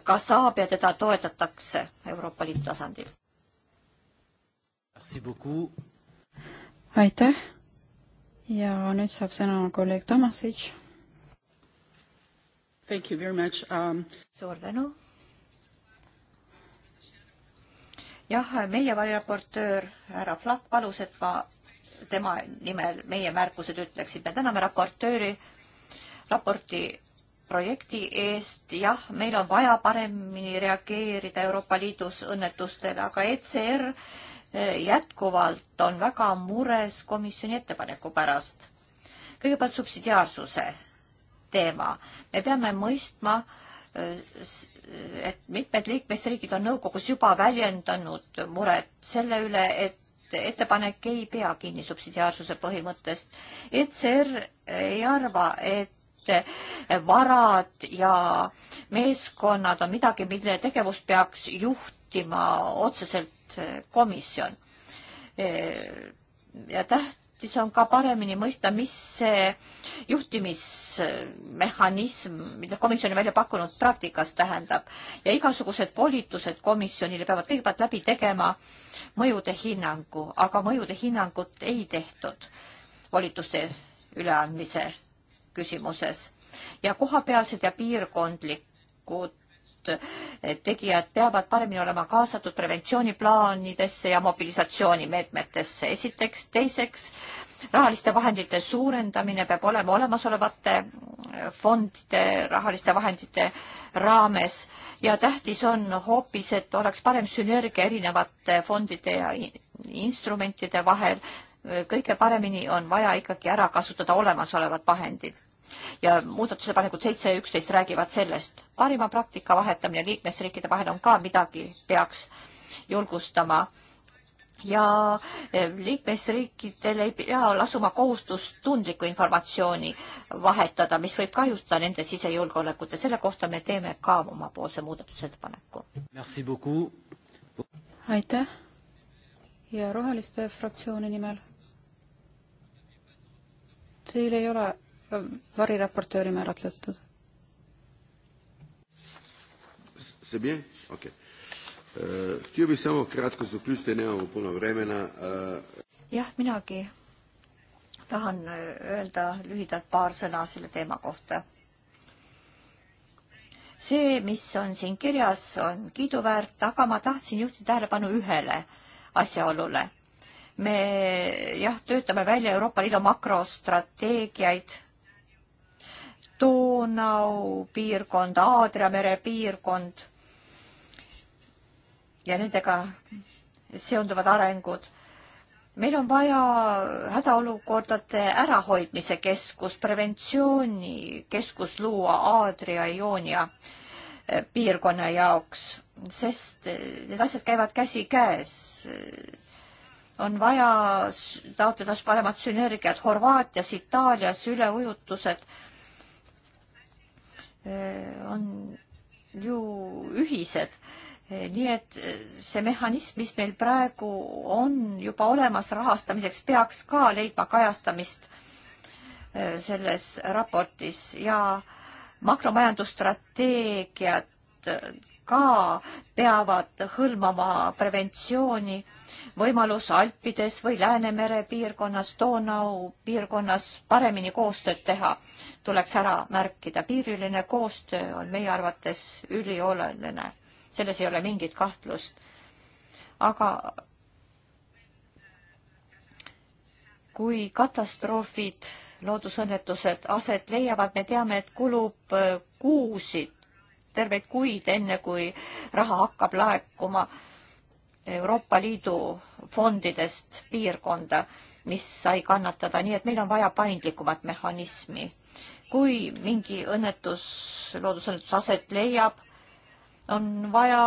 ka saab ja teda toetatakse Euroopa Liidu tasandil aitäh ja nüüd saab sõna kolleeg Tomasic. Thank you very much um.... suur tänu. jah, meie variraportöör härra Flak palus, et ma tema nimel meie märkused ütleksin. me täname raportööri raporti projekti eest. jah, meil on vaja paremini reageerida Euroopa Liidus õnnetustele, aga ECR jätkuvalt on väga mures komisjoni ettepaneku pärast. kõigepealt subsidiaarsuse teema. me peame mõistma, et mitmed liikmesriigid on nõukogus juba väljendanud muret selle üle, et ettepanek ei pea kinni subsidiaarsuse põhimõttest. ECR ei arva, et varad ja meeskonnad on midagi, mille tegevust peaks juhtima otseselt komisjon. ja tähtis on ka paremini mõista, mis see juhtimismehhanism, mida komisjon on välja pakkunud, praktikas tähendab ja igasugused volitused komisjonile peavad kõigepealt läbi tegema mõjude hinnangu, aga mõjude hinnangut ei tehtud volituste üleandmise küsimuses ja kohapealsed ja piirkondlikud just tegijad peavad paremini olema kaasatud preventsiooniplaanidesse ja mobilisatsioonimeetmetesse, esiteks, teiseks rahaliste vahendite suurendamine peab olema olemasolevate fondide rahaliste vahendite raames ja tähtis on hoopis, et oleks parem sünergia erinevate fondide ja instrumentide vahel. kõige paremini on vaja ikkagi ära kasutada olemasolevad vahendid ja muudatusepanekud seitse ja üksteist räägivad sellest. parima praktika vahetamine liikmesriikide vahel on ka midagi, peaks julgustama ja eh, liikmesriikidel ei pea lasuma kohustust tundlikku informatsiooni vahetada, mis võib kahjustada nende sisejulgeolekut ja selle kohta me teeme ka omapoolse muudatusettepaneku. aitäh ja Roheliste fraktsiooni nimel. Teil ei ole variraportööri määratletud. see bien? okei okay. Uh,. Htio bi samo kratko zaključiti, nemamo puno vremena uh.... jah, minagi tahan eh, öelda lühidalt paar sõna selle teema kohta. see, mis on siin kirjas, on kiiduväärt, aga ma tahtsin juhtida tähelepanu ühele asjaolule me jah, töötame välja Euroopa Liidu makrostrateegiaid Donau piirkond, Aadria mere piirkond ja nendega seonduvad arengud. meil on vaja hädaolukordade ärahoidmise keskus, preventsioonikeskus luua Aadria, Ioonia eh, piirkonna jaoks, sest eh, need asjad käivad käsikäes. on vaja taotleda paremat sünergiat Horvaatias, Itaalias üleujutused Eh, on ju ühised. Eh, nii et eh, see mehhanism, mis meil praegu on juba olemas rahastamiseks, peaks ka leidma kajastamist selles raportis ja makromajandusstrateegiad ka peavad hõlmama preventsiooni võimalus Alpides või Läänemere piirkonnas, Donau piirkonnas paremini koostööd teha, tuleks ära märkida. piiriline koostöö on meie arvates ülioluline, selles ei ole mingit kahtlust. aga kui katastroofid, loodusõnnetused aset leiavad, me teame, et kulub äh, kuusid, terveid kuid, enne kui raha hakkab laekuma Euroopa Liidu fondidest piirkonda, mis sai kannatada, nii et meil on vaja paindlikumat mehhanismi. kui mingi õnnetus, loodusõnnetus aset leiab, on vaja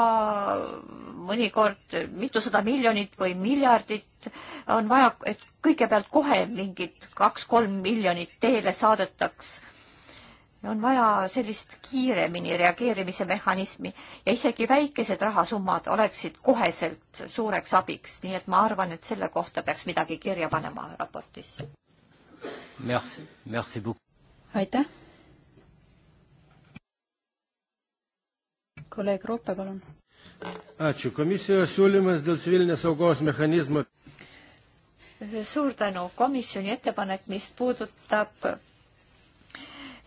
mõnikord mitusada miljonit või miljardit, on vaja, et kõigepealt kohe mingid kaks-kolm miljonit teele saadetaks on vaja sellist kiiremini reageerimise mehhanismi ja isegi väikesed rahasummad oleksid koheselt suureks abiks, nii et ma arvan, et selle kohta peaks midagi kirja panema raportis. aitäh. kolleeg Roope, palun. suur tänu, komisjoni ettepanek, mis puudutab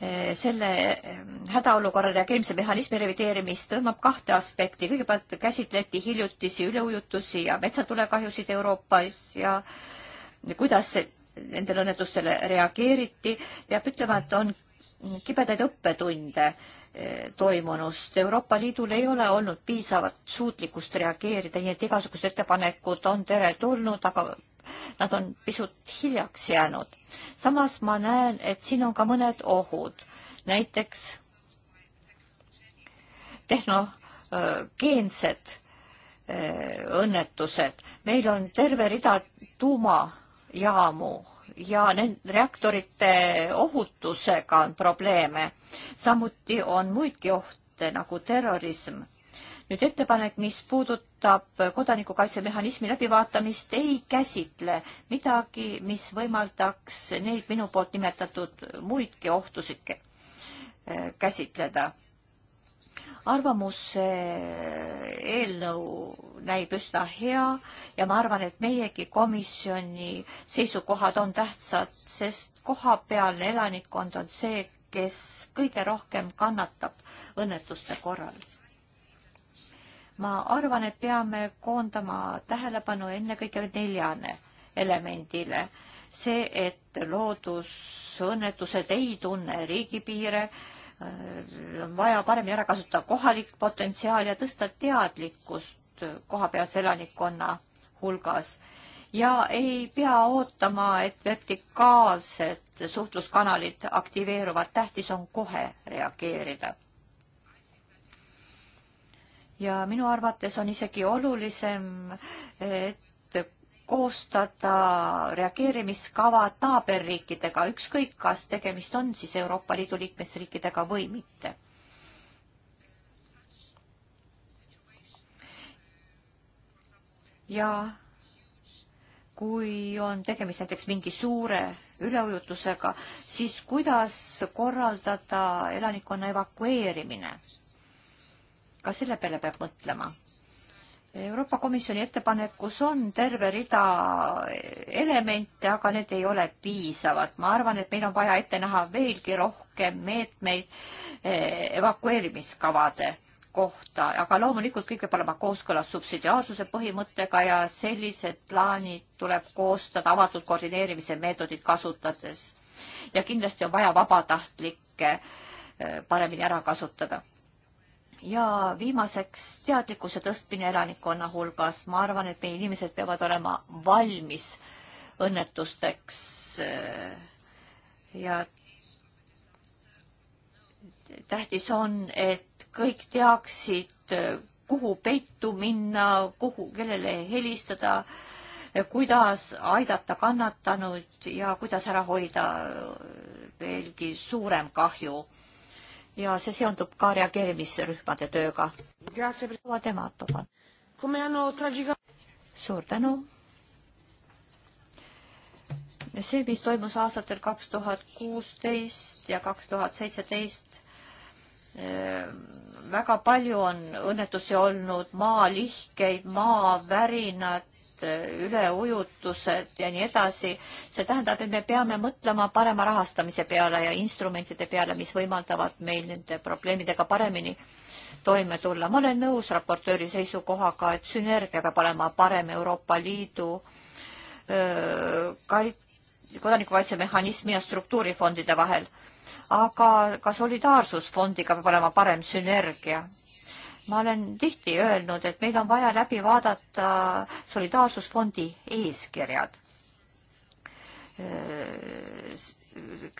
Eh, selle hädaolukorra reageerimise mehhanismi revideerimist hõlmab kahte aspekti. kõigepealt käsitleti hiljutisi üleujutusi ja metsatulekahjusid Euroopas ja kuidas nendele õnnetustele reageeriti. peab ütlema, et on kibedaid õppetunde eh, toimunust. Euroopa Liidul ei ole olnud piisavat suutlikkust reageerida, nii et igasugused ettepanekud on teretulnud, aga nad on pisut hiljaks jäänud. samas ma näen, et siin on ka mõned ohud, näiteks tehnogeensed õnnetused. meil on terve rida tuumajaamu ja nende reaktorite ohutusega on probleeme. samuti on muidki ohte nagu terrorism nüüd ettepanek, mis puudutab kodanikukaitsemehhanismi läbivaatamist, ei käsitle midagi, mis võimaldaks neid minu poolt nimetatud muidki ohtusid äh, käsitleda. arvamuse äh, eelnõu näib üsna hea ja ma arvan, et meiegi komisjoni seisukohad on tähtsad, sest kohapealne elanikkond on see, kes kõige rohkem kannatab õnnetuste korral ma arvan, et peame koondama tähelepanu ennekõike neljane elemendile. see, et loodusõnnetused ei tunne riigipiire, äh, on vaja paremini ära kasutada kohalik potentsiaal ja tõsta teadlikkust kohapealse elanikkonna hulgas ja ei pea ootama, et vertikaalsed suhtluskanalit aktiveeruvad, tähtis on kohe reageerida ja minu arvates on isegi olulisem, et koostada reageerimiskavad naaberriikidega, ükskõik kas tegemist on siis Euroopa Liidu liikmesriikidega või mitte. ja kui on tegemist näiteks mingi suure üleujutusega, siis kuidas korraldada elanikkonna evakueerimine ka selle peale peab mõtlema. Euroopa Komisjoni ettepanekus on terve rida elemente, aga need ei ole piisavad. ma arvan, et meil on vaja ette näha veelgi rohkem meetmeid eh, evakueerimiskavade kohta, aga loomulikult kõik peab olema kooskõlas subsidiaarsuse põhimõttega ja sellised plaanid tuleb koostada avatud koordineerimise meetodit kasutades. ja kindlasti on vaja vabatahtlikke eh, paremini ära kasutada ja viimaseks teadlikkuse tõstmine elanikkonna hulgas. ma arvan, et meie inimesed peavad olema valmis õnnetusteks ja tähtis on, et kõik teaksid, kuhu peitu minna, kuhu, kellele helistada, kuidas aidata kannatanuid ja kuidas ära hoida veelgi suurem kahju ja see seondub ka reageerimisrühmade tööga. proua Dematova. suur tänu. see, mis toimus aastatel kaks tuhat kuusteist ja kaks tuhat seitseteist, eh, väga palju on õnnetusi olnud, maalihkeid, maavärinad, Äh, üleujutused ja nii edasi. see tähendab, et me peame mõtlema parema rahastamise peale ja instrumentide peale, mis võimaldavad meil nende probleemidega paremini toime tulla. ma olen nõus raportööri seisukohaga, et sünergia peab olema parem Euroopa Liidu äh, kait-, kodanikukaitsemehhanismi ja struktuurifondide vahel. aga ka solidaarsusfondiga peab olema parem sünergia ma olen tihti öelnud, et meil on vaja läbi vaadata solidaarsusfondi eeskirjad, äh,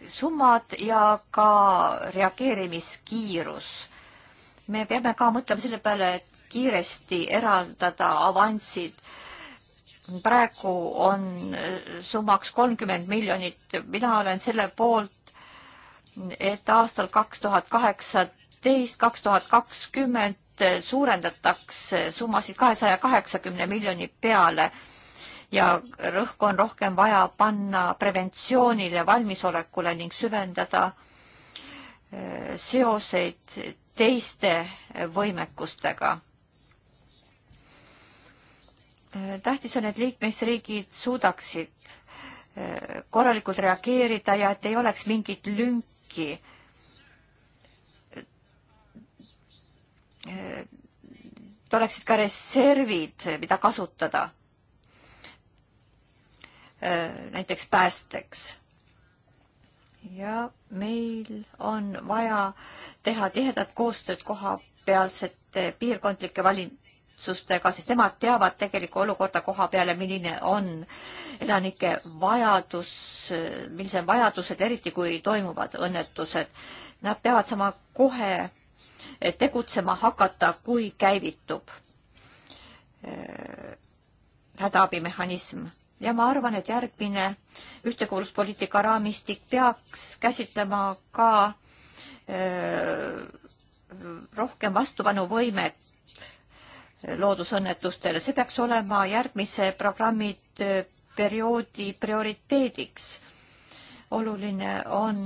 summad ja ka reageerimiskiirus. me peame ka mõtlema selle peale, et kiiresti eraldada avansid. praegu on summaks kolmkümmend miljonit, mina olen selle poolt, et aastal kaks tuhat kaheksateist, kaks tuhat kakskümmend suurendatakse summasid kahesaja kaheksakümne miljoni peale ja rõhku on rohkem vaja panna preventsioonile, valmisolekule ning süvendada äh, seoseid teiste võimekustega. Äh, tähtis on, et liikmesriigid suudaksid äh, korralikult reageerida ja et ei oleks mingit lünki et oleksid ka reservid, mida kasutada. Äh, näiteks päästeks. ja meil on vaja teha tihedat koostööd kohapealsete piirkondlike valitsustega, sest nemad teavad tegelikku olukorda koha peal ja milline on elanike vajadus, millised on vajadused, eriti kui toimuvad õnnetused. Nad peavad saama kohe tegutsema hakata, kui käivitub äh, hädaabimehhanism ja ma arvan, et järgmine ühtekuuluvuspoliitika raamistik peaks käsitlema ka öö, äh, rohkem vastupanuvõimet loodusõnnetustele, see peaks olema järgmise programmi äh, perioodi prioriteediks oluline on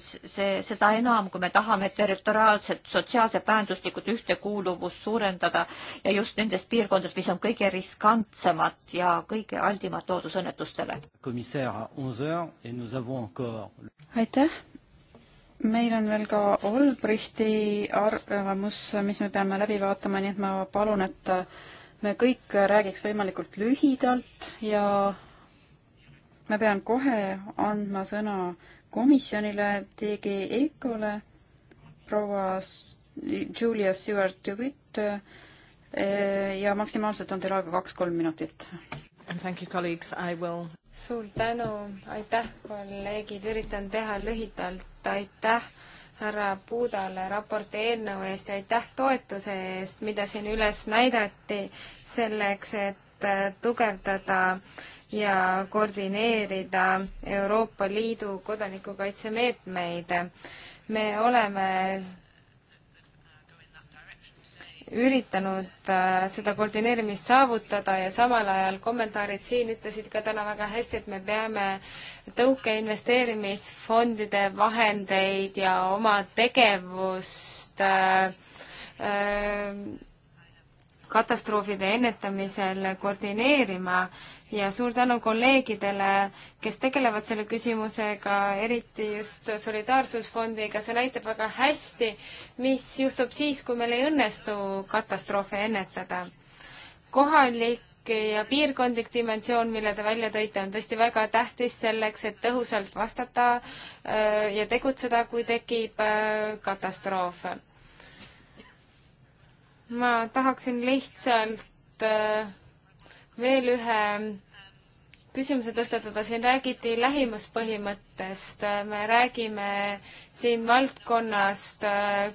see, seda enam, kui me tahame territoriaalset sotsiaalset majanduslikult ühtekuuluvust suurendada ja just nendes piirkondades, mis on kõige riskantsemad ja kõige aldimad loodusõnnetustele. aitäh, meil on veel ka Olbrichti arvamus, mis me peame läbi vaatama, nii et ma palun, et me kõik räägiks võimalikult lühidalt ja ma pean kohe andma sõna komisjonile, DG EKO-le, proua Julia Stewart-DeWitt eh, ja maksimaalselt on teil aega kaks-kolm minutit. Will... suur tänu, aitäh, kolleegid, üritan teha lühidalt, aitäh härra Puudale raporti eelnõu eest ja aitäh toetuse eest, mida siin üles näidati selleks, et tugevdada ja koordineerida Euroopa Liidu kodanikukaitsemeetmeid. me oleme üritanud äh, seda koordineerimist saavutada ja samal ajal kommentaarid siin ütlesid ka täna väga hästi, et me peame tõuke investeerimisfondide vahendeid ja oma tegevust äh, äh, katastroofide ennetamisel koordineerima ja suur tänu kolleegidele, kes tegelevad selle küsimusega, eriti just Solidaarsusfondiga, see näitab väga hästi, mis juhtub siis, kui meil ei õnnestu katastroofe ennetada. kohalik ja piirkondlik dimensioon, mille te välja tõite, on tõesti väga tähtis selleks, et tõhusalt vastata äh, ja tegutseda, kui tekib äh, katastroof. ma tahaksin lihtsalt äh, veel ühe küsimuse tõstatada, siin räägiti lähimuspõhimõttest, me räägime siin valdkonnast,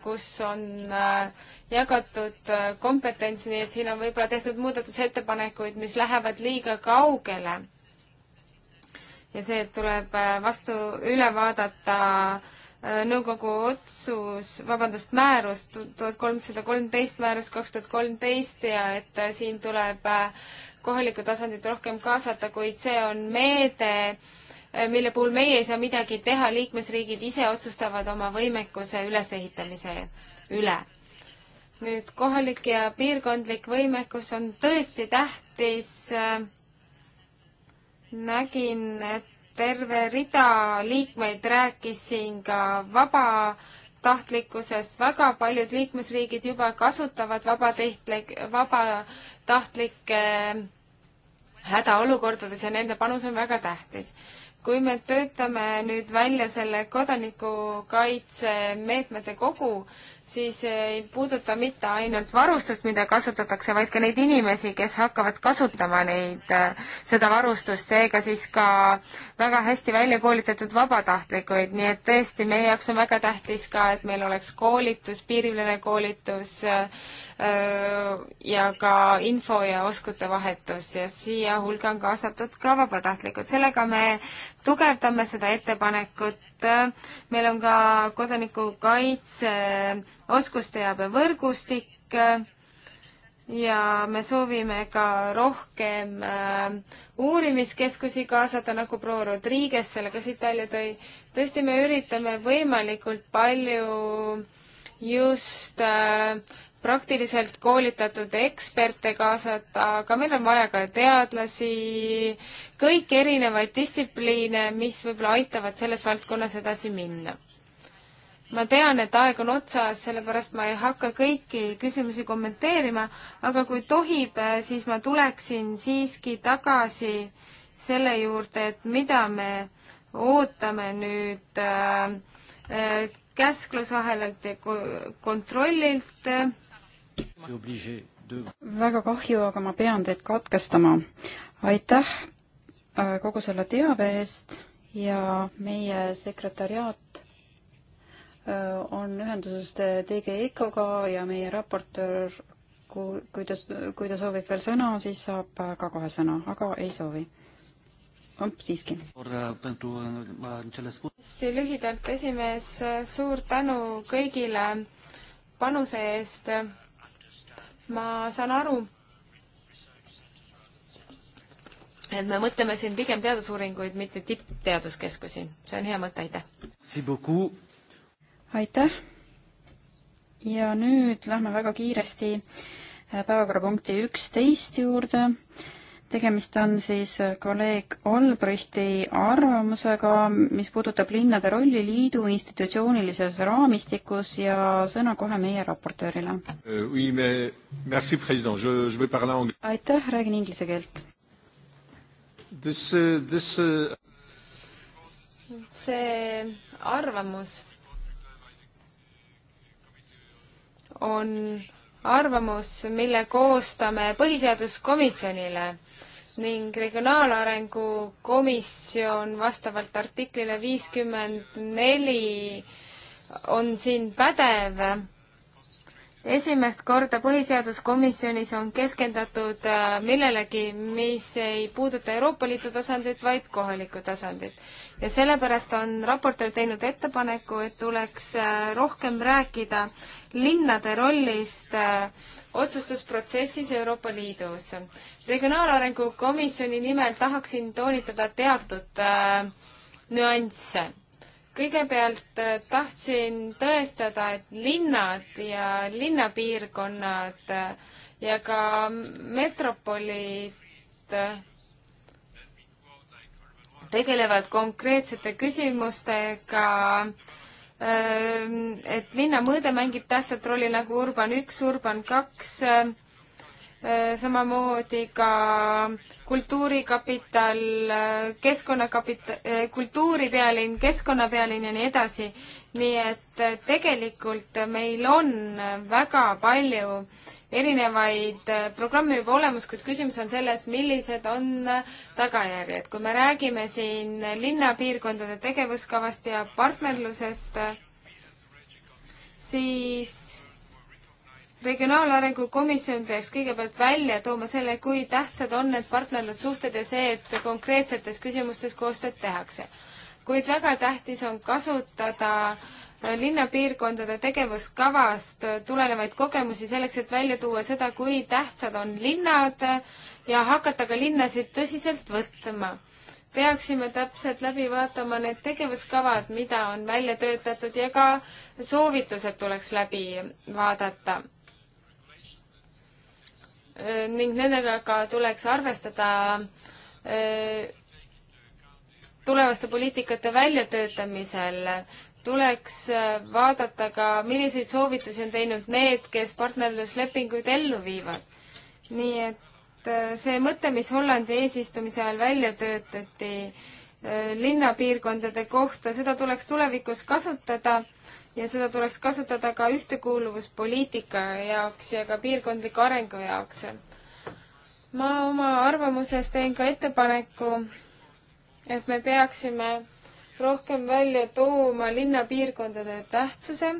kus on äh, jagatud äh, kompetents, nii et siin on võib-olla tehtud muudatusettepanekuid, mis lähevad liiga kaugele. ja see tuleb äh, vastu, üle vaadata nõukogu otsus, vabandust, määrus tuhat kolmsada kolmteist, määrus kaks tuhat kolmteist ja et siin tuleb kohalikku tasandit rohkem kaasata, kuid see on meede, mille puhul meie ei saa midagi teha, liikmesriigid ise otsustavad oma võimekuse ülesehitamise üle. nüüd kohalik ja piirkondlik võimekus on tõesti tähtis. nägin, et terve rida liikmeid rääkis siin ka vabatahtlikkusest, väga paljud liikmesriigid juba kasutavad vabatahtlik, vabatahtlikke hädaolukordades ja nende panus on väga tähtis. kui me töötame nüüd välja selle kodanikukaitsemeetmete kogu, siis ei puuduta mitte ainult varustust, mida kasutatakse, vaid ka neid inimesi, kes hakkavad kasutama neid, äh, seda varustust, seega siis ka väga hästi välja koolitatud vabatahtlikuid, nii et tõesti, meie jaoks on väga tähtis ka, et meil oleks koolitus, piiriülene koolitus äh, ja ka info ja oskute vahetus ja siia hulka on kaasatud ka vabatahtlikud. sellega me tugevdame seda ettepanekut Äh, meil on ka kodanikukaitse oskusteabevõrgustik äh, ja me soovime ka rohkem äh, uurimiskeskusi kaasata, nagu proua Rodriguez selle ka siit välja tõi. tõesti, me üritame võimalikult palju just praktiliselt koolitatud eksperte kaasata, aga meil on vaja ka teadlasi, kõiki erinevaid distsipliine, mis võib-olla aitavad selles valdkonnas edasi minna. ma tean, et aeg on otsas, sellepärast ma ei hakka kõiki küsimusi kommenteerima, aga kui tohib, siis ma tuleksin siiski tagasi selle juurde, et mida me ootame nüüd äh, äh, käsklusahelalt ja kontrollilt äh, väga kahju, aga ma pean teid katkestama. aitäh äh, kogu selle teabe eest ja meie sekretariaat äh, on ühenduses TG EKOga ja meie raportöör, kui ta, kui ta soovib veel sõna, siis saab äh, ka kohe sõna, aga ei soovi siiski. hästi lühidalt, esimees, suur tänu kõigile panuse eest ma saan aru, et me mõtleme siin pigem teadusuuringuid, mitte tippteaduskeskusi. see on hea mõte, aitäh! aitäh! ja nüüd lähme väga kiiresti päevakorrapunkti üksteist juurde tegemist on siis kolleeg Albrechti arvamusega, mis puudutab linnade rolli liidu institutsioonilises raamistikus ja sõna kohe meie raportöörile uh,. Oui, mais... Merci, president. Je, je vais parler anglais. aitäh, räägin inglise keelt. This, uh, this, uh... see arvamus on arvamus, mille koostame Põhiseaduskomisjonile ning Regionaalarengu Komisjon vastavalt artiklile viiskümmend neli on siin pädev esimest korda põhiseaduskomisjonis on keskendatud äh, millelegi, mis ei puuduta Euroopa Liidu tasandit, vaid kohalikku tasandit. ja sellepärast on raportöör teinud ettepaneku, et tuleks äh, rohkem rääkida linnade rollist äh, otsustusprotsessis Euroopa Liidus. regionaalarengu komisjoni nimel tahaksin toonitada teatud äh, nüansse kõigepealt äh, tahtsin tõestada, et linnad ja linnapiirkonnad äh, ja ka metropolid äh, tegelevad konkreetsete küsimustega, et linna mõõde mängib tähtsat rolli nagu Urban üks, Urban kaks Äh, samamoodi ka kultuurikapital, äh, keskkonnakapita-, äh, kultuuripealinn, keskkonnapealinn ja nii edasi. nii et tegelikult meil on väga palju erinevaid programme juba olemas, kuid küsimus on selles, millised on tagajärjed. kui me räägime siin linnapiirkondade tegevuskavast ja partnerlusest, siis regionaalarengu komisjon peaks kõigepealt välja tooma selle, kui tähtsad on need partnerlussuhted ja see, et konkreetsetes küsimustes koostööd tehakse. kuid väga tähtis on kasutada äh, linnapiirkondade tegevuskavast äh, tulenevaid kogemusi selleks, et välja tuua seda, kui tähtsad on linnad äh, ja hakata ka linnasid tõsiselt võtma peaksime täpselt läbi vaatama need tegevuskavad, mida on välja töötatud ja ka soovitused tuleks läbi vaadata. Äh, ning nendega ka tuleks arvestada äh, tulevaste poliitikate väljatöötamisel tuleks äh, vaadata ka, milliseid soovitusi on teinud need, kes partnerluslepinguid ellu viivad. nii et see mõte, mis Hollandi eesistumise ajal välja töötati linnapiirkondade kohta, seda tuleks tulevikus kasutada ja seda tuleks kasutada ka ühtekuuluvuspoliitika jaoks ja ka piirkondliku arengu jaoks. ma oma arvamuses teen ka ettepaneku, et me peaksime rohkem välja tooma linnapiirkondade tähtsuse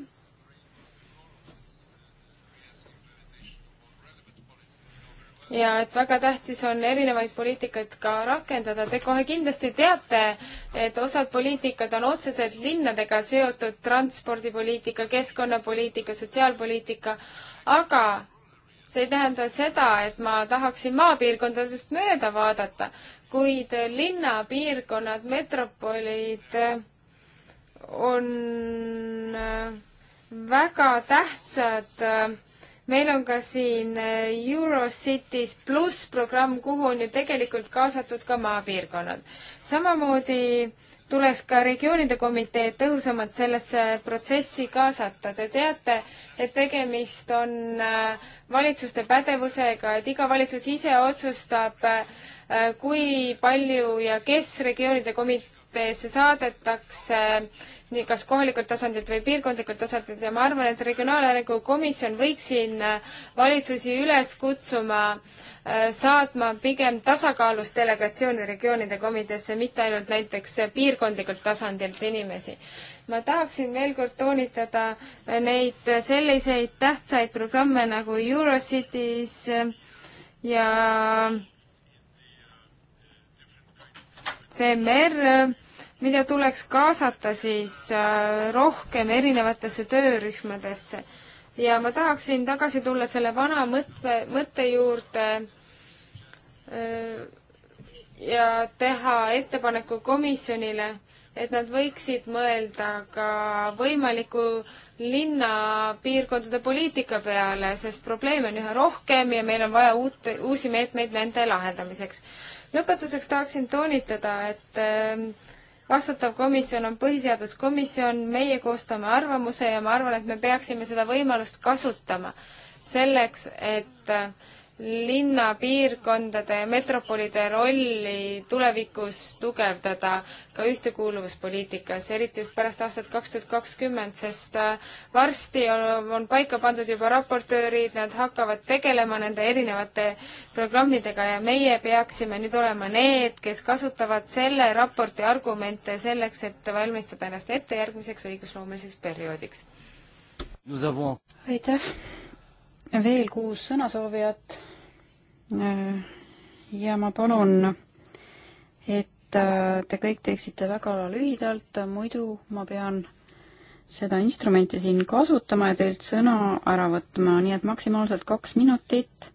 ja et väga tähtis on erinevaid poliitikaid ka rakendada. Te kohe kindlasti teate, et osad poliitikad on otseselt linnadega seotud, transpordipoliitika, keskkonnapoliitika, sotsiaalpoliitika, aga see ei tähenda seda, et ma tahaksin maapiirkondadest mööda vaadata, kuid linnapiirkonnad, metropolid on väga tähtsad äh, meil on ka siin äh, Eurocities pluss programm, kuhu on ju tegelikult kaasatud ka maapiirkonnad. samamoodi tuleks ka regioonide komitee tõhusamalt sellesse protsessi kaasata. Te teate, et tegemist on äh, valitsuste pädevusega, et iga valitsus ise otsustab, äh, kui palju ja kes regioonide komit-, raportisse saadetakse nii kas kohalikult tasandilt või piirkondlikult tasandilt ja ma arvan, et Regionaalarengu Komisjon võiks siin äh, valitsusi üles kutsuma äh, saatma pigem tasakaalus delegatsiooni regioonide komiteesse, mitte ainult näiteks äh, piirkondlikult tasandilt inimesi ma tahaksin veel kord toonitada neid selliseid tähtsaid programme nagu Eurocities ja CMR mida tuleks kaasata siis äh, rohkem erinevatesse töörühmadesse. ja ma tahaksin tagasi tulla selle vana mõtte, mõtte juurde äh, ja teha ettepaneku komisjonile, et nad võiksid mõelda ka võimaliku linnapiirkondade poliitika peale, sest probleeme on üha rohkem ja meil on vaja uut, uusi meetmeid nende lahendamiseks. lõpetuseks tahaksin toonitada, et äh, vastutav komisjon on põhiseaduskomisjon, meie koostame arvamuse ja ma arvan, et me peaksime seda võimalust kasutama selleks, et linnapiirkondade ja metropolide rolli tulevikus tugevdada ka ühtekuuluvuspoliitikas, eriti just pärast aastat kaks tuhat kakskümmend, sest äh, varsti on, on paika pandud juba raportöörid, nad hakkavad tegelema nende erinevate programmidega ja meie peaksime nüüd olema need, kes kasutavad selle raporti argumente selleks, et valmistada ennast ette järgmiseks õigusloomeliseks perioodiks. aitäh! veel kuus sõnasoovijat Äh, ja ma palun, et äh, te kõik teeksite väga lühidalt, muidu ma pean seda instrumenti siin kasutama ja teilt sõna ära võtma, nii et maksimaalselt kaks minutit.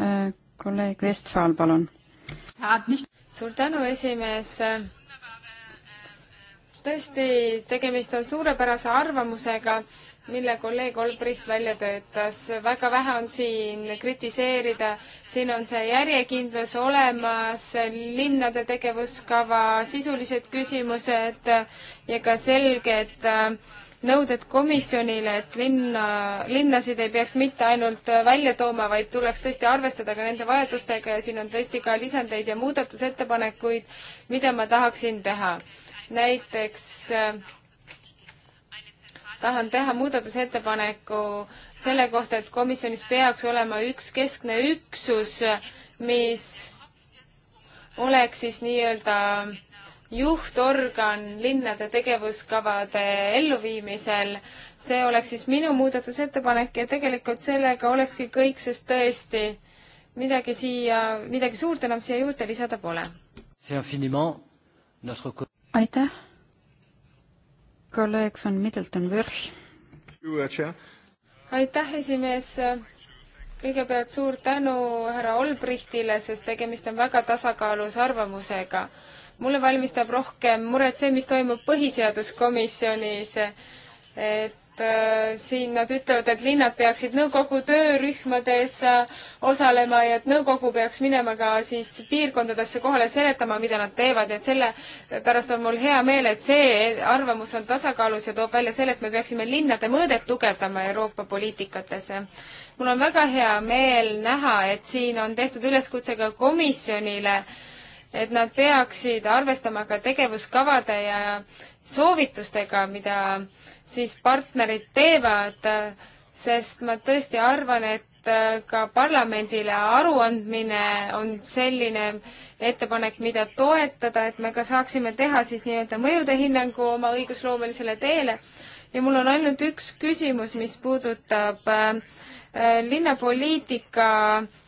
Äh, kolleeg Vestfaal, palun. suur tänu, esimees tõesti, tegemist on suurepärase arvamusega mille kolleeg Olbricht välja töötas. väga vähe on siin kritiseerida, siin on see järjekindlus olemas, linnade tegevuskava, sisulised küsimused ja ka selged äh, nõuded komisjonile, et linna, linnasid ei peaks mitte ainult välja tooma, vaid tuleks tõesti arvestada ka nende vajadustega ja siin on tõesti ka lisandeid ja muudatusettepanekuid, mida ma tahaksin teha. näiteks äh, tahan teha muudatusettepaneku selle kohta, et komisjonis peaks olema üks keskne üksus, mis oleks siis nii-öelda juhtorgan linnade tegevuskavade elluviimisel. see oleks siis minu muudatusettepanek ja tegelikult sellega olekski kõik, sest tõesti midagi siia, midagi suurt enam siia juurde lisada pole. aitäh kolleeg von Middleton-Vürch. aitäh, esimees kõigepealt suur tänu härra Olbrichtile, sest tegemist on väga tasakaalus arvamusega. mulle valmistab rohkem muret see, mis toimub põhiseaduskomisjonis, et Äh, siin nad ütlevad, et linnad peaksid nõukogu töörühmades äh, osalema ja et nõukogu peaks minema ka siis piirkondadesse kohale seletama, mida nad teevad, et sellepärast on mul hea meel, et see arvamus on tasakaalus ja toob välja selle, et me peaksime linnade mõõdet tugevdama Euroopa poliitikates. mul on väga hea meel näha, et siin on tehtud üleskutse ka komisjonile, et nad peaksid arvestama ka tegevuskavade ja soovitustega, mida äh, siis partnerid teevad, sest ma tõesti arvan, et äh, ka parlamendile aruandmine on selline ettepanek, mida toetada, et me ka saaksime teha siis nii-öelda mõjude hinnangu oma õigusloomelisele teele. ja mul on ainult üks küsimus, mis puudutab äh, äh linnapoliitika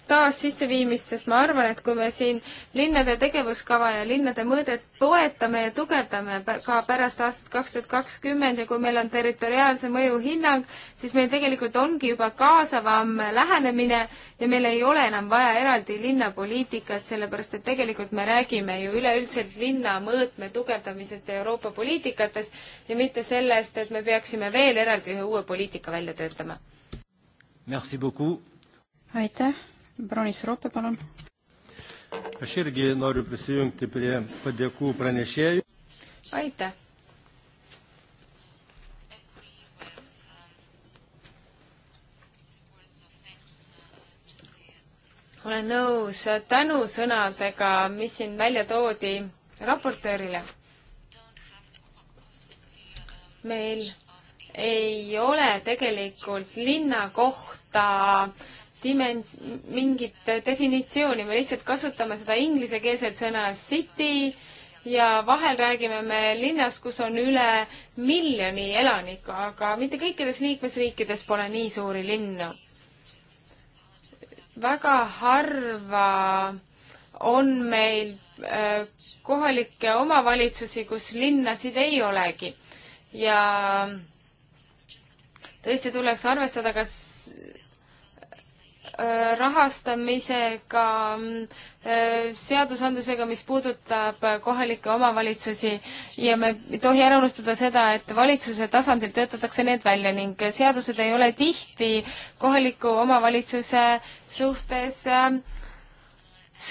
taas sisseviimist, sest ma arvan, et kui me siin linnade tegevuskava ja linnade mõõdet toetame ja tugevdame ka pärast aastat kaks tuhat kakskümmend ja kui meil on territoriaalse mõju hinnang, siis meil tegelikult ongi juba kaasavam lähenemine ja meil ei ole enam vaja eraldi linnapoliitikat, sellepärast et tegelikult me räägime ju üleüldiselt linna mõõtme tugevdamisest Euroopa poliitikates ja mitte sellest, et me peaksime veel eraldi ühe uue poliitika välja töötama. Merci beaucoup. aitäh Bronis Roope, palun. Aš irgi noriu prisijungti prie padėkų pranešėjų. Aitäh. olen nõus tänusõnadega, mis siin välja toodi raportöörile. meil ei ole tegelikult linna kohta dimens-, mingit definitsiooni, me lihtsalt kasutame seda inglisekeelset sõna city ja vahel räägime me linnast, kus on üle miljoni elaniku, aga mitte kõikides liikmesriikides pole nii suuri linnu. väga harva on meil äh, kohalikke omavalitsusi, kus linnasid ei olegi ja tõesti tuleks arvestada, kas Äh, rahastamisega, äh, seadusandlusega, mis puudutab äh, kohalikke omavalitsusi ja me ei tohi ära unustada seda, et valitsuse tasandil töötatakse need välja ning seadused ei ole tihti kohaliku omavalitsuse suhtes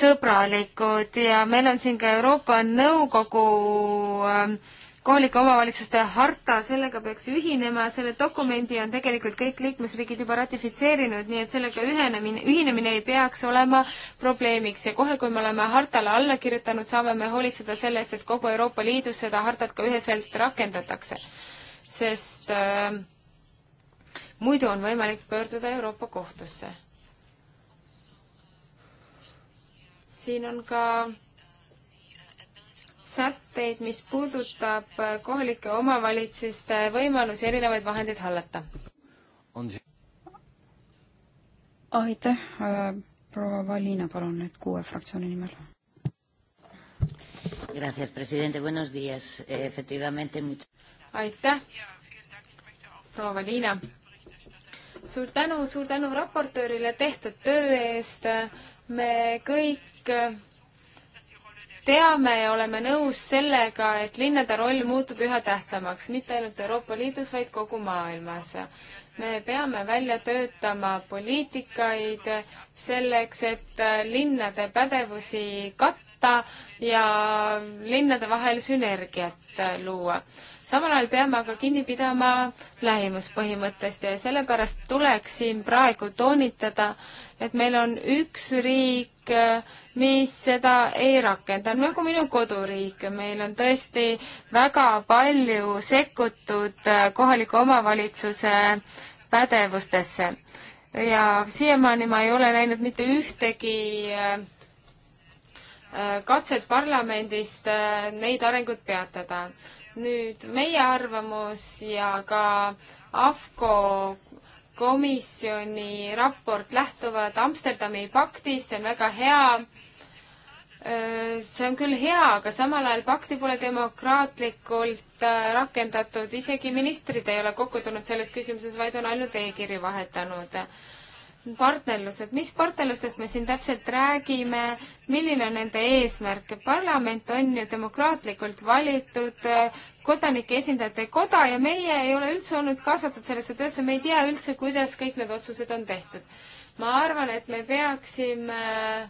sõbralikud ja meil on siin ka Euroopa Nõukogu äh, kohalike omavalitsuste harta, sellega peaks ühinema, selle dokumendi on tegelikult kõik liikmesriigid juba ratifitseerinud, nii et sellega ühenemine, ühinemine ei peaks olema probleemiks ja kohe, kui me oleme hartale alla kirjutanud, saame me hoolitseda selle eest, et kogu Euroopa Liidus seda hartat ka üheselt rakendatakse. sest äh, muidu on võimalik pöörduda Euroopa Kohtusse. siin on ka sätteid, mis puudutab kohalike omavalitsuste võimalusi erinevaid vahendeid hallata. aitäh, äh, proua Valina, palun nüüd kuue fraktsiooni nimel. Eh, aitäh, proua Valina. suur tänu, suur tänu raportöörile tehtud töö eest. me kõik teame ja oleme nõus sellega, et linnade roll muutub üha tähtsamaks, mitte ainult Euroopa Liidus, vaid kogu maailmas. me peame välja töötama poliitikaid selleks, et linnade pädevusi katta ja linnade vahel sünergiat luua samal ajal peame aga kinni pidama lähimuspõhimõttest ja sellepärast tuleks siin praegu toonitada, et meil on üks riik, mis seda ei rakenda, nagu minu koduriik, meil on tõesti väga palju sekkutud äh, kohaliku omavalitsuse pädevustesse ja siiamaani ma ei ole näinud mitte ühtegi äh, äh, katset parlamendist neid arengut peatada nüüd meie arvamus ja ka AFCO komisjoni raport lähtuvad Amsterdami paktist, see on väga hea. see on küll hea, aga samal ajal pakti pole demokraatlikult äh, rakendatud, isegi ministrid ei ole kokku tulnud selles küsimuses, vaid on ainult e-kiri vahetanud partnerlused, mis partnerlustest me siin täpselt räägime, milline on nende eesmärk? parlament on ju demokraatlikult valitud kodanike esindajate koda ja meie ei ole üldse olnud kaasatud sellesse töösse, me ei tea üldse, kuidas kõik need otsused on tehtud. ma arvan, et me peaksime,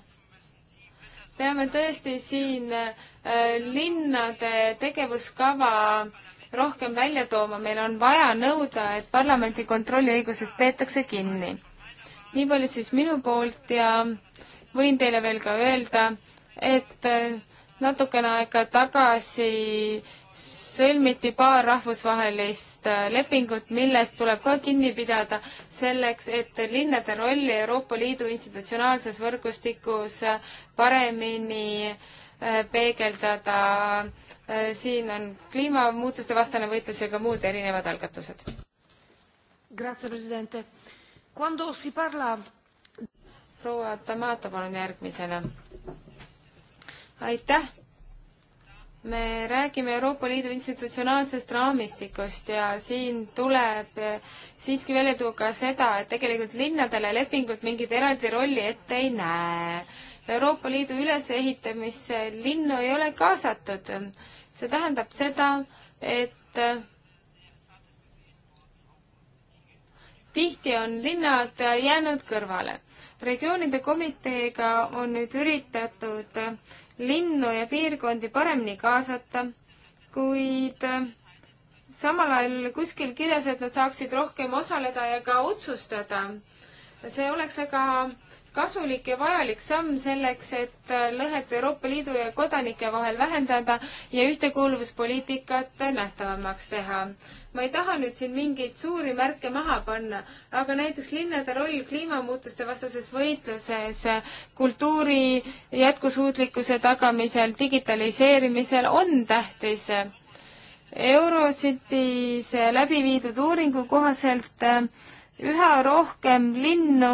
peame tõesti siin äh, linnade tegevuskava rohkem välja tooma, meil on vaja nõuda, et parlamendi kontrolliõigusest peetakse kinni nii palju siis minu poolt ja võin teile veel ka öelda, et äh, natukene aega tagasi sõlmiti paar rahvusvahelist äh, lepingut, millest tuleb ka kinni pidada selleks, et linnade rolli Euroopa Liidu institutsionaalses võrgustikus äh, paremini peegeldada. siin on kliimamuutuste vastane võitlus ja ka muud erinevad algatused. Grazie, president Quando si parla... proua Tamata, palun järgmisena. aitäh! me räägime Euroopa Liidu institutsionaalsest raamistikust ja siin tuleb siiski välja tuua ka seda, et tegelikult linnadele lepingud mingit eraldi rolli ette ei näe. Euroopa Liidu ülesehitamisse linnu ei ole kaasatud. see tähendab seda, et tihti on linnad jäänud kõrvale. regioonide komiteega on nüüd üritatud linnu ja piirkondi paremini kaasata, kuid samal ajal kuskil kirjas, et nad saaksid rohkem osaleda ja ka otsustada. see oleks aga kasulik ja vajalik samm selleks, et äh, lõhet Euroopa Liidu ja kodanike vahel vähendada ja ühtekuuluvuspoliitikat nähtavamaks teha. ma ei taha nüüd siin mingeid suuri märke maha panna, aga näiteks linnade roll kliimamuutuste vastases võitluses, kultuuri jätkusuutlikkuse tagamisel, digitaliseerimisel on tähtis Eurocities läbi viidud uuringu kohaselt äh, üha rohkem linnu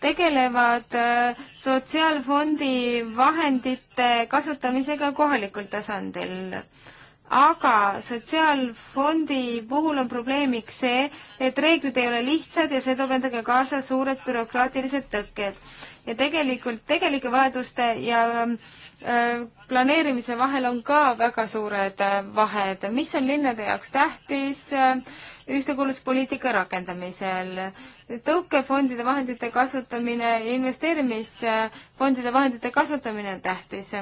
tegelevad äh, sotsiaalfondi vahendite kasutamisega kohalikul tasandil. aga sotsiaalfondi puhul on probleemiks see, et reeglid ei ole lihtsad ja see toob endaga kaasa suured bürokraatilised tõkked. ja tegelikult tegelike vajaduste ja äh, planeerimise vahel on ka väga suured äh, vahed, mis on linnade jaoks tähtis, ühtekuuluvuspoliitika rakendamisel. tõukefondide vahendite kasutamine ja investeerimisfondide vahendite kasutamine on tähtis.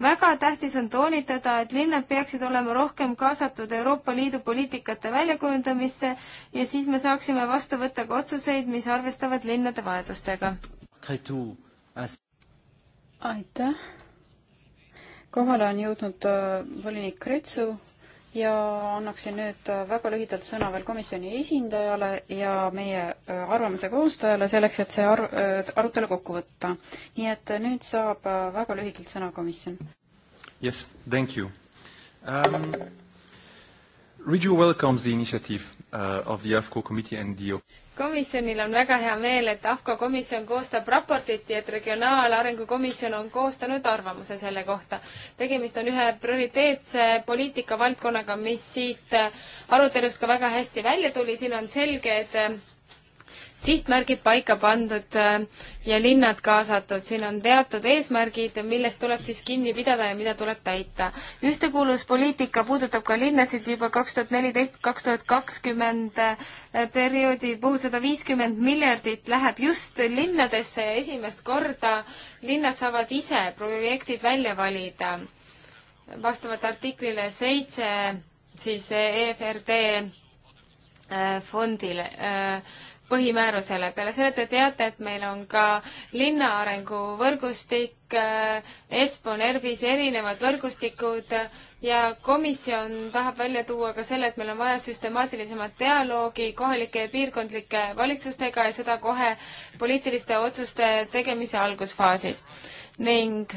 väga tähtis on toonitada, et linnad peaksid olema rohkem kaasatud Euroopa Liidu poliitikate väljakujundamisse ja siis me saaksime vastu võtta ka otsuseid, mis arvestavad linnade vajadustega. aitäh kohale on jõudnud äh, volinik Kretsu ja annaksin nüüd äh, väga lühidalt sõna veel komisjoni esindajale ja meie äh, arvamuse koostajale selleks, et see arv, äh, arutelu kokku võtta. nii et nüüd saab väga lühidalt sõna komisjon. Yes, thank you um,. Regio welcomes the initiative uh, of the AFCO committee and the komisjonil on väga hea meel, et AFCO komisjon koostab raportit ja et Regionaalarengu komisjon on koostanud arvamuse selle kohta. tegemist on ühe prioriteetse poliitikavaldkonnaga, mis siit arutelust ka väga hästi välja tuli, siin on selged sihtmärgid paika pandud äh, ja linnad kaasatud, siin on teatud eesmärgid, millest tuleb siis kinni pidada ja mida tuleb täita. ühtekuuluvuspoliitika puudutab ka linnasid juba kaks tuhat neliteist, kaks tuhat kakskümmend äh, perioodi puhul sada viiskümmend miljardit läheb just linnadesse ja esimest korda linnad saavad ise projektid välja valida vastavalt artiklile seitse siis EFRD äh, fondile äh, põhimäärusele. peale selle te teate, et meil on ka linnaarengu võrgustik, äh, Espon, Erbis erinevad võrgustikud ja komisjon tahab välja tuua ka selle, et meil on vaja süstemaatilisemat dialoogi kohalike ja piirkondlike valitsustega ja seda kohe poliitiliste otsuste tegemise algusfaasis. ning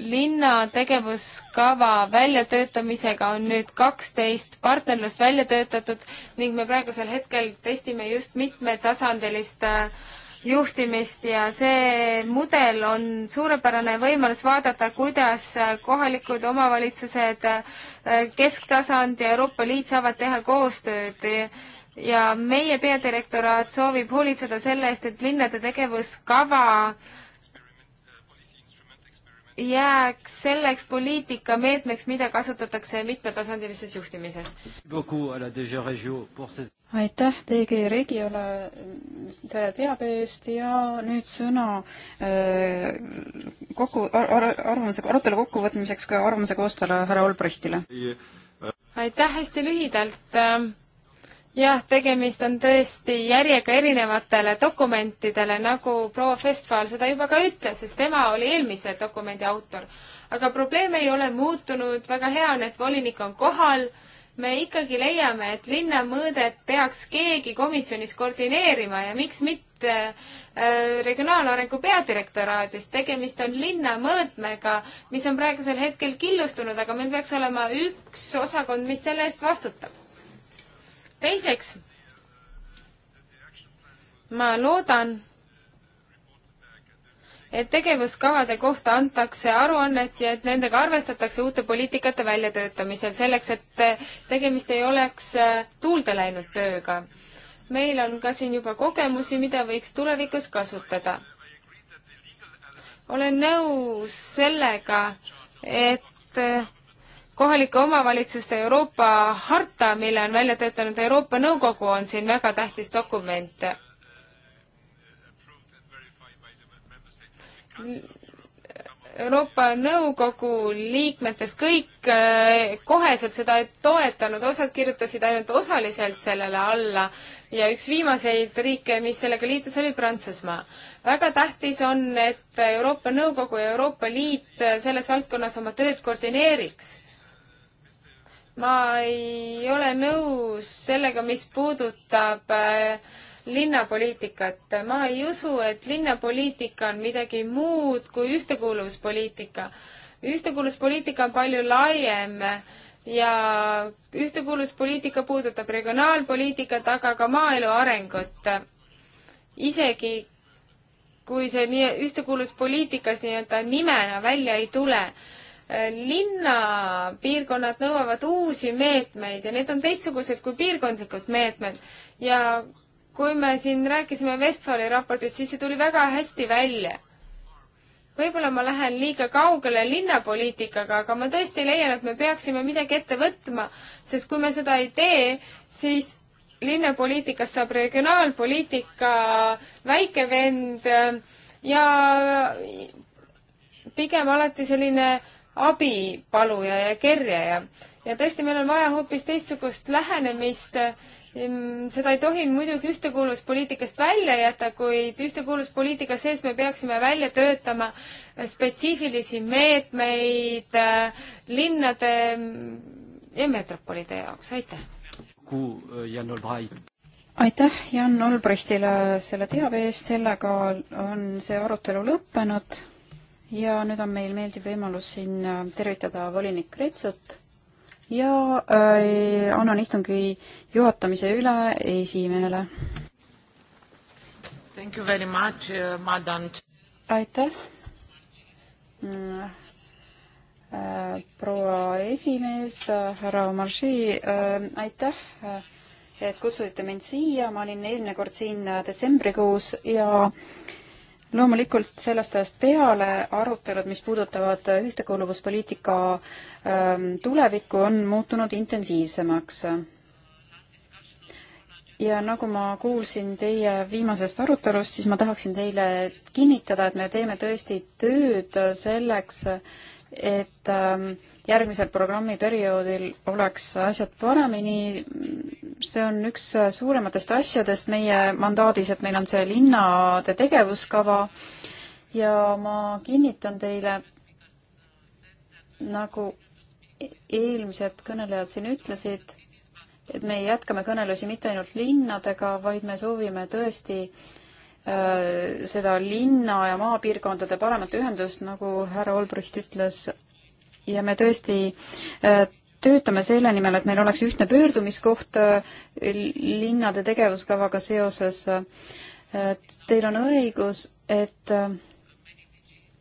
linna tegevuskava väljatöötamisega on nüüd kaksteist partnerlust välja töötatud ning me praegusel hetkel testime just mitmetasandilist äh, juhtimist ja see mudel on suurepärane võimalus vaadata, kuidas äh, kohalikud omavalitsused, äh, kesktasand ja Euroopa Liit saavad teha koostööd ja meie peadirektoraat soovib hoolitseda selle eest, et linnade tegevuskava äh, jääks selleks poliitikameetmeks, mida kasutatakse mitmetasandilises juhtimises. aitäh DG Regiole selle teabe eest ja nüüd sõna äh, kokku ar, arvamuse, arutelu kokkuvõtmiseks ka arvamuse koostajale härra Olbristile. Äh, aitäh, hästi lühidalt jah, tegemist on tõesti järjega erinevatele dokumentidele, nagu proua Festval seda juba ka ütles, sest tema oli eelmise dokumendi autor. aga probleem ei ole muutunud, väga hea on, et volinik on kohal, me ikkagi leiame, et linnamõõdet peaks keegi komisjonis koordineerima ja miks mitte äh, regionaalarengu peadirektoraadist, tegemist on linnamõõtmega, mis on praegusel hetkel killustunud, aga meil peaks olema üks osakond, mis selle eest vastutab teiseks, ma loodan, et tegevuskavade kohta antakse aruannet ja et nendega arvestatakse uute poliitikate väljatöötamisel, selleks et eh, tegemist ei oleks eh, tuulde läinud tööga. meil on ka siin juba kogemusi, mida võiks tulevikus kasutada. olen nõus sellega, et eh, kohalike omavalitsuste Euroopa harta, mille on välja töötanud Euroopa Nõukogu, on siin väga tähtis dokument. Euroopa Nõukogu liikmetest kõik eh, koheselt seda toetanud, osad kirjutasid ainult osaliselt sellele alla ja üks viimaseid riike, mis sellega liitus, oli Prantsusmaa. väga tähtis on, et Euroopa Nõukogu ja Euroopa Liit selles valdkonnas oma tööd koordineeriks ma ei ole nõus sellega, mis puudutab äh, linnapoliitikat. ma ei usu, et linnapoliitika on midagi muud kui ühtekuuluvuspoliitika. ühtekuuluvuspoliitika on palju laiem ja ühtekuuluvuspoliitika puudutab regionaalpoliitikat, aga ka maaelu arengut. isegi kui see nii ühtekuuluvuspoliitikas nii-öelda nimena välja ei tule linnapiirkonnad nõuavad uusi meetmeid ja need on teistsugused kui piirkondlikud meetmed ja kui me siin rääkisime Westfali raportist, siis see tuli väga hästi välja. võib-olla ma lähen liiga kaugele linnapoliitikaga, aga ma tõesti leian, et me peaksime midagi ette võtma, sest kui me seda ei tee, siis linnapoliitikast saab regionaalpoliitika väike vend äh, ja pigem alati selline abipaluja ja kerjaja. ja tõesti, meil on vaja hoopis teistsugust lähenemist. seda ei tohi muidugi ühtekuuluvuspoliitikast välja jätta, kuid ühtekuuluvuspoliitika sees me peaksime välja töötama spetsiifilisi meetmeid äh, linnade mm, ja metropolide jaoks, aitäh! Äh, aitäh Jan Olbrechtile selle teabe eest, sellega on see arutelu lõppenud ja nüüd on meil meeldiv võimalus siin äh, tervitada volinik Kretsot ja äh, annan istungi juhatamise üle esimehele. Thank you very much, uh, madam. aitäh mm äh, proua esimees, äh, härra Omarši, aitäh, et kutsusite mind siia, ma olin eelmine kord siin detsembrikuus ja loomulikult sellest ajast peale arutelud, mis puudutavad ühtekuuluvuspoliitika ähm, tulevikku, on muutunud intensiivsemaks. ja nagu ma kuulsin teie viimasest arutelust, siis ma tahaksin teile kinnitada, et me teeme tõesti tööd selleks, et ähm, järgmisel programmiperioodil oleks asjad paremini see on üks äh, suurematest asjadest meie mandaadis, et meil on see linnade tegevuskava ja ma kinnitan teile, nagu e-, eelmised kõnelejad siin ütlesid, et me jätkame kõnelusi mitte ainult linnadega, vaid me soovime tõesti äh, seda linna ja maapiirkondade paremat ühendust, nagu härra Olbricht ütles, ja me tõesti äh, töötame selle nimel, et meil oleks ühtne pöördumiskoht äh, linnade tegevuskavaga seoses. Teil on õigus, et äh,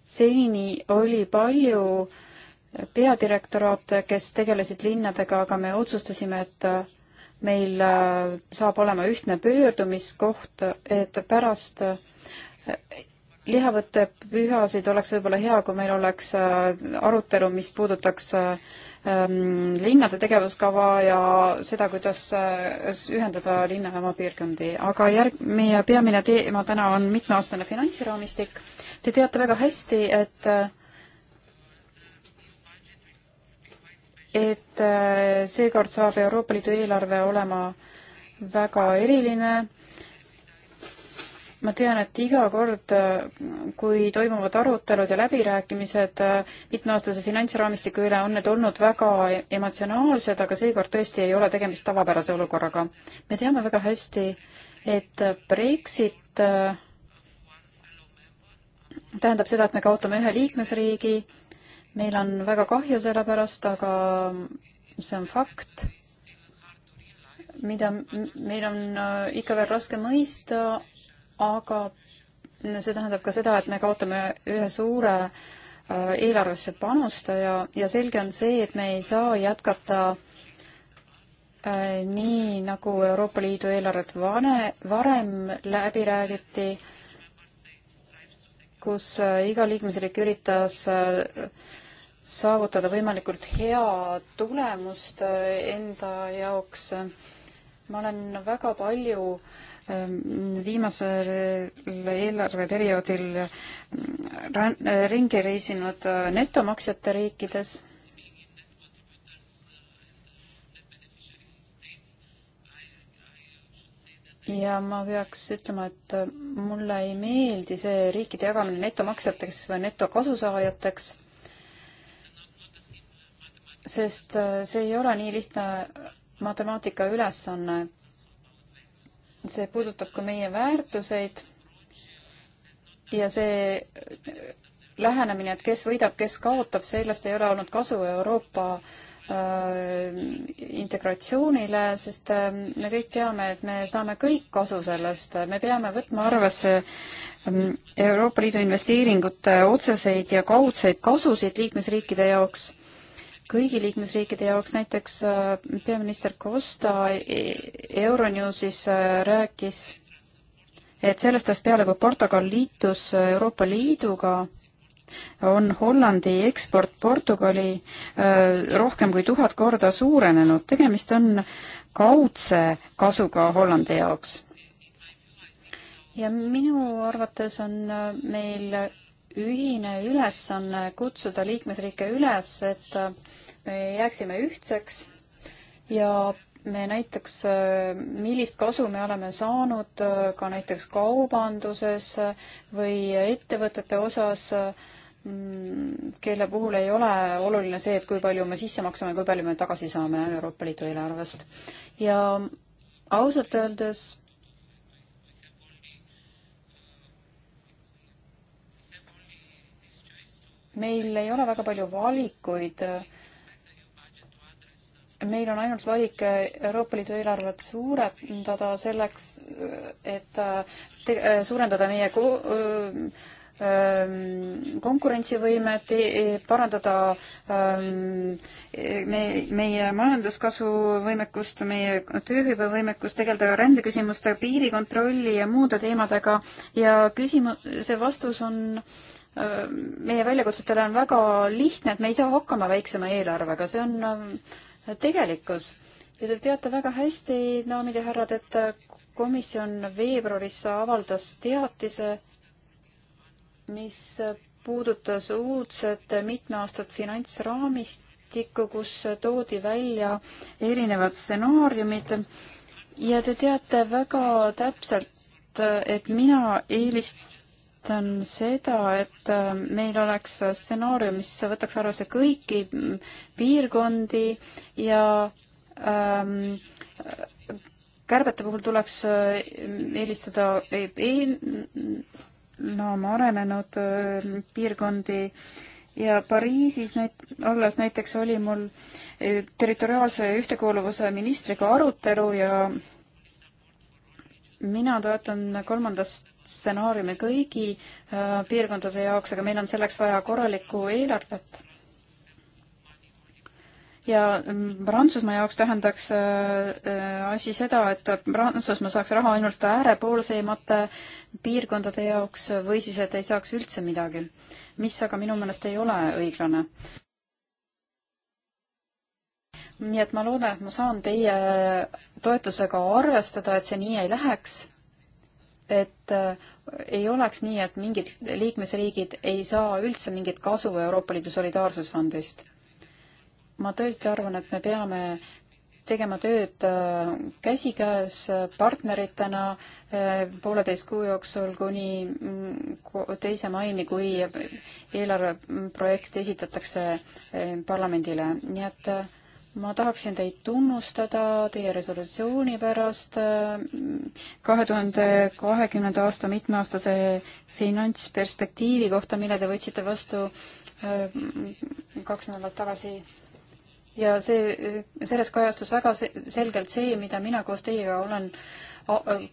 senini oli palju peadirektoraate, kes tegelesid linnadega, aga me otsustasime, et äh, meil saab olema ühtne pöördumiskoht, et pärast lihavõttepühasid oleks võib-olla hea, kui meil oleks äh, arutelu, mis puudutaks äh, ähm, linnade tegevuskava ja seda, kuidas äh, ühendada linna ja maapiirkondi. aga järg-, meie peamine teema täna on mitmeaastane finantsraamistik. Te teate väga hästi, et et seekord saab Euroopa Liidu eelarve olema väga eriline ma tean, et iga kord, äh, kui toimuvad arutelud ja läbirääkimised äh, mitmeaastase finantsraamistiku üle, on need olnud väga e-, emotsionaalsed, aga seekord tõesti ei ole tegemist tavapärase olukorraga. me teame väga hästi, et Brexit äh, tähendab seda, et me kaotame ühe liikmesriigi, meil on väga kahju selle pärast, aga see on fakt mida meil on ikka veel raske mõista, aga see tähendab ka seda, et me kaotame ühe suure äh, eelarvesse panustaja ja selge on see, et me ei saa jätkata äh, nii, nagu Euroopa Liidu eelarvet vane, varem läbi räägiti, kus äh, iga liikmesriik üritas saavutada võimalikult hea tulemust enda jaoks. ma olen väga palju äh, Ähm, viimasel eelarveperioodil ähm, äh, ringi reisinud äh, netomaksjate riikides ja ma peaks ütlema, et äh, mulle ei meeldi see riikide jagamine netomaksjateks või netokasusaajateks, sest see ei ole nii lihtne matemaatika ülesanne see puudutab ka meie väärtuseid ja see lähenemine, et kes võidab, kes kaotab, sellest ei ole olnud kasu Euroopa äh, integratsioonile, sest äh, me kõik teame, et me saame kõik kasu sellest, me peame võtma arvesse ähm, Euroopa Liidu investeeringute otseseid ja kaudseid kasusid liikmesriikide jaoks kõigi liikmesriikide jaoks, näiteks äh, peaminister Costa e-, Euronewsis äh, rääkis, et sellest ajast peale, kui Portugal liitus äh, Euroopa Liiduga, on Hollandi eksport Portugali rohkem kui tuhat korda suurenenud, tegemist on kaudse kasuga Hollandi jaoks. ja minu arvates on meil ühine ülesanne kutsuda liikmesriike üles, et äh, me jääksime ühtseks ja me näiteks, äh, millist kasu me oleme saanud äh, ka näiteks kaubanduses või ettevõtete osas, mm, kelle puhul ei ole oluline see, et kui palju me sisse maksame, kui palju me tagasi saame Euroopa Liidu eelarvest. ja ausalt öeldes meil ei ole väga palju valikuid. meil on ainult valik Euroopa Liidu eelarvet suurendada selleks, et te, suurendada meie ko-, ähm, konkurentsivõimet, e-, parandada ähm, me, meie majanduskasvu võimekust, meie tööhõive võimekust, tegeleda rändeküsimuste, piirikontrolli ja muude teemadega ja küsimus, see vastus on äh, meie väljakutsetele on väga lihtne, et me ei saa hakkama väiksema eelarvega, see on tegelikkus. ja te teate väga hästi, daamid ja härrad, et äh, komisjon veebruaris avaldas teatise, mis äh, puudutas uudset mitmeaastat finantsraamistikku, kus toodi välja erinevad stsenaariumid ja te teate väga täpselt, äh, et mina eelist-, toetan seda, et äh, meil oleks stsenaarium, mis võtaks arvesse kõiki mm, piirkondi ja ähm, kärbete puhul tuleks äh, eelistada e-, enam no, arenenud äh, piirkondi ja Pariisis näit-, olles näiteks oli mul territoriaalse ühtekuuluvuse ministriga arutelu ja mina toetan kolmandast stsenaariumi kõigi äh, piirkondade jaoks, aga meil on selleks vaja korralikku eelarvet. ja mm, Prantsusmaa jaoks tähendaks äh, äh, asi seda, et Prantsusmaa saaks raha ainult äärepoolseimate piirkondade jaoks või siis, et ei saaks üldse midagi, mis aga minu meelest ei ole õiglane nii et ma loodan, et ma saan teie toetusega arvestada, et see nii ei läheks et äh, ei oleks nii, et mingid liikmesriigid ei saa üldse mingit kasu Euroopa Liidu solidaarsusfondist. ma tõesti arvan, et me peame tegema tööd äh, käsikäes äh, partneritena pooleteist kuu jooksul kuni mm, teise maini, kui eelarveprojekt esitatakse parlamendile, nii et ma tahaksin teid tunnustada teie resolutsiooni pärast äh, kahe tuhande kahekümnenda aasta mitmeaastase finantsperspektiivi kohta, mille te võtsite vastu äh, kaks nädalat tagasi. ja see, äh, selles kajastus väga selgelt see, mida mina koos teiega olen äh,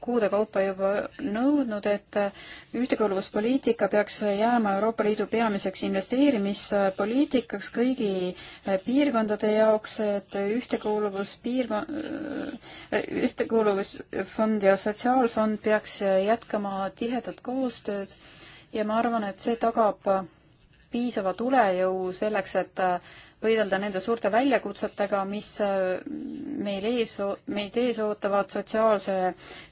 kuude kaupa juba nõudnud, et äh, ühtekuuluvuspoliitika peaks jääma Euroopa Liidu peamiseks investeerimispoliitikaks kõigi äh, piirkondade jaoks, et ühtekuuluvuspiirkon-, äh, ühtekuuluvusfond ja sotsiaalfond peaks jätkama tihedat koostööd ja ma arvan, et see tagab piisava tulejõu selleks, et äh, võidelda nende suurte väljakutsetega, mis äh, meil ees, meid ees ootavad, sotsiaalse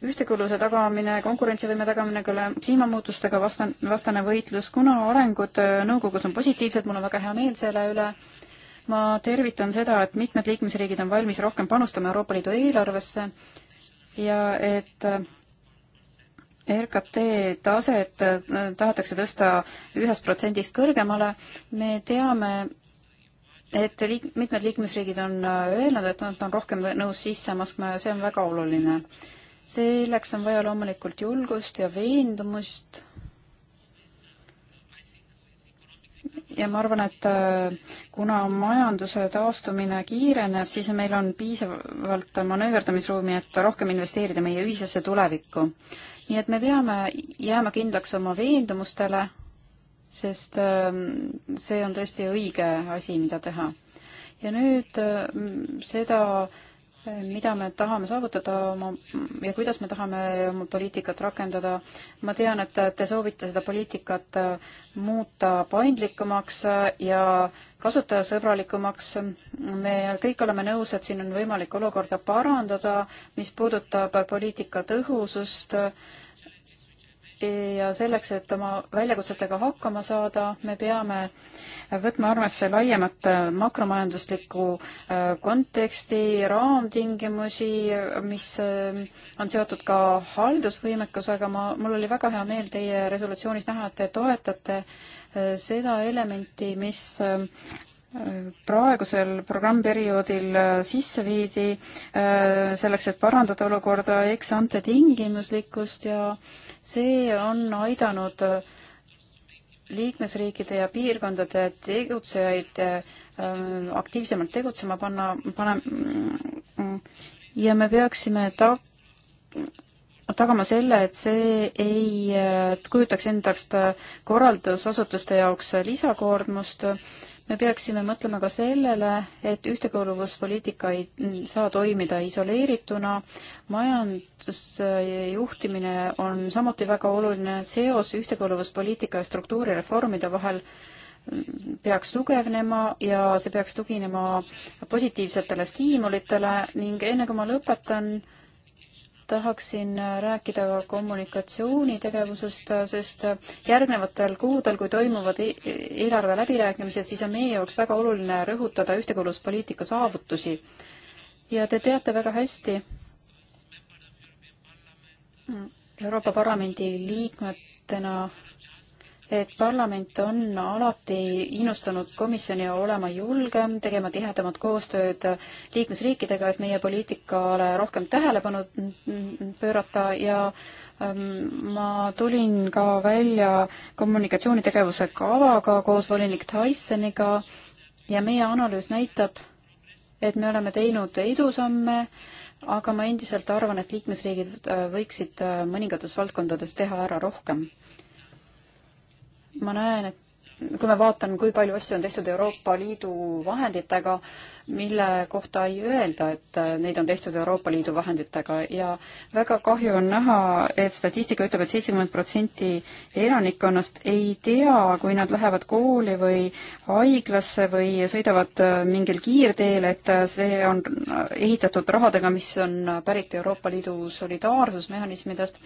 ühtekuuluvuse tagamine, konkurentsivõime tagamine, kliimamuutustega vastan-, vastane võitlus, kuna arengud äh, nõukogus on positiivsed, mul on väga hea meel selle üle, ma tervitan seda, et mitmed liikmesriigid on valmis rohkem panustama Euroopa Liidu eelarvesse ja et äh, RKT taset äh, tahetakse tõsta ühest protsendist kõrgemale. me teame, et liik-, mitmed liikmesriigid on äh, öelnud, et nad on rohkem nõus sisse maskma ja see on väga oluline. selleks on vaja loomulikult julgust ja veendumust. ja ma arvan, et äh, kuna majanduse taastumine kiireneb, siis meil on piisavalt manööverdamisruumi, et rohkem investeerida meie ühisesse tulevikku nii et me peame jääma kindlaks oma veendumustele, sest ähm, see on tõesti õige asi, mida teha. ja nüüd ähm, seda, äh, mida me tahame saavutada oma ja kuidas me tahame oma poliitikat rakendada. ma tean, et te soovite seda poliitikat äh, muuta paindlikumaks äh, ja äh, kasutajasõbralikumaks. me kõik oleme nõus, et siin on võimalik olukorda parandada, mis puudutab poliitika tõhusust ja selleks, et oma väljakutsetega hakkama saada, me peame võtma arvesse laiemat makromajanduslikku äh, konteksti, raamtingimusi, mis äh, on seotud ka haldusvõimekusega, ma, mul oli väga hea meel teie resolutsioonis näha, et te toetate seda elementi, mis äh, praegusel programmperioodil äh, sisse viidi äh, selleks, et parandada olukorda eksante tingimuslikkust ja see on aidanud liikmesriikide ja piirkondade tegutsejaid aktiivsemalt tegutsema panna, pane- mm, ja me peaksime ta-, tagama selle, et see ei äh, kujutaks endast äh, korraldusasutuste jaoks äh, lisakoormust. me peaksime mõtlema ka sellele, et ühtekuuluvuspoliitika ei mm, saa toimida isoleerituna. majandusjuhtimine on samuti väga oluline seos ühtekuuluvuspoliitika ja struktuurireformide vahel mm, peaks tugevnema ja see peaks tuginema positiivsetele stiimulitele ning enne kui ma lõpetan, tahaksin rääkida ka kommunikatsioonitegevusest, sest järgnevatel kuudel, kui toimuvad eelarve läbirääkimised, siis on meie jaoks väga oluline rõhutada ühtekuuluvuspoliitika saavutusi. ja te teate väga hästi, Euroopa Parlamendi liikmetena et parlament on alati innustanud komisjoni olema julgem, tegema tihedamat koostööd liikmesriikidega, et meie poliitikale rohkem tähelepanu pöörata ja ähm, ma tulin ka välja kommunikatsioonitegevuse kavaga koos volinik Tysoniga ja meie analüüs näitab, et me oleme teinud edusamme, aga ma endiselt arvan, et liikmesriigid äh, võiksid äh, mõningates valdkondades teha ära rohkem ma näen, et kui ma vaatan, kui palju asju on tehtud Euroopa Liidu vahenditega, mille kohta ei öelda, et äh, neid on tehtud Euroopa Liidu vahenditega ja väga kahju on näha, et statistika ütleb et, et seitsekümmend protsenti elanikkonnast ei tea, kui nad lähevad kooli või haiglasse või sõidavad äh, mingil kiirteel, et äh, see on ehitatud rahadega, mis on pärit Euroopa Liidu solidaarsusmehhanismidest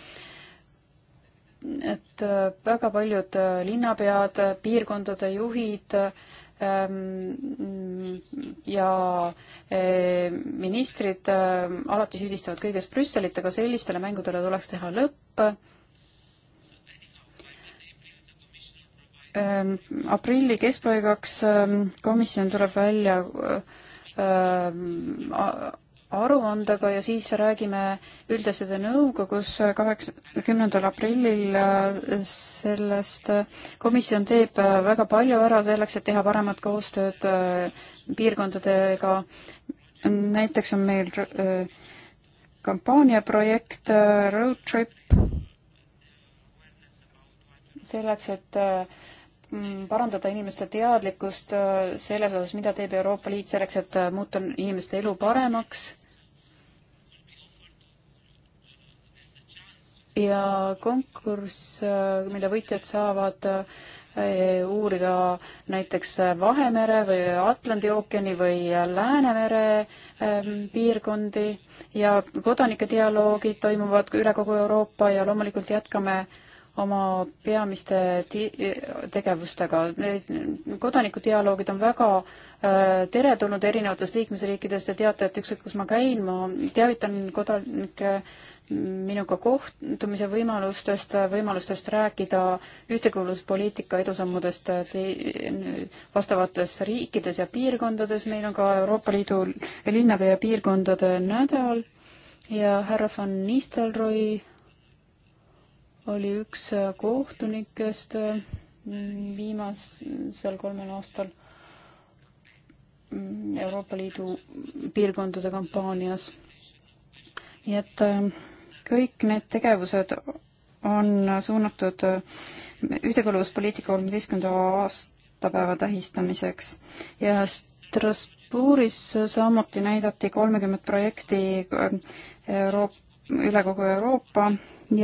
et äh, väga paljud äh, linnapead, piirkondade juhid ähm, ja äh, ministrid alati süüdistavad kõiges Brüsselit, aga sellistele mängudele tuleks teha lõpp ähm, aprilli keskpaigaks ähm, komisjon tuleb välja aruandega ja siis räägime üldasjade nõukogus kaheksakümnendal aprillil äh, sellest. Äh, komisjon teeb äh, väga palju ära selleks, et teha paremat koostööd piirkondadega. näiteks on meil kampaaniaprojekt Road Trip selleks, et mm, parandada inimeste teadlikkust selles osas, mida teeb Euroopa Liit selleks, et muuta inimeste elu paremaks. ja konkurss, mille võitjad saavad eh, uurida näiteks Vahemere või Atlandi ookeani või Läänemere eh, piirkondi ja kodanike dialoogid toimuvad üle kogu Euroopa ja loomulikult jätkame oma peamiste tegevustega. kodanikudialoogid on väga eh, teretulnud erinevates liikmesriikides ja teate, et ükskõik, kus ma käin, ma teavitan kodanikke äh, minuga kohtumise võimalustest, võimalustest rääkida ühtekuuluvuspoliitika edusammudest äh, vastavates riikides ja piirkondades, meil on ka Euroopa Liidu linnade ja piirkondade nädal ja härra Van Nistelrooy oli üks äh, kohtunikest äh, viimasel kolmel aastal mm, Euroopa Liidu piirkondade kampaanias. nii et äh, kõik need tegevused on suunatud ühtekuuluvuspoliitika kolmeteistkümnenda aastapäeva tähistamiseks ja Strasbourgis samuti näidati kolmekümmet projekti äh, Euroop-, üle kogu Euroopa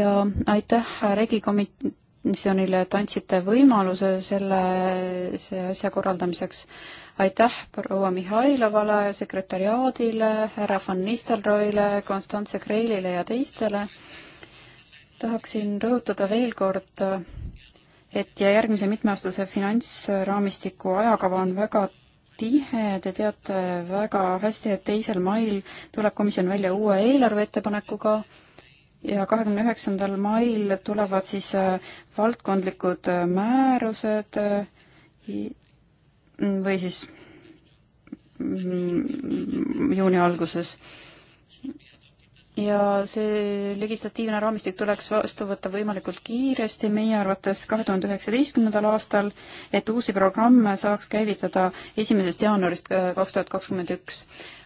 ja aitäh regikomitee komisjonile, et andsite võimaluse selle, see asja korraldamiseks. aitäh proua Mihhailovale, sekretäriaadile, härra Van Nistelrooile, Konstantse Kreilile ja teistele. tahaksin rõhutada veel kord, et ja järgmise mitmeaastase finantsraamistiku ajakava on väga tihe, te teate väga hästi, et teisel mail tuleb komisjon välja uue eelarveettepanekuga ja kahekümne üheksandal mail tulevad siis äh, valdkondlikud äh, määrused äh, mm, või siis mm, juuni alguses. ja see legislatiivne raamistik tuleks vastu võtta võimalikult kiiresti, meie arvates kahe tuhande üheksateistkümnendal aastal, et uusi programme saaks käivitada esimesest jaanuarist kaks tuhat kakskümmend üks.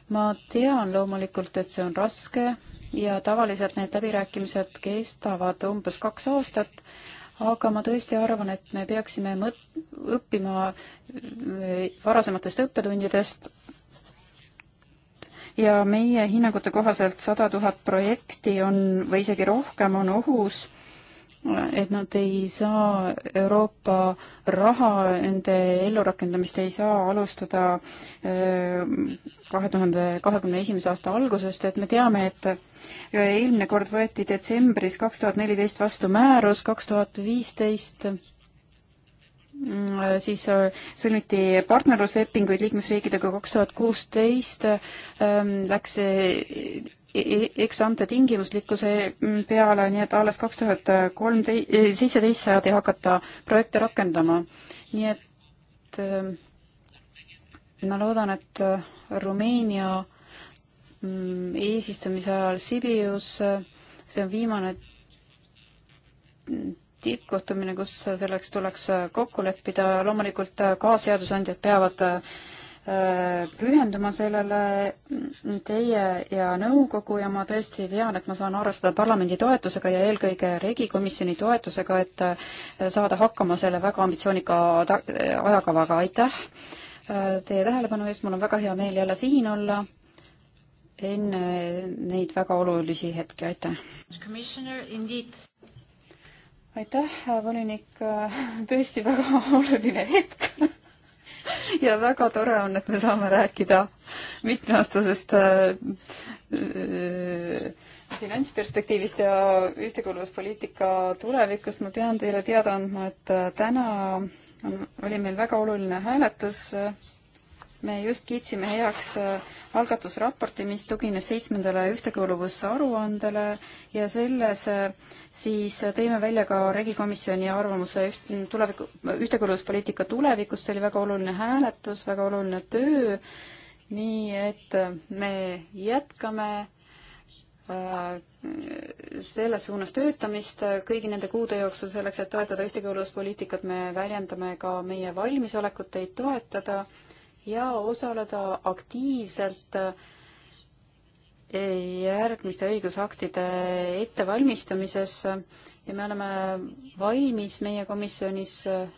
ma tean loomulikult, et see on raske, ja tavaliselt need läbirääkimised kestavad umbes kaks aastat, aga ma tõesti arvan, et me peaksime mõt-, õppima äh, varasematest õppetundidest ja meie hinnangute kohaselt sada tuhat projekti on, või isegi rohkem, on ohus, et nad ei saa Euroopa raha, nende ellurakendamist ei saa alustada öö, äh, kahe tuhande kahekümne esimese aasta algusest, et me teame, et eelmine kord võeti detsembris kaks tuhat neliteist vastu määrus, kaks tuhat viisteist mm, siis äh, sõlmiti partnerluslepinguid liikmesriikidega kaks tuhat kuusteist, ähm, läks eksante e, e, tingimuslikkuse mm, peale, nii et alles kaks tuhat kolmteist, seitseteist saadi hakata projekte rakendama. nii et ähm, ma loodan, et äh, Rumeenia mm, eesistumise ajal Sibius, äh, see on viimane mm, tippkohtumine, kus selleks tuleks äh, kokku leppida, loomulikult ka seadusandjad peavad pühenduma sellele mm, teie ja nõukogu ja ma tõesti tean, et ma saan arvestada parlamendi toetusega ja eelkõige regikomisjoni toetusega, et saada hakkama selle väga ambitsioonika ajakavaga, aitäh! teie tähelepanu eest, mul on väga hea meel jälle siin olla enne neid väga olulisi hetki, aitäh! aitäh, volinik, tõesti väga oluline hetk ja väga tore on, et me saame rääkida mitmeaastasest äh, finantsperspektiivist ja ühtekuuluvuspoliitika tulevikust. ma pean teile teada andma, et äh, täna oli meil väga oluline hääletus. me just kiitsime heaks äh, algatusraporti, mis tugines seitsmendale ühtekuuluvusse aruandele ja selles äh, siis tõime välja ka regikomisjoni arvamuse üht, tuleviku, ühtekuuluvuspoliitika tulevikust, see oli väga oluline hääletus, väga oluline töö, nii et äh, me jätkame Äh, selles suunas töötamist kõigi nende kuude jooksul selleks, et toetada ühtekuuluvuspoliitikat, me väljendame ka meie valmisolekut teid toetada ja osaleda aktiivselt äh, järgmiste õigusaktide ettevalmistamises ja me oleme valmis meie komisjonis äh,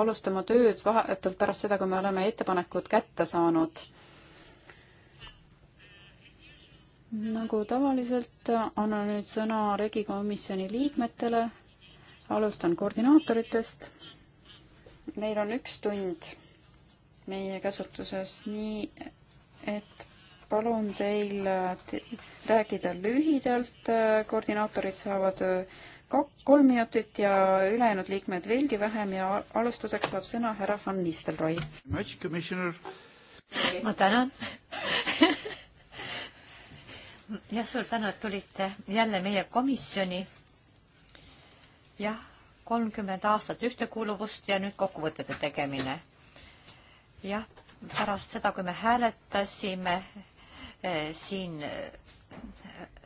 alustama tööd vahetult pärast seda, kui me oleme ettepanekud kätte saanud nagu tavaliselt annan nüüd sõna regikomisjoni liikmetele. alustan koordinaatoritest. Neil on üks tund meie käsutuses, nii et palun teil te rääkida lühidalt, koordinaatorid saavad äh, kak-, kolm minutit ja ülejäänud liikmed veelgi vähem ja alustuseks saab sõna härra Van Nistelrooy. ma tänan jah, suur tänu, et tulite jälle meie komisjoni. jah, kolmkümmend aastat ühtekuuluvust ja nüüd kokkuvõtete tegemine. jah, pärast seda, kui me hääletasime eh, siin eh,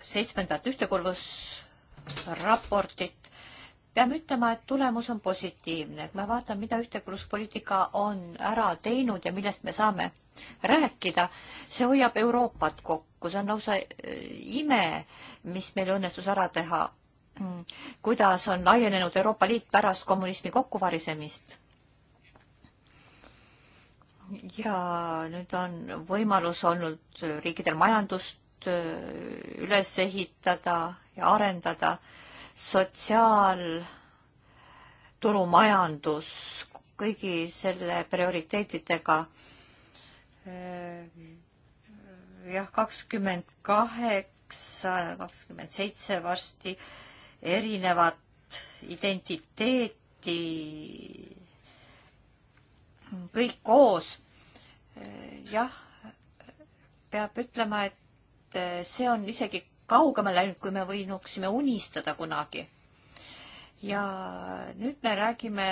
seitsmendat ühtekuuluvusraportit, peame ütlema, et tulemus on positiivne, kui me vaatame, mida ühtekuuluvuspoliitika on ära teinud ja millest me saame rääkida, see hoiab Euroopat kokku, see on lausa äh, ime, mis meil õnnestus ära teha. Mm. kuidas on laienenud Euroopa Liit pärast kommunismi kokkuvarisemist? ja nüüd on võimalus olnud riikidel majandust äh, üles ehitada ja arendada sotsiaalturumajandus kõigi selle prioriteetidega. jah, kakskümmend kaheksa, kakskümmend seitse varsti erinevat identiteeti, kõik koos. jah, peab ütlema, et see on isegi kaugemale läinud, kui me võinuksime unistada kunagi. ja nüüd me räägime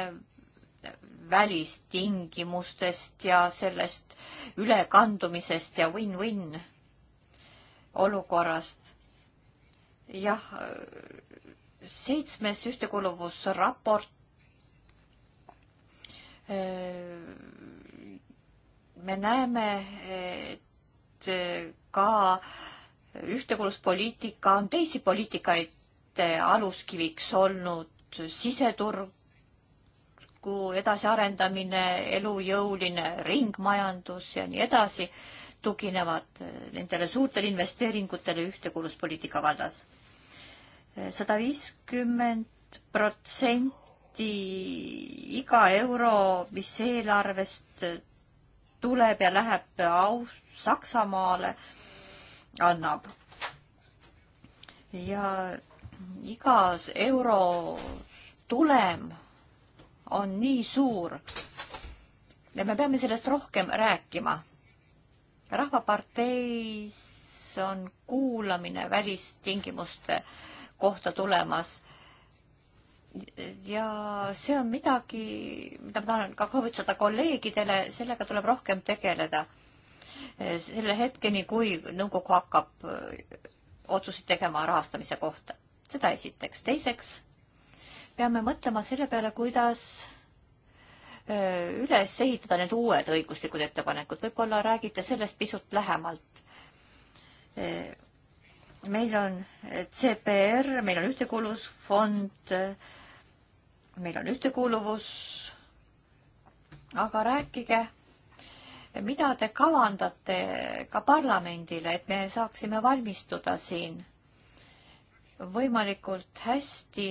välistingimustest ja sellest ülekandumisest ja win-win olukorrast. jah, seitsmes ühtekuuluvusraport äh, me näeme, et ka ühtekuuluspoliitika on teisi poliitikaid aluskiviks olnud siseturgu edasiarendamine, elujõuline ringmajandus ja nii edasi, tuginevad nendele suurtele investeeringutele ühtekuuluspoliitika vallas. sada viiskümmend protsenti iga euro, mis eelarvest tuleb ja läheb Saksamaale annab. ja igas euro tulem on nii suur ja me peame sellest rohkem rääkima. rahvaparteis on kuulamine välistingimuste kohta tulemas ja see on midagi, mida ma tahan ka kõhutada kolleegidele, sellega tuleb rohkem tegeleda. Eh, selle hetkeni, kui nõukogu hakkab eh, otsuseid tegema rahastamise kohta. seda esiteks. teiseks peame mõtlema selle peale, kuidas eh, üles ehitada need uued õiguslikud ettepanekud. võib-olla räägite sellest pisut lähemalt. meil on CPR, meil on ühtekuuluvusfond, meil on ühtekuuluvus, aga rääkige mida te kavandate ka parlamendile, et me saaksime valmistuda siin võimalikult hästi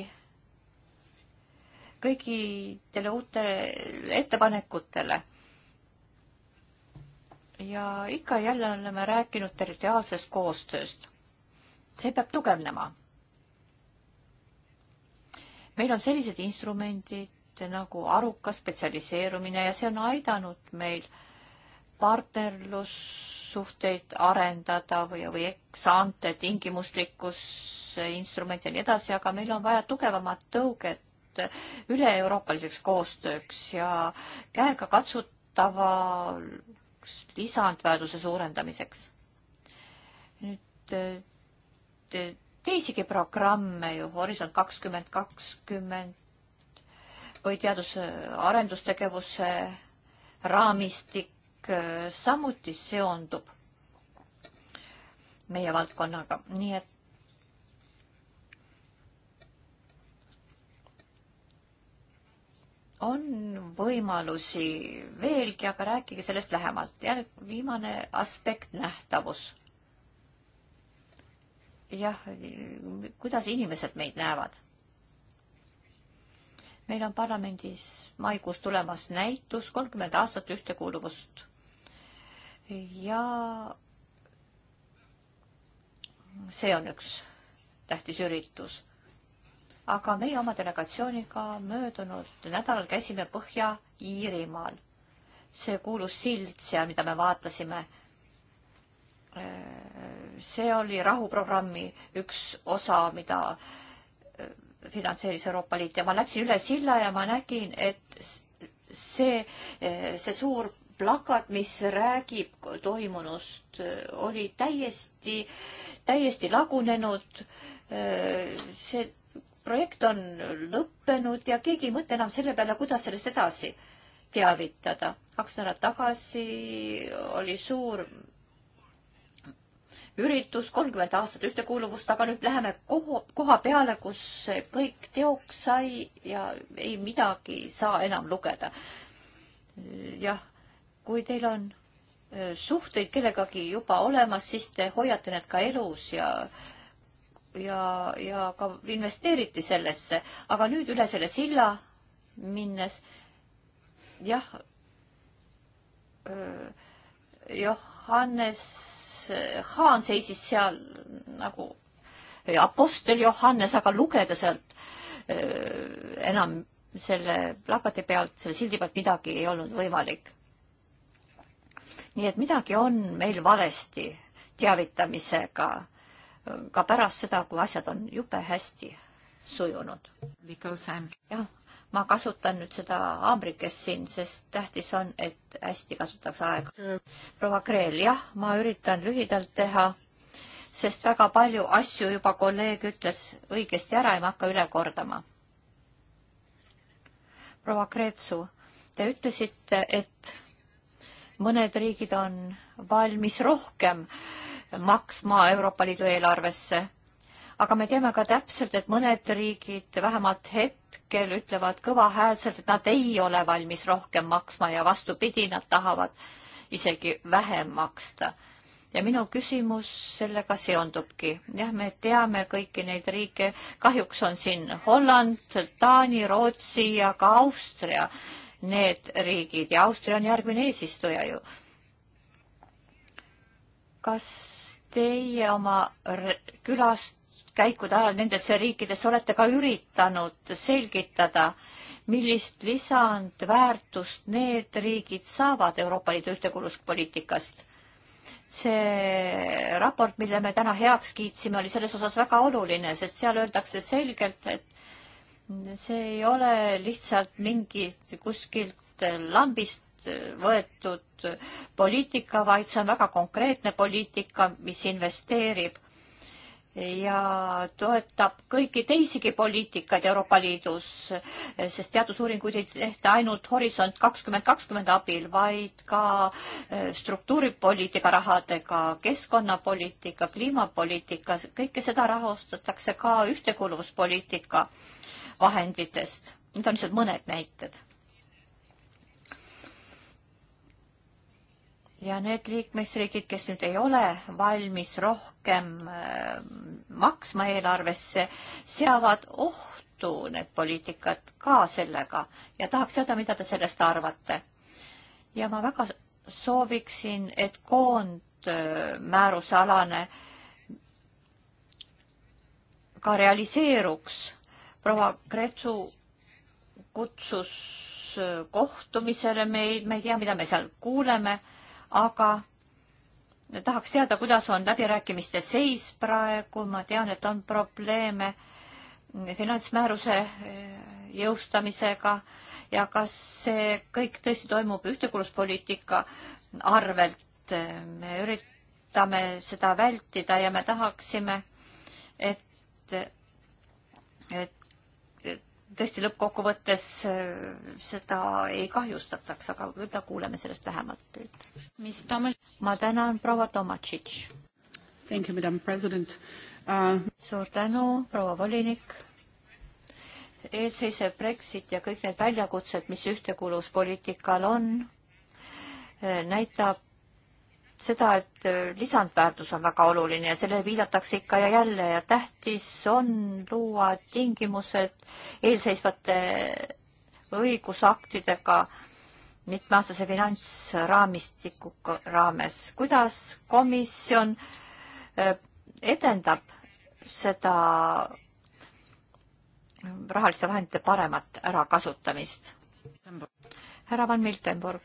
kõigidele uutele ettepanekutele? ja ikka ja jälle oleme rääkinud territoriaalsest koostööst. see peab tugevnema. meil on sellised instrumendid nagu arukas spetsialiseerumine ja see on aidanud meil äh, partnerlussuhteid arendada või, või eksaante, tingimuslikkus, instrument ja nii edasi, aga meil on vaja tugevamat tõuget üle-euroopaliseks koostööks ja käegakatsutava lisandväärtuse suurendamiseks. nüüd te, teisigi programme ju, Horisont kakskümmend kakskümmend või teadus-arendustegevuse raamistik, Äh, samuti seondub meie valdkonnaga, nii et on võimalusi veelgi, aga rääkige sellest lähemalt. ja nüüd viimane aspekt, nähtavus. jah, kuidas inimesed meid näevad? meil on parlamendis maikuus tulemas näitus kolmkümmend aastat ühtekuuluvust ja see on üks tähtis üritus. aga meie oma delegatsiooniga möödunud nädalal käisime Põhja-Iirimaal. see kuulus sild seal, mida me vaatasime. see oli rahuprogrammi üks osa, mida eh, finantseeris Euroopa Liit ja ma läksin üle silla ja ma nägin, et see, eh, see suur plakat, mis räägib toimunust, oli täiesti, täiesti lagunenud. see projekt on lõppenud ja keegi ei mõtle enam selle peale, kuidas sellest edasi teavitada. kaks nädalat tagasi oli suur üritus, kolmkümmend aastat ühtekuuluvust, aga nüüd läheme koha, koha peale, kus kõik teoks sai ja ei midagi saa enam lugeda. jah, kui teil on suhteid kellegagi juba olemas, siis te hoiate need ka elus ja ja, ja ka investeeriti sellesse, aga nüüd üle selle silla minnes jah, Johannes, Haan seisis seal nagu Apostel Johannes, aga lugeda sealt öö, enam selle plakati pealt, selle sildi pealt midagi ei olnud võimalik nii et midagi on meil valesti teavitamisega ka pärast seda, kui asjad on jube hästi sujunud. jah, ma kasutan nüüd seda haamrikest siin, sest tähtis on, et hästi kasutaks aega. proua Kreel, jah, ma üritan lühidalt teha, sest väga palju asju juba kolleeg ütles õigesti ära ja ma ei hakka üle kordama. proua Kreetsu, te ütlesite, et mõned riigid on valmis rohkem maksma Euroopa Liidu eelarvesse. aga me teame ka täpselt, et mõned riigid vähemalt hetkel ütlevad kõvahäälselt, et nad ei ole valmis rohkem maksma ja vastupidi, nad tahavad isegi vähem maksta. ja minu küsimus sellega seondubki. jah, me teame kõiki neid riike, kahjuks on siin Holland, Taani, Rootsi ja ka Austria need riigid ja Austria on järgmine eesistuja ju. kas teie oma külaskäikude ajal nendesse riikidesse olete ka üritanud selgitada, millist lisandväärtust need riigid saavad Euroopa Liidu ühtekuuluvuspoliitikast? see raport, mille me täna heaks kiitsime, oli selles osas väga oluline, sest seal öeldakse selgelt, et see ei ole lihtsalt mingi kuskilt lambist võetud poliitika, vaid see on väga konkreetne poliitika, mis investeerib ja toetab kõiki teisigi poliitikaid Euroopa Liidus, sest teadusuuringuid ei tehta ainult Horisont kakskümmend kakskümmend abil, vaid ka eh, struktuuripoliitika rahadega, keskkonnapoliitika, kliimapoliitika, kõike seda rahastatakse ka ühtekuuluvuspoliitika vahenditest. Need on lihtsalt mõned näited. ja need liikmesriigid, kes nüüd ei ole valmis rohkem äh, maksma eelarvesse, seavad ohtu need poliitikad ka sellega ja tahaks teada, mida te sellest arvate. ja ma väga sooviksin, et koondmääruse äh, alane ka realiseeruks proua Kretsu kutsus äh, kohtumisele meid, me ei tea, mida me seal kuuleme, aga tahaks teada, kuidas on läbirääkimiste seis praegu, ma tean, et on probleeme finantsmääruse äh, jõustamisega ja kas see kõik tõesti toimub ühtekuuluspoliitika arvelt. me üritame seda vältida ja me tahaksime, et, et tõesti lõppkokkuvõttes äh, seda ei kahjustataks, aga võib-olla kuuleme sellest lähemalt. mis Tomas? ma tänan, proua Tomatšitš. Uh... suur tänu, proua volinik. eelseisev Brexit ja kõik need väljakutsed, mis ühtekuuluvuspoliitikal on, äh, näitab seda, et äh, lisandväärtus on väga oluline ja sellele viidatakse ikka ja jälle ja tähtis on luua tingimused eelseisvate õigusaktidega mitmeaastase finantsraamistiku raames. kuidas komisjon äh, edendab seda rahaliste vahendite paremat ärakasutamist? härra Van Miltenburg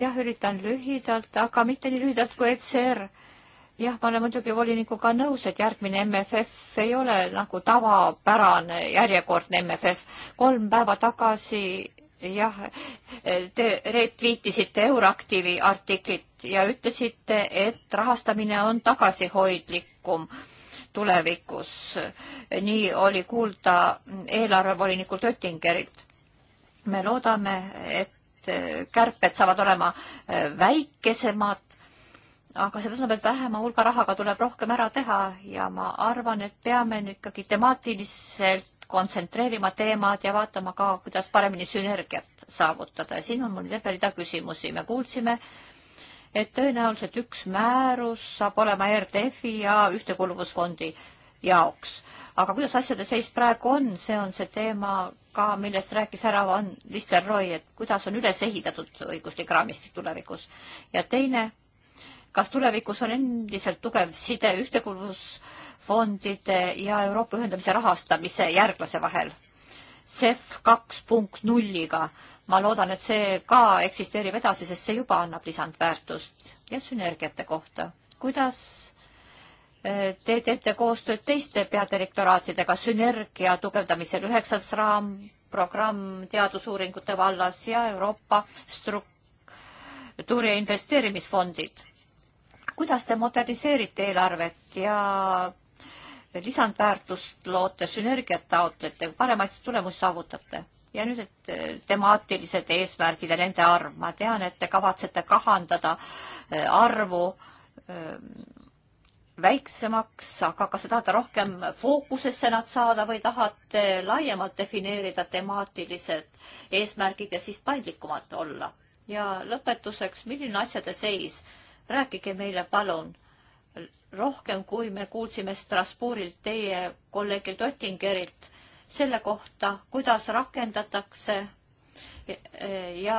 jah, üritan lühidalt, aga mitte nii lühidalt kui ECR. jah, ma olen muidugi volinikuga nõus, et järgmine MFF ei ole nagu tavapärane järjekordne MFF. kolm päeva tagasi jah, te retviitisite Euraktiivi artiklit ja ütlesite, et rahastamine on tagasihoidlikum tulevikus. nii oli kuulda eelarvevolinikult Oettingerilt. me loodame, et Eh, kärped saavad olema eh, väikesemad, aga see tähendab, et vähema hulga rahaga tuleb rohkem ära teha ja ma arvan, et peame nüüd ikkagi temaatiliselt kontsentreerima teemad ja vaatama ka, kuidas paremini sünergiat saavutada ja siin on mul terve rida küsimusi, me kuulsime, et tõenäoliselt üks määrus saab olema RDF-i ja Ühtekuuluvusfondi jaoks. aga kuidas asjade seis praegu on, see on see teema, ka, millest rääkis härra Van Listeroi, et kuidas on üles ehitatud õiguslik raamistik tulevikus. ja teine, kas tulevikus on endiselt tugev side ühtekuuluvusfondide ja Euroopa ühendamise rahastamise järglase vahel? CEF kaks punkt nulliga, ma loodan, et see ka eksisteerib edasi, sest see juba annab lisandväärtust ja sünergiate kohta. kuidas te teete koostööd teiste peadirektoraatidega sünergia tugevdamisel üheksas raamprogramm teadusuuringute vallas ja Euroopa struktuuri ja investeerimisfondid. kuidas te moderniseerite eelarvet ja lisandväärtust loote, sünergiat taotlete, paremaid tulemusi saavutate? ja nüüd, et äh, temaatilised eesmärgid ja nende arv, ma tean, et te kavatsete kahandada äh, arvu äh, väiksemaks, aga kas te tahate rohkem fookusesse nad saada või tahate laiemalt defineerida temaatilised eesmärgid ja siis paindlikumad olla? ja lõpetuseks, milline asjade seis? rääkige meile palun rohkem, kui me kuulsime Strasbourgilt teie kolleegilt Ottingerilt selle kohta, kuidas rakendatakse ja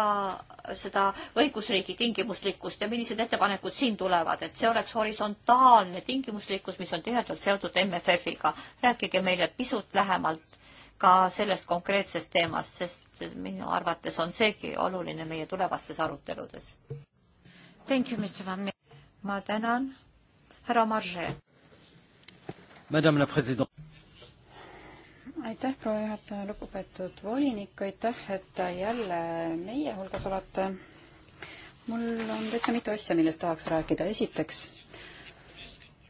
seda õigusriigi tingimuslikkust ja millised ettepanekud siin tulevad, et see oleks horisontaalne tingimuslikkus, mis on tihedalt seotud MFF-iga. rääkige meile pisut lähemalt ka sellest konkreetsest teemast, sest minu arvates on seegi oluline meie tulevastes aruteludes. ma tänan, härra Marge aitäh, proua juhataja, lugupeetud volinik, aitäh, et jälle meie hulgas olete. mul on täitsa mitu asja, millest tahaks rääkida. esiteks,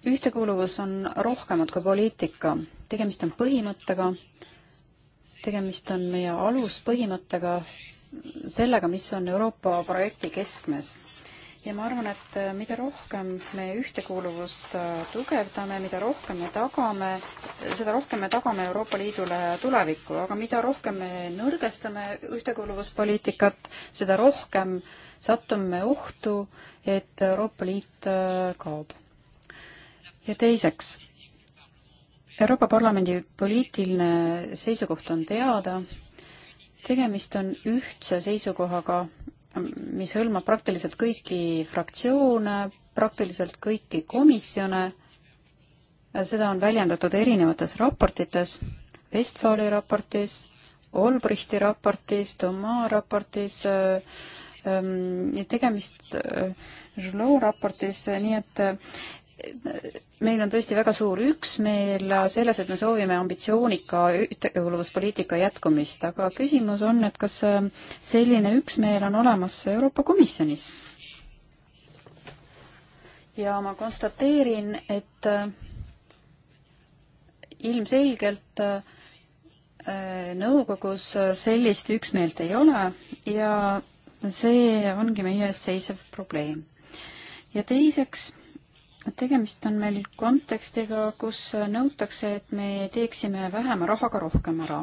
ühtekuuluvus on rohkemat kui poliitika. tegemist on põhimõttega, tegemist on meie aluspõhimõttega, sellega, mis on Euroopa projekti keskmes ja ma arvan, et äh, mida rohkem me ühtekuuluvust äh, tugevdame, mida rohkem me tagame, seda rohkem me tagame Euroopa Liidule tulevikku, aga mida rohkem me nõrgestame ühtekuuluvuspoliitikat, seda rohkem satume ohtu, et Euroopa Liit äh, kaob. ja teiseks, Euroopa Parlamendi poliitiline seisukoht on teada, tegemist on ühtse seisukohaga mis hõlmab praktiliselt kõiki fraktsioone, praktiliselt kõiki komisjone. seda on väljendatud erinevates raportites, Westfali raportis, Olbrichti raportis, Tomaa raportis, ähm, tegemist Žulov äh, raportis, nii et meil on tõesti väga suur üksmeel selles, et me soovime ambitsioonika ühtekuuluvuspoliitika jätkumist, aga küsimus on, et kas ähm, selline üksmeel on olemas Euroopa Komisjonis? ja ma konstateerin, et äh, ilmselgelt äh, nõukogus sellist üksmeelt ei ole ja see ongi meie ees seisev probleem. ja teiseks tegemist on meil kontekstiga, kus nõutakse, et me teeksime vähema rahaga rohkem ära.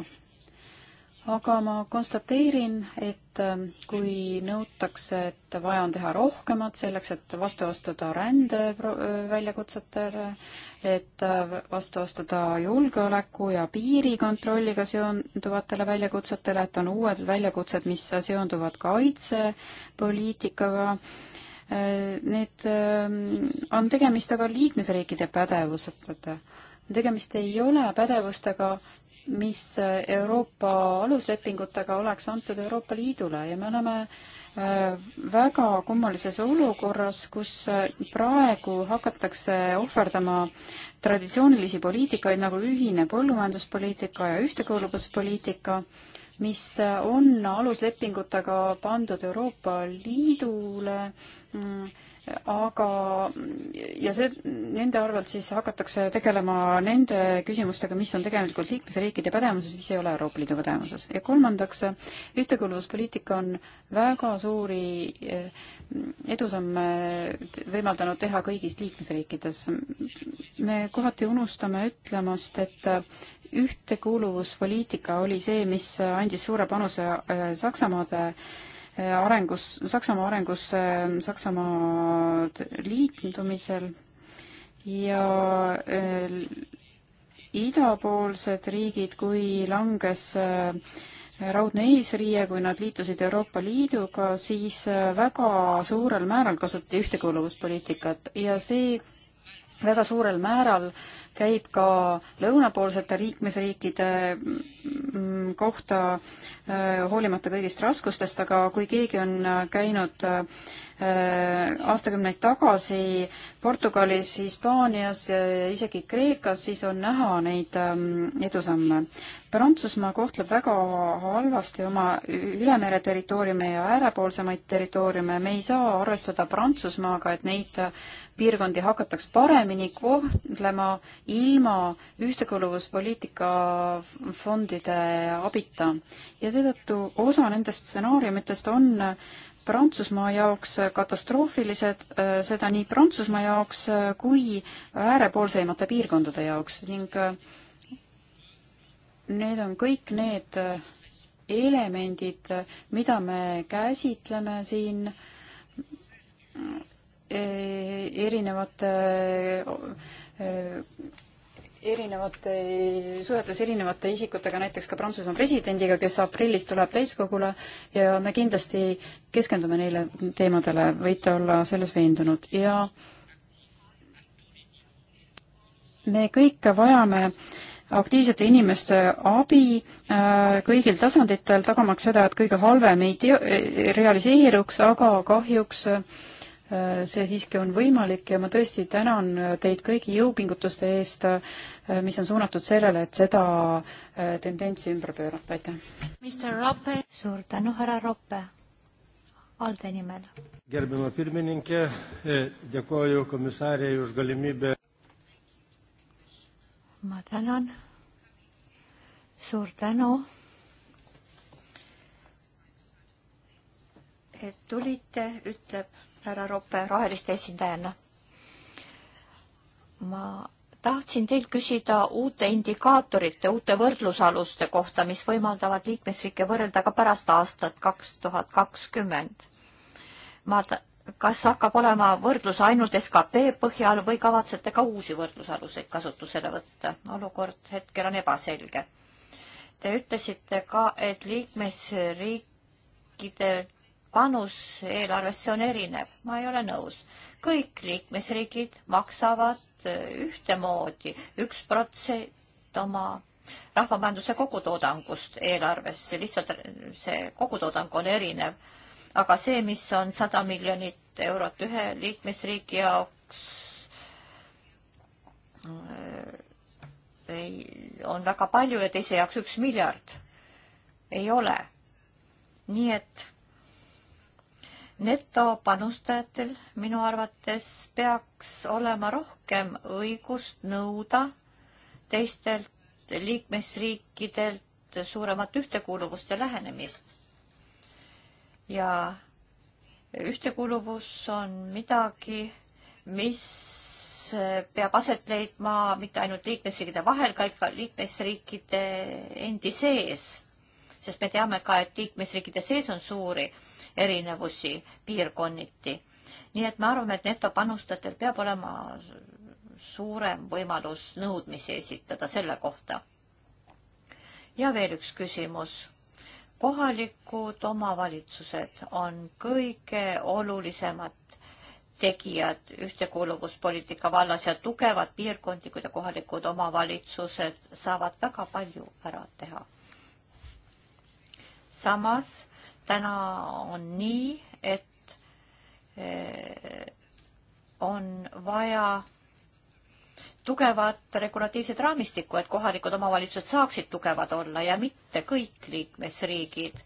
aga ma konstateerin, et ähm, kui nõutakse, et vaja on teha rohkemat selleks, et vastu astuda rände äh, väljakutsetele, et äh, vastu astuda julgeoleku ja piirikontrolliga seonduvatele väljakutsetele, et on uued väljakutsed, mis seonduvad kaitsepoliitikaga ka Äh, need ähm, on tegemist aga liikmesriikide pädevuseta. tegemist ei ole pädevustega, mis äh, Euroopa aluslepingutega oleks antud Euroopa Liidule ja me oleme äh, väga kummalises olukorras, kus praegu hakatakse ohverdama traditsioonilisi poliitikaid nagu ühine põllumajanduspoliitika ja ühtekuuluvuspoliitika äh, mis on aluslepingutega pandud Euroopa Liidule mm, aga, ja see, nende arvelt siis hakatakse tegelema nende küsimustega, mis on tegelikult liikmesriikide pädevuses, mis ei ole Euroopa Liidu pädevuses. ja kolmandaks, ühtekuuluvuspoliitika on väga suuri eh, edusamme võimaldanud teha kõigis liikmesriikides. me kohati unustame ütlemast, et ühtekuuluvuspoliitika oli see, mis andis suure panuse eh, Saksamaade äh, arengus, Saksamaa arengusse ähm, Saksamaa liitumisel ja äh, idapoolsed riigid, kui langes äh, raudne eesriie, kui nad liitusid Euroopa Liiduga, siis äh, väga suurel määral kasutati ühtekuuluvuspoliitikat ja see väga suurel määral käib ka lõunapoolsete liikmesriikide mm, kohta äh, hoolimata kõigist raskustest, aga kui keegi on äh, käinud äh, Äh, aastakümneid tagasi Portugalis, Hispaanias, isegi Kreekas, siis on näha neid ähm, edusamme. Prantsusmaa kohtleb väga halvasti oma ülemere territooriume ja äärepoolsemaid territooriume, me ei saa arvestada Prantsusmaaga, et neid piirkondi hakataks paremini kohtlema ilma ühtekuuluvuspoliitika fondide abita. ja seetõttu osa nendest stsenaariumitest on äh, Prantsusmaa jaoks katastroofilised, äh, seda nii Prantsusmaa jaoks äh, kui äärepoolseimate piirkondade jaoks ning äh, need on kõik need elemendid, mida me käsitleme siin erinevate erinevate, suhetes erinevate isikutega, näiteks ka Prantsusmaa presidendiga, kes aprillis tuleb täiskogule ja me kindlasti keskendume neile teemadele, võite olla selles veendunud ja me kõik vajame aktiivsete inimeste abi äh, kõigil tasanditel, tagamaks seda, et kõige halvem ei teo-, realiseeruks, aga kahjuks äh, Äh, see siiski on võimalik ja ma tõesti tänan äh, teid kõigi jõupingutuste eest, äh, mis on suunatud sellele, et seda tendentsi ümber pöörata, aitäh. suur tänu, härra Roppe, ALDE nimel. Gerbiama pirmininke, täkoju komissari už galimybe. ma tänan, suur tänu, et tulite, ütleb härra Roppe roheliste esindajana. ma tahtsin teil küsida uute indikaatorite, uute võrdlusaluste kohta, mis võimaldavad liikmesriike võrrelda ka pärast aastat kaks tuhat kakskümmend. ma, kas hakkab olema võrdlus ainult skp põhjal või kavatsete ka uusi võrdlusaluseid kasutusele võtta? olukord hetkel on ebaselge. Te ütlesite ka, et liikmesriikidelt panus eelarvesse on erinev, ma ei ole nõus. kõik liikmesriigid maksavad eh, ühtemoodi üks protsent oma rahvamajanduse kogutoodangust eelarvesse, lihtsalt see kogutoodang on erinev. aga see, mis on sada miljonit eurot ühe liikmesriigi jaoks, eh, ei, on väga palju ja teise jaoks üks miljard ei ole. nii et netopanustajatel minu arvates peaks olema rohkem õigust nõuda teistelt liikmesriikidelt suuremat ühtekuuluvust ja lähenemist. ja ühtekuuluvus on midagi, mis peab aset leidma mitte ainult liikmesriikide vahel, vaid ka liikmesriikide endi sees. sest me teame ka, et liikmesriikide sees on suuri erinevusi piirkonniti. nii et me arvame, et netopanustajatel peab olema suurem võimalus nõudmisi esitada selle kohta. ja veel üks küsimus. kohalikud omavalitsused on kõige olulisemad tegijad ühtekuuluvuspoliitika vallas ja tugevad piirkondlikud ja kohalikud omavalitsused saavad väga palju ära teha. samas täna on nii, et eh, on vaja tugevat regulatiivset raamistikku, et kohalikud omavalitsused saaksid tugevad olla ja mitte kõik liikmesriigid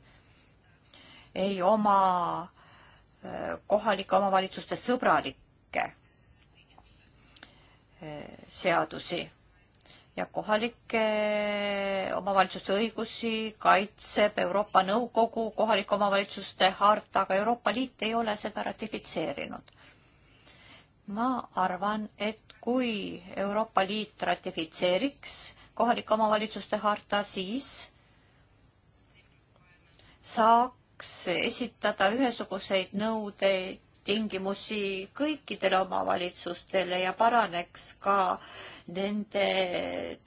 ei oma eh, kohalike omavalitsuste sõbralikke eh, seadusi ja kohalike omavalitsuste õigusi kaitseb Euroopa Nõukogu kohalike omavalitsuste harta, aga Euroopa Liit ei ole seda ratifitseerinud. ma arvan, et kui Euroopa Liit ratifitseeriks kohalike omavalitsuste harta, siis saaks esitada ühesuguseid nõudeid tingimusi kõikidele omavalitsustele ja paraneks ka nende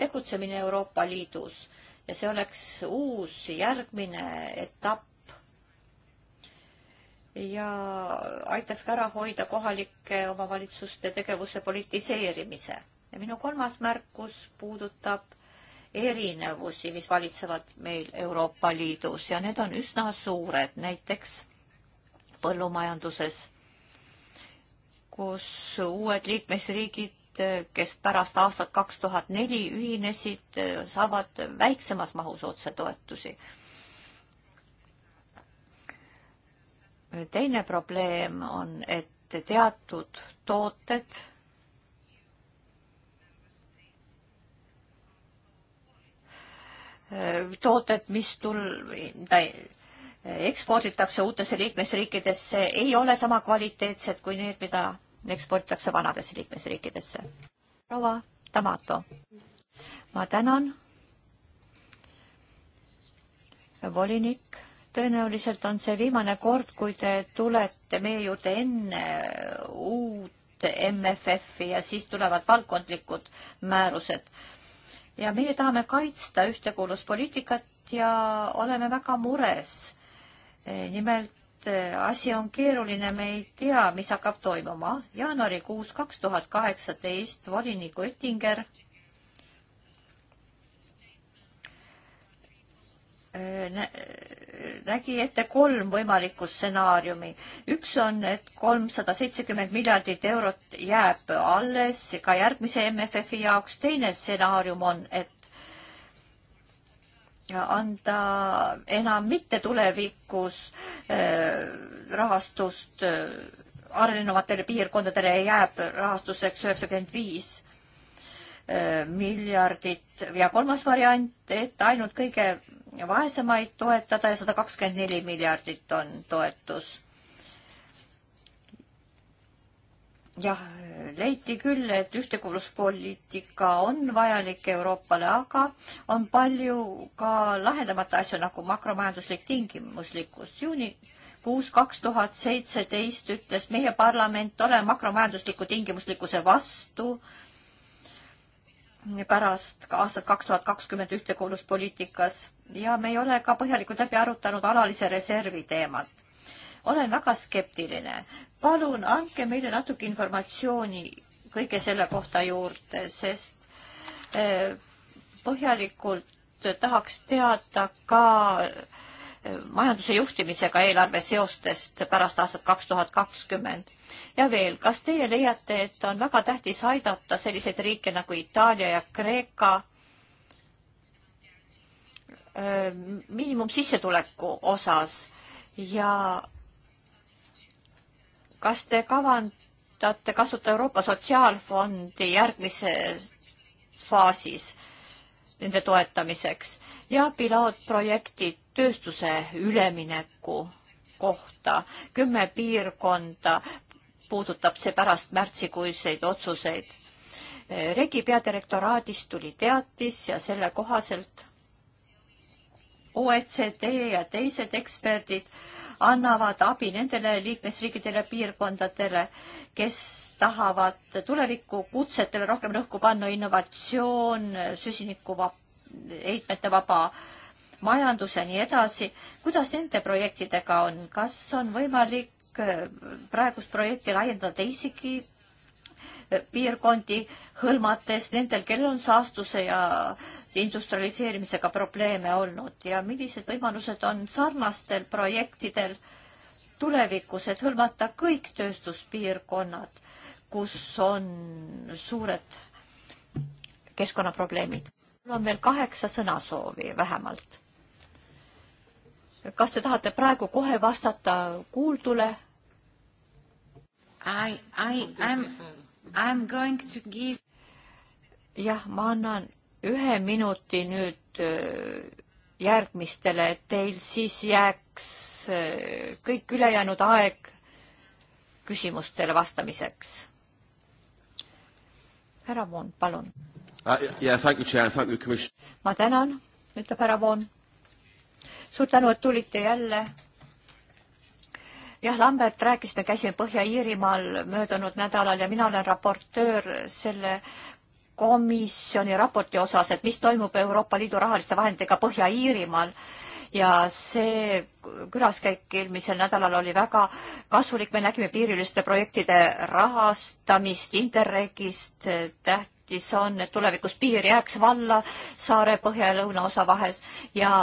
tegutsemine Euroopa Liidus. ja see oleks uus järgmine etapp ja aitaks ka ära hoida kohalike omavalitsuste tegevuse politiseerimise. ja minu kolmas märkus puudutab erinevusi, mis valitsevad meil Euroopa Liidus ja need on üsna suured, näiteks põllumajanduses kus uued liikmesriigid, kes pärast aastat kaks tuhat neli ühinesid, saavad väiksemas mahus otsetoetusi. teine probleem on, et teatud tooted tooted, mis tul-, eksporditakse uutesse liikmesriikidesse, ei ole sama kvaliteetsed kui need, mida eksportitakse vanadesse liikmesriikidesse. proua Tamato, ma tänan. volinik, tõenäoliselt on see viimane kord, kui te tulete meie juurde enne uut MFF-i ja siis tulevad valdkondlikud määrused. ja meie tahame kaitsta ühtekuuluvuspoliitikat ja oleme väga mures. nimelt et eh, asi on keeruline, me ei tea, mis hakkab toimuma. jaanuarikuus kaks tuhat kaheksateist volinik Oettinger eh, nägi ette kolm võimalikku stsenaariumi. üks on, et kolmsada seitsekümmend miljardit eurot jääb alles ka järgmise MFF-i jaoks. teine stsenaarium on, et anda enam mitte tulevikus äh, rahastust äh, arenevatele piirkondadele jääb rahastuseks üheksakümmend viis äh, miljardit ja kolmas variant, et ainult kõige vaesemaid toetada ja sada kakskümmend neli miljardit on toetus. jah, leiti küll, et ühtekuuluvuspoliitika on vajalik Euroopale, aga on palju ka lahendamata asju nagu makromajanduslik tingimuslikkus. juunikuus kaks tuhat seitseteist ütles meie parlament, olen makromajandusliku tingimuslikkuse vastu pärast ka aastat kaks tuhat kakskümmend ühtekuuluvuspoliitikas ja me ei ole ka põhjalikult läbi arutanud alalise reservi teemat olen väga skeptiline palun andke meile natuke informatsiooni kõige selle kohta juurde, sest eh, põhjalikult tahaks teada ka eh, majanduse juhtimisega eelarve seostest pärast aastat kaks tuhat kakskümmend. ja veel, kas teie leiate, et on väga tähtis aidata selliseid riike nagu Itaalia ja Kreeka eh, miinimumsissetuleku osas ja kas te kavandate kasutada Euroopa Sotsiaalfondi järgmises faasis nende toetamiseks ja pilootprojektid tööstuse ülemineku kohta. kümme piirkonda puudutab see pärast märtsikuiseid otsuseid. regi peadirektoraadist tuli teatis ja selle kohaselt OECD ja teised eksperdid annavad abi nendele liikmesriikidele, piirkondadele, kes tahavad tuleviku kutsetele rohkem rõhku panna, innovatsioon, süsiniku vab-, heitmete vaba majandus ja nii edasi. kuidas nende projektidega on, kas on võimalik eh, praegust projekti laiendada teisigi piirkondi hõlmates nendel, kellel on saastuse ja industrialiseerimisega probleeme olnud ja millised võimalused on sarnastel projektidel tulevikus, et hõlmata kõik tööstuspiirkonnad, kus on suured keskkonnaprobleemid. mul on veel kaheksa sõnasoovi vähemalt. kas te tahate praegu kohe vastata kuuldule? I, I am Give... jah, ma annan ühe minuti nüüd äh, järgmistele, et teil siis jääks äh, kõik ülejäänud aeg küsimustele vastamiseks. härra Voon, palun uh,. Yeah, ma tänan, ütleb härra Voon. suur tänu, et tulite jälle jah, Lambert, rääkisime, käisime Põhja-Iirimaal möödunud nädalal ja mina olen raportöör selle komisjoni raporti osas, et mis toimub Euroopa Liidu rahaliste vahenditega Põhja-Iirimaal ja see külaskäik eelmisel nädalal oli väga kasulik, me nägime piiriliste projektide rahastamist Interregist, tähtis on, et tulevikus piir jääks valla saare põhja ja lõunaosa vahel ja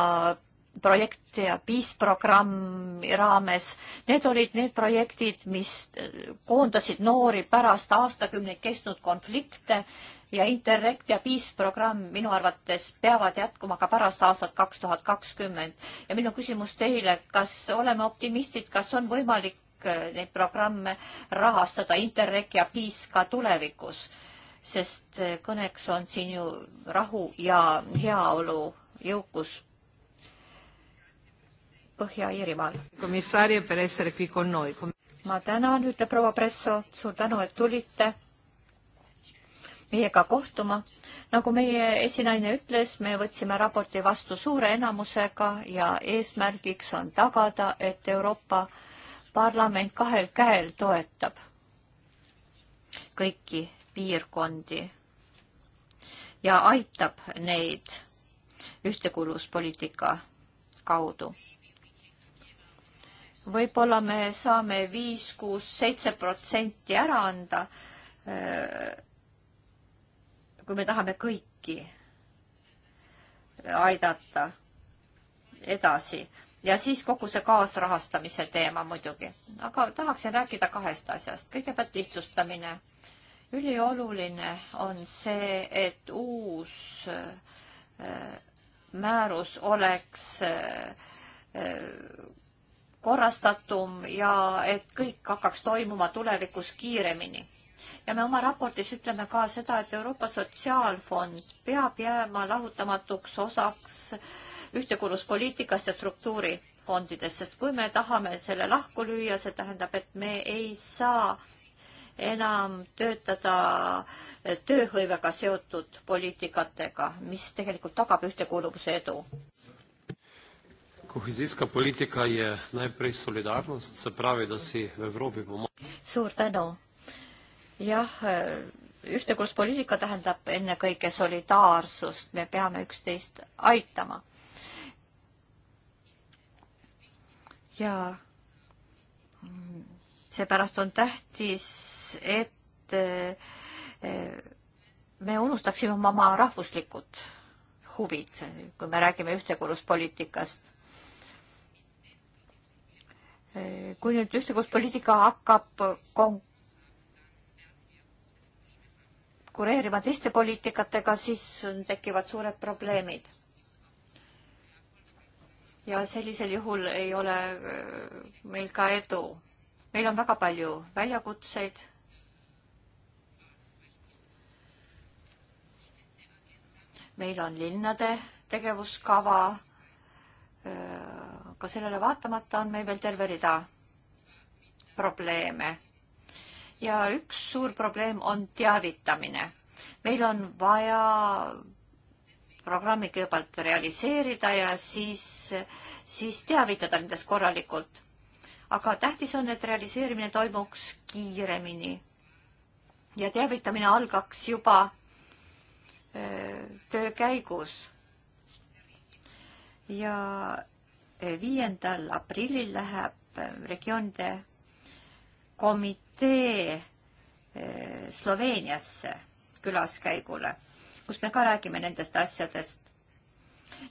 projekt ja PIS programmi raames, need olid need projektid, mis äh, koondasid noori pärast aastakümneid kestnud konflikte ja Interreg ja PIS programm minu arvates peavad jätkuma ka pärast aastat kaks tuhat kakskümmend. ja minu küsimus teile, kas oleme optimistid, kas on võimalik äh, neid programme rahastada Interreg ja PIS ka tulevikus? sest äh, kõneks on siin ju rahu ja heaolu, jõukus Põhja-Iirimaal. ma tänan, ütleb proua Presso, suur tänu, et tulite meiega kohtuma. nagu meie esinaine ütles, me võtsime raporti vastu suure enamusega ja eesmärgiks on tagada, et Euroopa Parlament kahel käel toetab kõiki piirkondi ja aitab neid ühtekuuluvuspoliitika kaudu võib-olla me saame viis, kuus, seitse protsenti ära anda. Äh, kui me tahame kõiki aidata edasi ja siis kogu see kaasrahastamise teema muidugi, aga tahaksin rääkida kahest asjast. kõigepealt lihtsustamine. ülioluline on see, et uus äh, määrus oleks äh, korrastatum ja et kõik hakkaks toimuma tulevikus kiiremini. ja me oma raportis ütleme ka seda, et Euroopa Sotsiaalfond peab jääma lahutamatuks osaks ühtekuuluvuspoliitikast ja struktuurifondidest, sest kui me tahame selle lahku lüüa, see tähendab, et me ei saa enam töötada tööhõivega seotud poliitikatega, mis tegelikult tagab ühtekuuluvuse edu kohezijska poliitika je najprej solidarnost, se pravi, da si v Euroopi pomagame. suur tänu. jah, ühtekuuluvuspoliitika tähendab ennekõike solidaarsust, me peame üksteist aitama. ja seepärast on tähtis, et eh, me unustaksime oma, oma rahvuslikud huvid, kui me räägime ühtekuuluvuspoliitikast kui nüüd ühtekuuluvuspoliitika hakkab konkureerima teiste poliitikatega, siis tekivad suured probleemid. ja sellisel juhul ei ole äh, meil ka edu. meil on väga palju väljakutseid meil on linnade tegevuskava, äh, aga sellele vaatamata on meil veel terve rida probleeme. ja üks suur probleem on teavitamine. meil on vaja programmi kõigepealt realiseerida ja siis, siis teavitada nendest korralikult. aga tähtis on, et realiseerimine toimuks kiiremini. ja teavitamine algaks juba öö, töö käigus. ja viiendal aprillil läheb eh, regioonide komitee eh, Sloveeniasse külaskäigule, kus me ka räägime nendest asjadest.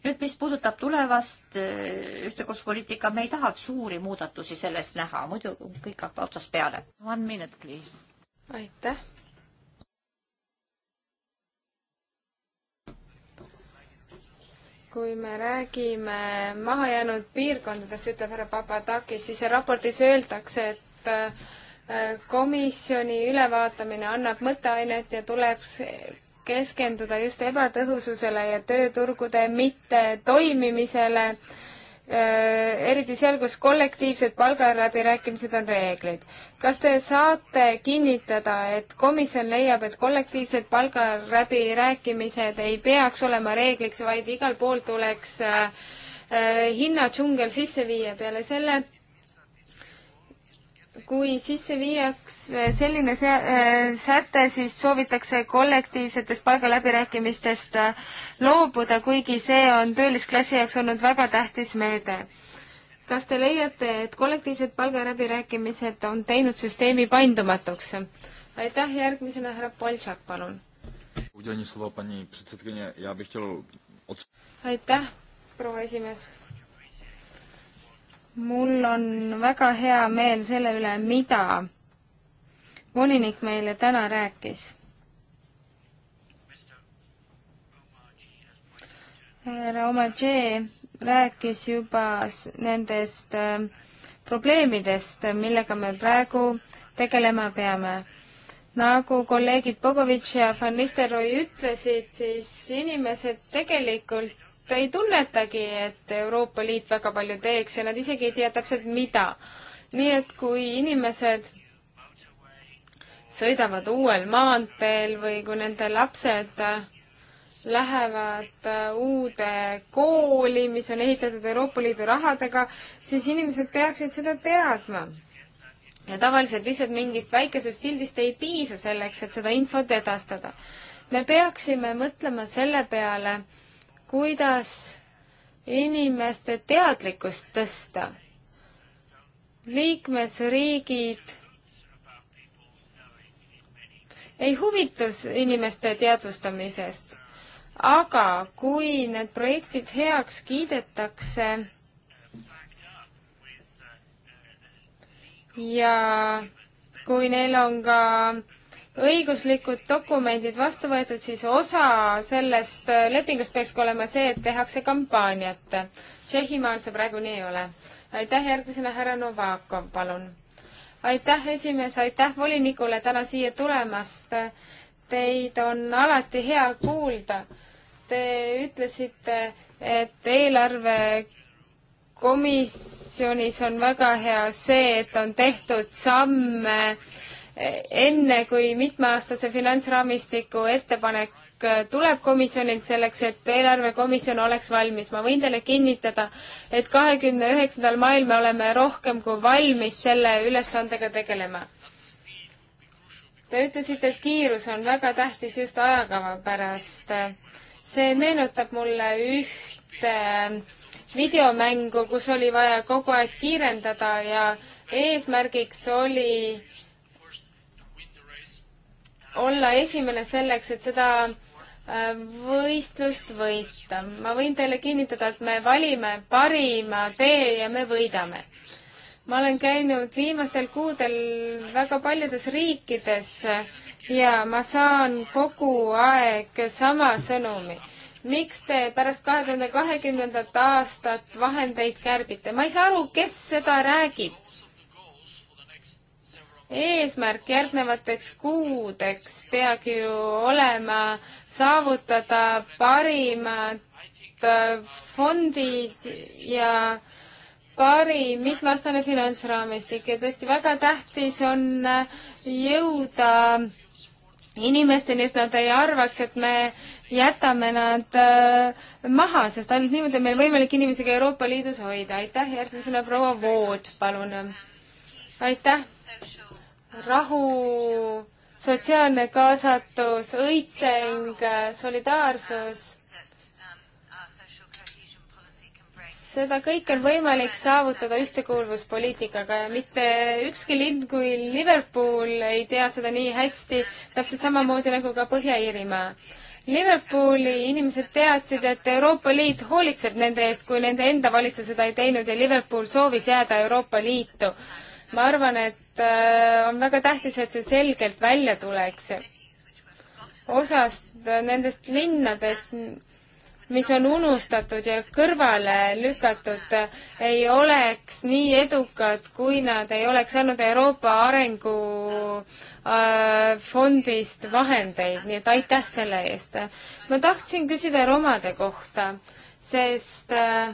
nüüd, mis puudutab tulevast eh, ühtekuuluvuspoliitika, me ei tahaks suuri muudatusi selles näha, muidu kõik hakkab otsast peale. One minute, please. aitäh kui me räägime mahajäänud piirkondadest, ütleb härra Papadakis, siis raportis öeldakse, et äh, komisjoni ülevaatamine annab mõtteainet ja tuleks keskenduda just ebatõhususele ja tööturgude mittetoimimisele Äh, eriti seal, kus kollektiivsed palgaläbirääkimised on reeglid. kas te saate kinnitada, et komisjon leiab, et kollektiivsed palgaläbirääkimised ei peaks olema reegliks, vaid igal pool tuleks äh, äh, hinnadžungel sisse viia peale selle, kui sisse viiakse selline sea-, äh, säte, siis soovitakse kollektiivsetest palgaläbirääkimistest äh, loobuda, kuigi see on töölisklassi jaoks olnud väga tähtis meede. kas te leiate, et kollektiivsed palgaläbirääkimised on teinud süsteemi paindumatuks? aitäh, järgmisena härra Poltšak, palun. aitäh, proua esimees mul on väga hea meel selle üle, mida volinik meile täna rääkis. härra Omadžee rääkis juba nendest äh, probleemidest, millega me praegu tegelema peame. nagu kolleegid Bogovitš ja Van Nistelrooy ütlesid, siis inimesed tegelikult tegelikult ei tunnetagi, et Euroopa Liit väga palju teeks ja nad isegi ei tea täpselt, mida. nii et kui inimesed sõidavad uuel maanteel või kui nende lapsed lähevad äh, uude kooli, mis on ehitatud Euroopa Liidu rahadega, siis inimesed peaksid seda teadma. ja tavaliselt lihtsalt mingist väikesest sildist ei piisa selleks, et seda infot edastada. me peaksime mõtlema selle peale, kuidas inimeste teadlikkust tõsta. liikmesriigid ei huvitus inimeste teadvustamisest, aga kui need projektid heaks kiidetakse ja kui neil on ka õiguslikud dokumendid vastu võetud, siis osa sellest äh, lepingust peaks ka olema see, et tehakse kampaaniat. Tšehhimaal see praegu nii ei ole. aitäh, järgmisena härra Novakov, palun. aitäh, esimees, aitäh volinikule täna siia tulemast. Teid on alati hea kuulda. Te ütlesite, et eelarve komisjonis on väga hea see, et on tehtud samme äh, enne, kui mitmeaastase finantsraamistiku ettepanek äh, tuleb komisjonilt selleks, et eelarvekomisjon oleks valmis. ma võin teile kinnitada, et kahekümne üheksandal mail me oleme rohkem kui valmis selle ülesandega tegelema. Te ütlesite, et kiirus on väga tähtis just ajakava pärast. see meenutab mulle ühte äh, videomängu, kus oli vaja kogu aeg kiirendada ja eesmärgiks oli olla esimene selleks, et seda äh, võistlust võita. ma võin teile kinnitada, et me valime parima tee ja me võidame. ma olen käinud viimastel kuudel väga paljudes riikides ja ma saan kogu aeg sama sõnumi. miks te pärast kahe tuhande kahekümnendat aastat vahendeid kärbite? ma ei saa aru, kes seda räägib eesmärk järgnevateks kuudeks peagi ju olema saavutada parimad äh, fondid ja parim mitmeaastane finantsraamistik ja tõesti väga tähtis on äh, jõuda inimesteni, et nad ei arvaks, et me jätame nad äh, maha, sest ainult niimoodi on meil võimalik inimesi ka Euroopa Liidus hoida. aitäh, järgmisena proua Vood, palun. aitäh rahu, sotsiaalne kaasatus, õitseng, solidaarsus. seda kõike on võimalik saavutada ühtekuuluvuspoliitikaga ja mitte ükski linn kui Liverpool ei tea seda nii hästi, täpselt samamoodi nagu ka Põhja-Iirimaa Liverpooli inimesed teadsid, et Euroopa Liit hoolitseb nende eest, kui nende enda valitsus seda ei teinud ja Liverpool soovis jääda Euroopa Liitu. ma arvan, et et äh, on väga tähtis, et see selgelt välja tuleks. osast nendest linnadest, mis on unustatud ja kõrvale lükatud, ei oleks nii edukad, kui nad ei oleks saanud Euroopa Arengufondist äh, vahendeid, nii et aitäh selle eest. ma tahtsin küsida romade kohta, sest äh,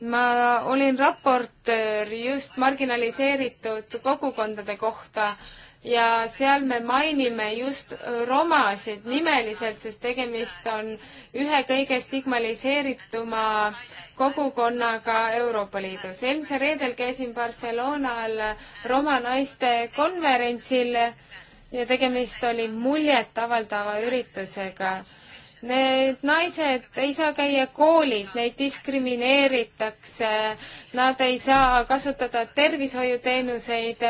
ma olin raportöör just marginaliseeritud kogukondade kohta ja seal me mainime just romasid nimeliselt, sest tegemist on ühe kõige stigmaliseerituma kogukonnaga Euroopa Liidus. eelmisel reedel käisin Barcelonal Roma naiste konverentsil ja tegemist oli muljetavaldava üritusega Need naised ei saa käia koolis, neid diskrimineeritakse, nad ei saa kasutada tervishoiuteenuseid,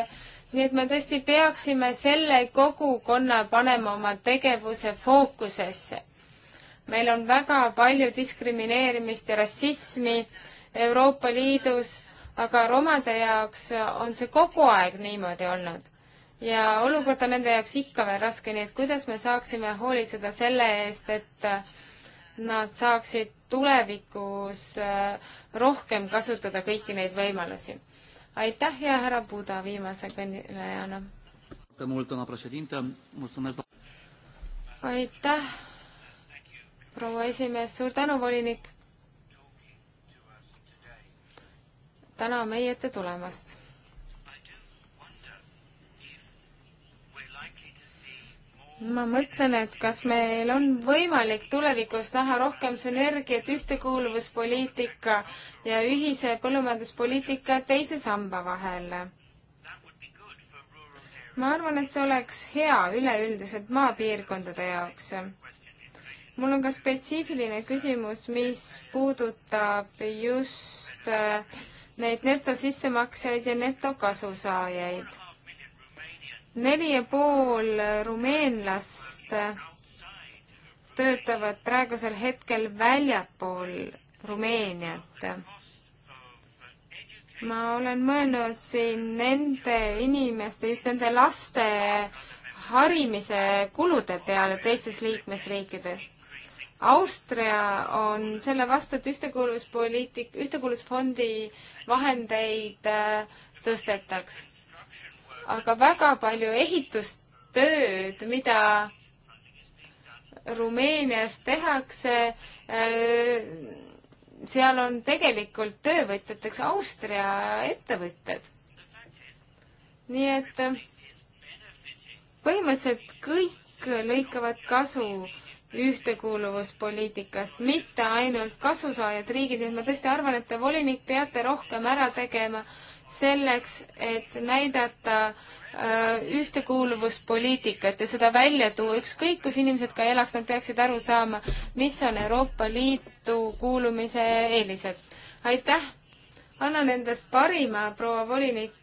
nii et me tõesti peaksime selle kogukonna panema oma tegevuse fookusesse. meil on väga palju diskrimineerimist ja rassismi Euroopa Liidus, aga romade jaoks on see kogu aeg niimoodi olnud ja olukord on nende jaoks ikka veel raske, nii et kuidas me saaksime hoolitseda selle eest, et äh, nad saaksid tulevikus äh, rohkem kasutada kõiki neid võimalusi. aitäh ja härra Buda viimase kõnelejana. aitäh, proua esimees, suur tänu, volinik, täna meie ette tulemast ma mõtlen, et kas meil on võimalik tulevikus näha rohkem sünergiat ühtekuuluvuspoliitika ja ühise põllumajanduspoliitika teise samba vahel. ma arvan, et see oleks hea üleüldiselt maapiirkondade jaoks. mul on ka spetsiifiline küsimus, mis puudutab just äh, neid netosissemaksjaid ja netokasusaajaid neli ja pool rumeenlast töötavad praegusel hetkel väljapool Rumeeniat. ma olen mõelnud siin nende inimeste, just nende laste harimise kulude peale teistes liikmesriikides. Austria on selle vastu, et ühtekuuluvuspoliitik, ühtekuuluvusfondi vahendeid äh, tõstetaks aga väga palju ehitustööd, mida Rumeenias tehakse, äh, seal on tegelikult töövõtjateks Austria ettevõtted. nii et äh, põhimõtteliselt kõik lõikavad kasu ühtekuuluvuspoliitikast, mitte ainult kasusaajad riigid, nii et ma tõesti arvan, et te, volinik, peate rohkem ära tegema selleks, et näidata äh, ühtekuuluvuspoliitikat ja seda välja tuua, ükskõik kus inimesed ka elaks, nad peaksid aru saama, mis on Euroopa Liitu kuulumise eelised. aitäh, annan endast parima, proua volinik.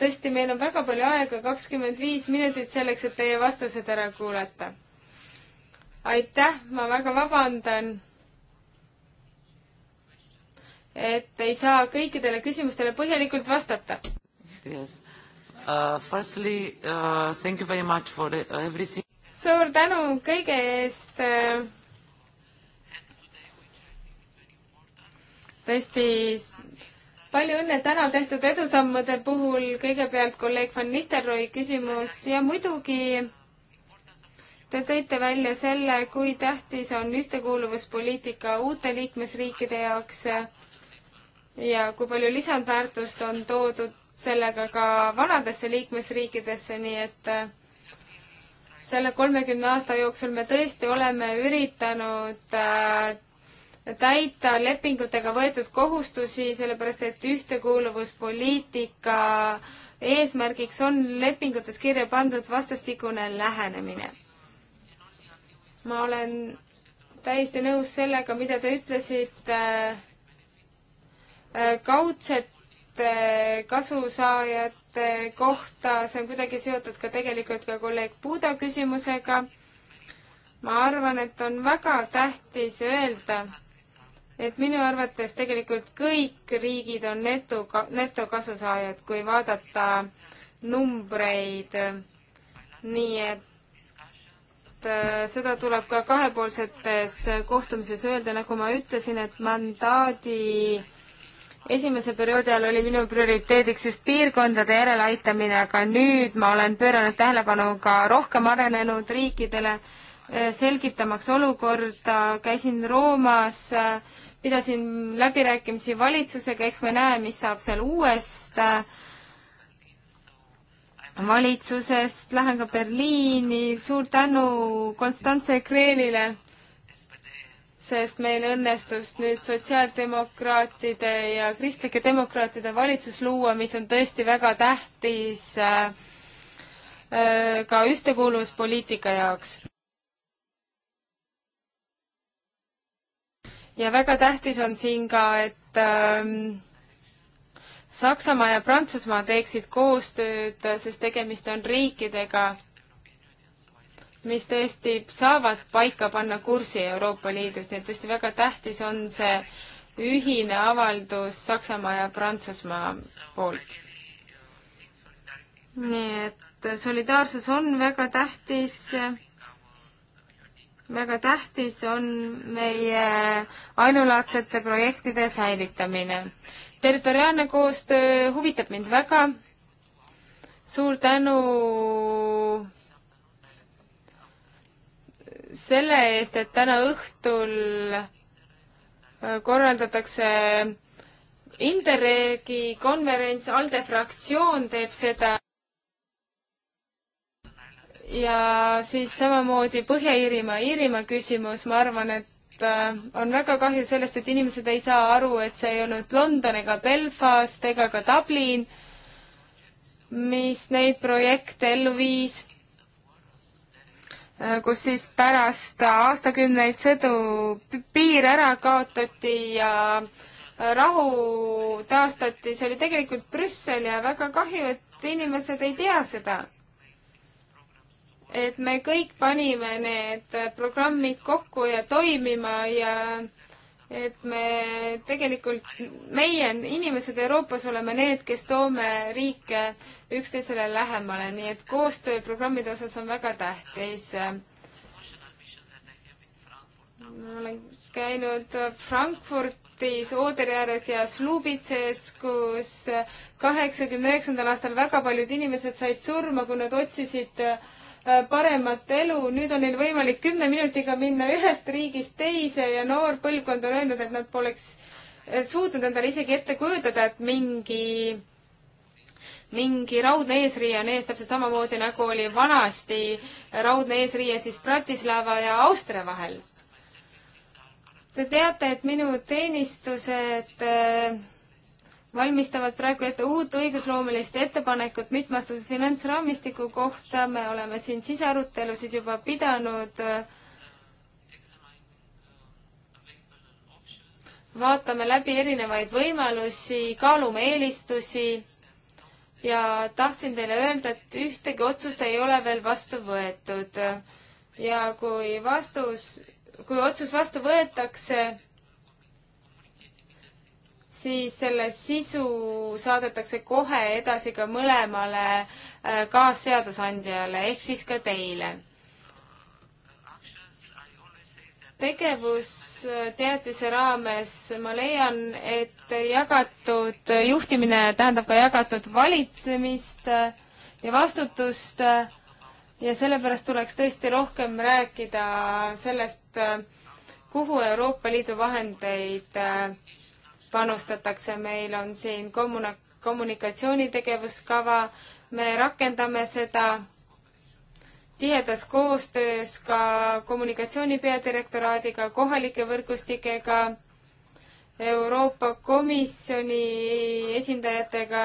tõesti, meil on väga palju aega, kakskümmend viis minutit selleks, et teie vastused ära kuulata. aitäh, ma väga vabandan et ei saa kõikidele küsimustele põhjalikult vastata yes.. Uh, firstly uh, thank you very much for uh, everything. suur tänu kõige eest uh,. tõesti palju õnne täna tehtud edusammude puhul, kõigepealt kolleeg Van Nistelrooy küsimus ja muidugi te tõite välja selle, kui tähtis on ühtekuuluvuspoliitika uute liikmesriikide jaoks uh, ja kui palju lisandväärtust on toodud sellega ka vanadesse liikmesriikidesse, nii et äh, selle kolmekümne aasta jooksul me tõesti oleme üritanud äh, täita lepingutega võetud kohustusi, sellepärast et ühtekuuluvuspoliitika eesmärgiks on lepingutes kirja pandud vastastikune lähenemine. ma olen täiesti nõus sellega, mida te ütlesite äh, Äh, kaudsete kasusaajate kohta, see on kuidagi seotud ka tegelikult ka kolleeg Puuda küsimusega. ma arvan, et on väga tähtis öelda, et minu arvates tegelikult kõik riigid on neto, netokasusaajad, kui vaadata numbreid. nii et äh, seda tuleb ka kahepoolsetes kohtumises öelda, nagu ma ütlesin, et mandaadi esimese perioodi ajal oli minu prioriteediks just piirkondade järeleaitamine, aga nüüd ma olen pööranud tähelepanu ka rohkem arenenud riikidele, eh, selgitamaks olukorda, käisin Roomas, eh, pidasin läbirääkimisi valitsusega, eks me näe, mis saab seal uuest eh, valitsusest, lähen ka Berliini, suur tänu Konstantse Kreelile sest meil õnnestus nüüd sotsiaaldemokraatide ja kristlike demokraatide valitsus luua, mis on tõesti väga tähtis äh, äh, ka ühtekuuluvuspoliitika jaoks. ja väga tähtis on siin ka, et ähm, Saksamaa ja Prantsusmaa teeksid koostööd, äh, sest tegemist on riikidega, mis tõesti saavad paika panna kursi Euroopa Liidus, nii et tõesti väga tähtis on see ühine avaldus Saksamaa ja Prantsusmaa poolt. nii et solidaarsus on väga tähtis, väga tähtis on meie ainulaadsete projektide säilitamine. territoriaalne koostöö huvitab mind väga, suur tänu selle eest, et täna õhtul äh, korraldatakse Interregi konverents, ALDE fraktsioon teeb seda ja siis samamoodi Põhja-Iirimaa, Iirimaa küsimus, ma arvan, et äh, on väga kahju sellest, et inimesed ei saa aru, et see ei olnud London ega Belfast ega ka Dublin, mis neid projekte ellu viis. Äh, kus siis pärast aastakümneid sõdu piir ära kaotati ja äh, rahu taastati, see oli tegelikult Brüssel ja väga kahju, et inimesed ei tea seda. et me kõik panime need programmid kokku ja toimima ja et me tegelikult, meie inimesed Euroopas oleme need, kes toome riike üksteisele lähemale, nii et koostööprogrammide osas on väga tähtis. ma olen käinud Frankfurtis Ooderi ääres ja Slubitses, kus kaheksakümne üheksandal aastal väga paljud inimesed said surma, kui nad otsisid äh, Äh, paremat elu, nüüd on neil võimalik kümne minutiga minna ühest riigist teise ja noor põlvkond on öelnud, et nad poleks äh, suutnud endale isegi ette kujutada, et mingi mingi raudne eesriie on ees täpselt samamoodi, nagu oli vanasti raudne eesriie siis Bratislava ja Austria vahel. Te teate, et minu teenistused äh, valmistavad praegu ette uut õigusloomelist ettepanekut mitmeaastase finantsraamistiku kohta, me oleme siin sisearutelusid juba pidanud. vaatame läbi erinevaid võimalusi, kaalume eelistusi ja tahtsin teile öelda, et ühtegi otsust ei ole veel vastu võetud. ja kui vastus, kui otsus vastu võetakse, siis selle sisu saadetakse kohe edasi ka mõlemale äh, kaasseadusandjale ehk siis ka teile. tegevusteatise raames ma leian, et jagatud juhtimine tähendab ka jagatud valitsemist ja vastutust ja sellepärast tuleks tõesti rohkem rääkida sellest, kuhu Euroopa Liidu vahendeid äh, panustatakse, meil on siin kommuna-, kommunikatsioonitegevuskava, me rakendame seda tihedas koostöös ka kommunikatsiooni peadirektoraadiga, kohalike võrgustikega, Euroopa Komisjoni esindajatega,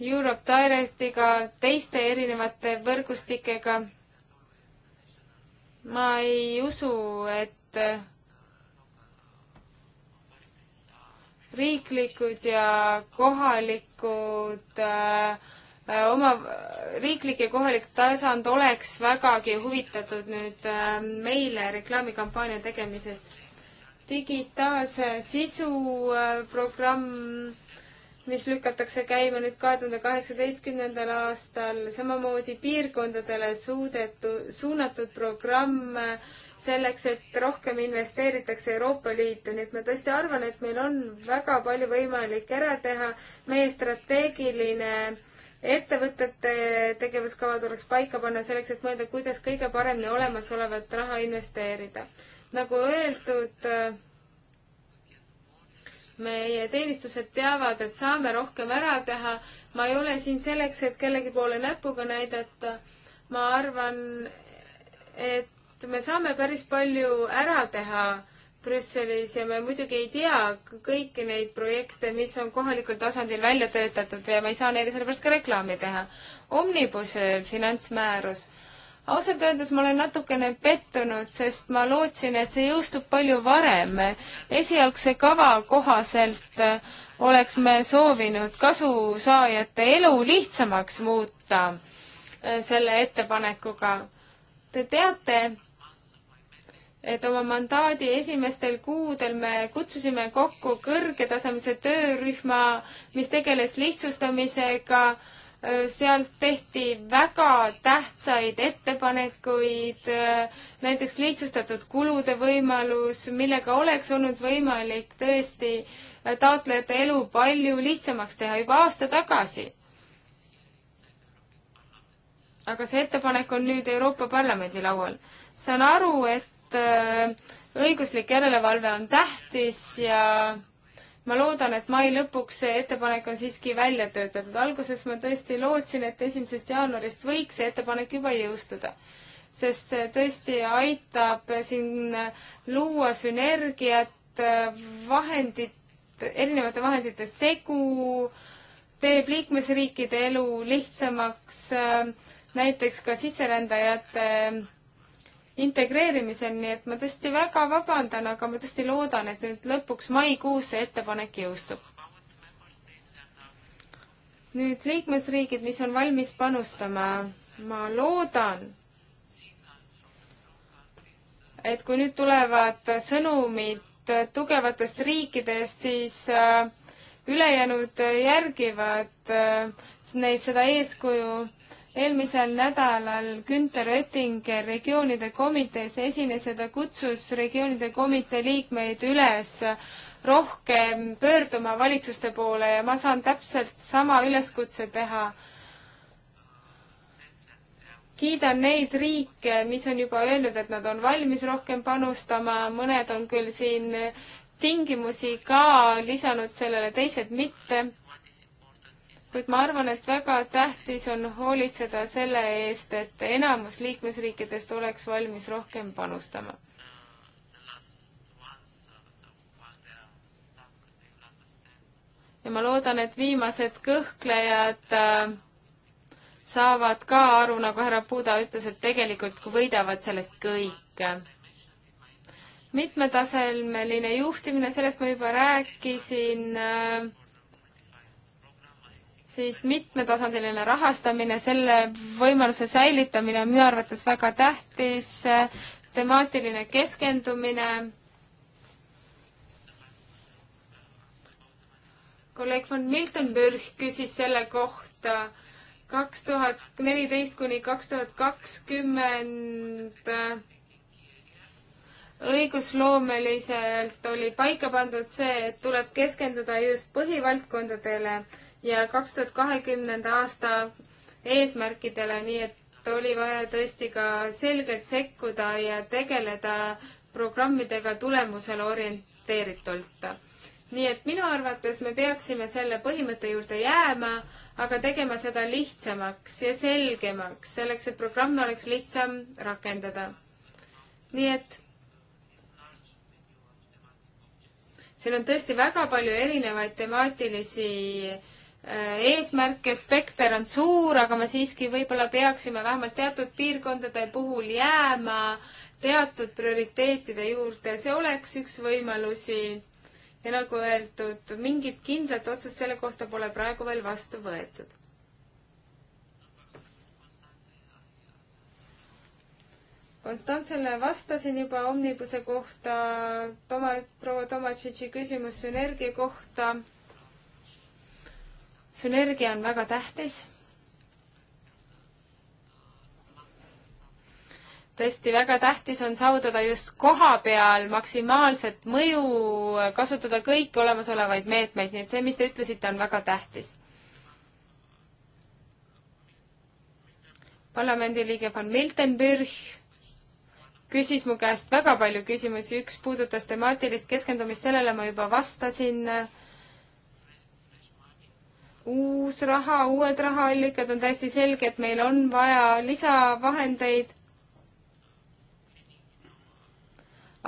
Europe Directiga, teiste erinevate võrgustikega. ma ei usu, et riiklikud ja kohalikud äh, äh, oma riiklik ja kohalik tasand oleks vägagi huvitatud nüüd äh, meile reklaamikampaania tegemisest. digitaalse sisu äh, programm, mis lükatakse käima nüüd kahe tuhande kaheksateistkümnendal aastal, samamoodi piirkondadele suudetu, suunatud programm äh, selleks, et rohkem investeeritakse Euroopa Liitu, nii et ma tõesti arvan, et meil on väga palju võimalik ära teha. meie strateegiline ettevõtete tegevuskava tuleks paika panna selleks, et mõelda, kuidas kõige paremini olemasolevat raha investeerida. nagu öeldud, meie teenistused teavad, et saame rohkem ära teha. ma ei ole siin selleks, et kellegi poole näpuga näidata. ma arvan, et et me saame päris palju ära teha Brüsselis ja me muidugi ei tea kõiki neid projekte, mis on kohalikul tasandil välja töötatud ja me ei saa neile sellepärast ka reklaami teha. Omnibus finantsmäärus. ausalt öeldes ma olen natukene pettunud, sest ma lootsin, et see jõustub palju varem. esialgse kava kohaselt oleks me soovinud kasusaajate elu lihtsamaks muuta selle ettepanekuga. Te teate, et oma mandaadi esimestel kuudel me kutsusime kokku kõrgetasemelise töörühma, mis tegeles lihtsustamisega. sealt tehti väga tähtsaid ettepanekuid, näiteks lihtsustatud kulude võimalus, millega oleks olnud võimalik tõesti taotlejate elu palju lihtsamaks teha juba aasta tagasi aga see ettepanek on nüüd Euroopa Parlamendi laual. saan aru, et Äh, õiguslik järelevalve on tähtis ja ma loodan, et mai lõpuks see ettepanek on siiski välja töötatud. alguses ma tõesti lootsin, et esimesest jaanuarist võiks see ettepanek juba jõustuda, sest see tõesti aitab siin luua sünergiat, äh, vahendit, erinevate vahendite segu, teeb liikmesriikide elu lihtsamaks, äh, näiteks ka sisserändajate integreerimisel, nii et ma tõesti väga vabandan, aga ma tõesti loodan, et nüüd lõpuks maikuus see ettepanek jõustub. nüüd liikmesriigid, mis on valmis panustama, ma loodan, et kui nüüd tulevad sõnumid tugevatest riikidest, siis äh, ülejäänud äh, järgivad äh, neid, seda eeskuju eelmisel nädalal Günter Oettinger regioonide komitees esines ja ta kutsus regioonide komitee liikmeid üles rohkem pöörduma valitsuste poole ja ma saan täpselt sama üleskutse teha. kiidan neid riike, mis on juba öelnud, et nad on valmis rohkem panustama, mõned on küll siin tingimusi ka lisanud sellele, teised mitte kuid ma arvan, et väga tähtis on hoolitseda selle eest, et enamus liikmesriikidest oleks valmis rohkem panustama. ja ma loodan, et viimased kõhklejad äh, saavad ka aru, nagu härra Puda ütles, et tegelikult võidavad sellest kõik. mitmetasemeline juhtimine, sellest ma juba rääkisin äh, siis mitmetasandiline rahastamine, selle võimaluse säilitamine on minu arvates väga tähtis, temaatiline keskendumine kolleeg von Miltenburg küsis selle kohta kaks tuhat neliteist kuni kaks tuhat kakskümmend õigusloomeliselt oli paika pandud see, et tuleb keskenduda just põhivaldkondadele ja kaks tuhat kahekümnenda aasta eesmärkidele, nii et oli vaja tõesti ka selgelt sekkuda ja tegeleda programmidega tulemusele orienteeritult. nii et minu arvates me peaksime selle põhimõtte juurde jääma, aga tegema seda lihtsamaks ja selgemaks, selleks et programme oleks lihtsam rakendada. nii et siin on tõesti väga palju erinevaid temaatilisi äh, Äh, eesmärke, spekter on suur, aga me siiski võib-olla peaksime vähemalt teatud piirkondade puhul jääma teatud prioriteetide juurde, see oleks üks võimalusi. ja nagu öeldud, mingit kindlat otsust selle kohta pole praegu veel vastu võetud. Konstantsele vastasin juba Omnibuse kohta, Toma, proua Tomatšitši küsimus sünergia kohta sünergia on väga tähtis. tõesti, väga tähtis on saavutada just koha peal maksimaalset mõju, kasutada kõiki olemasolevaid meetmeid, nii et see, mis te ütlesite, on väga tähtis. parlamendiliige von Miltenbürg küsis mu käest väga palju küsimusi, üks puudutas temaatilist keskendumist, sellele ma juba vastasin uus raha, uued rahaallikad, on täiesti selge, et meil on vaja lisavahendeid.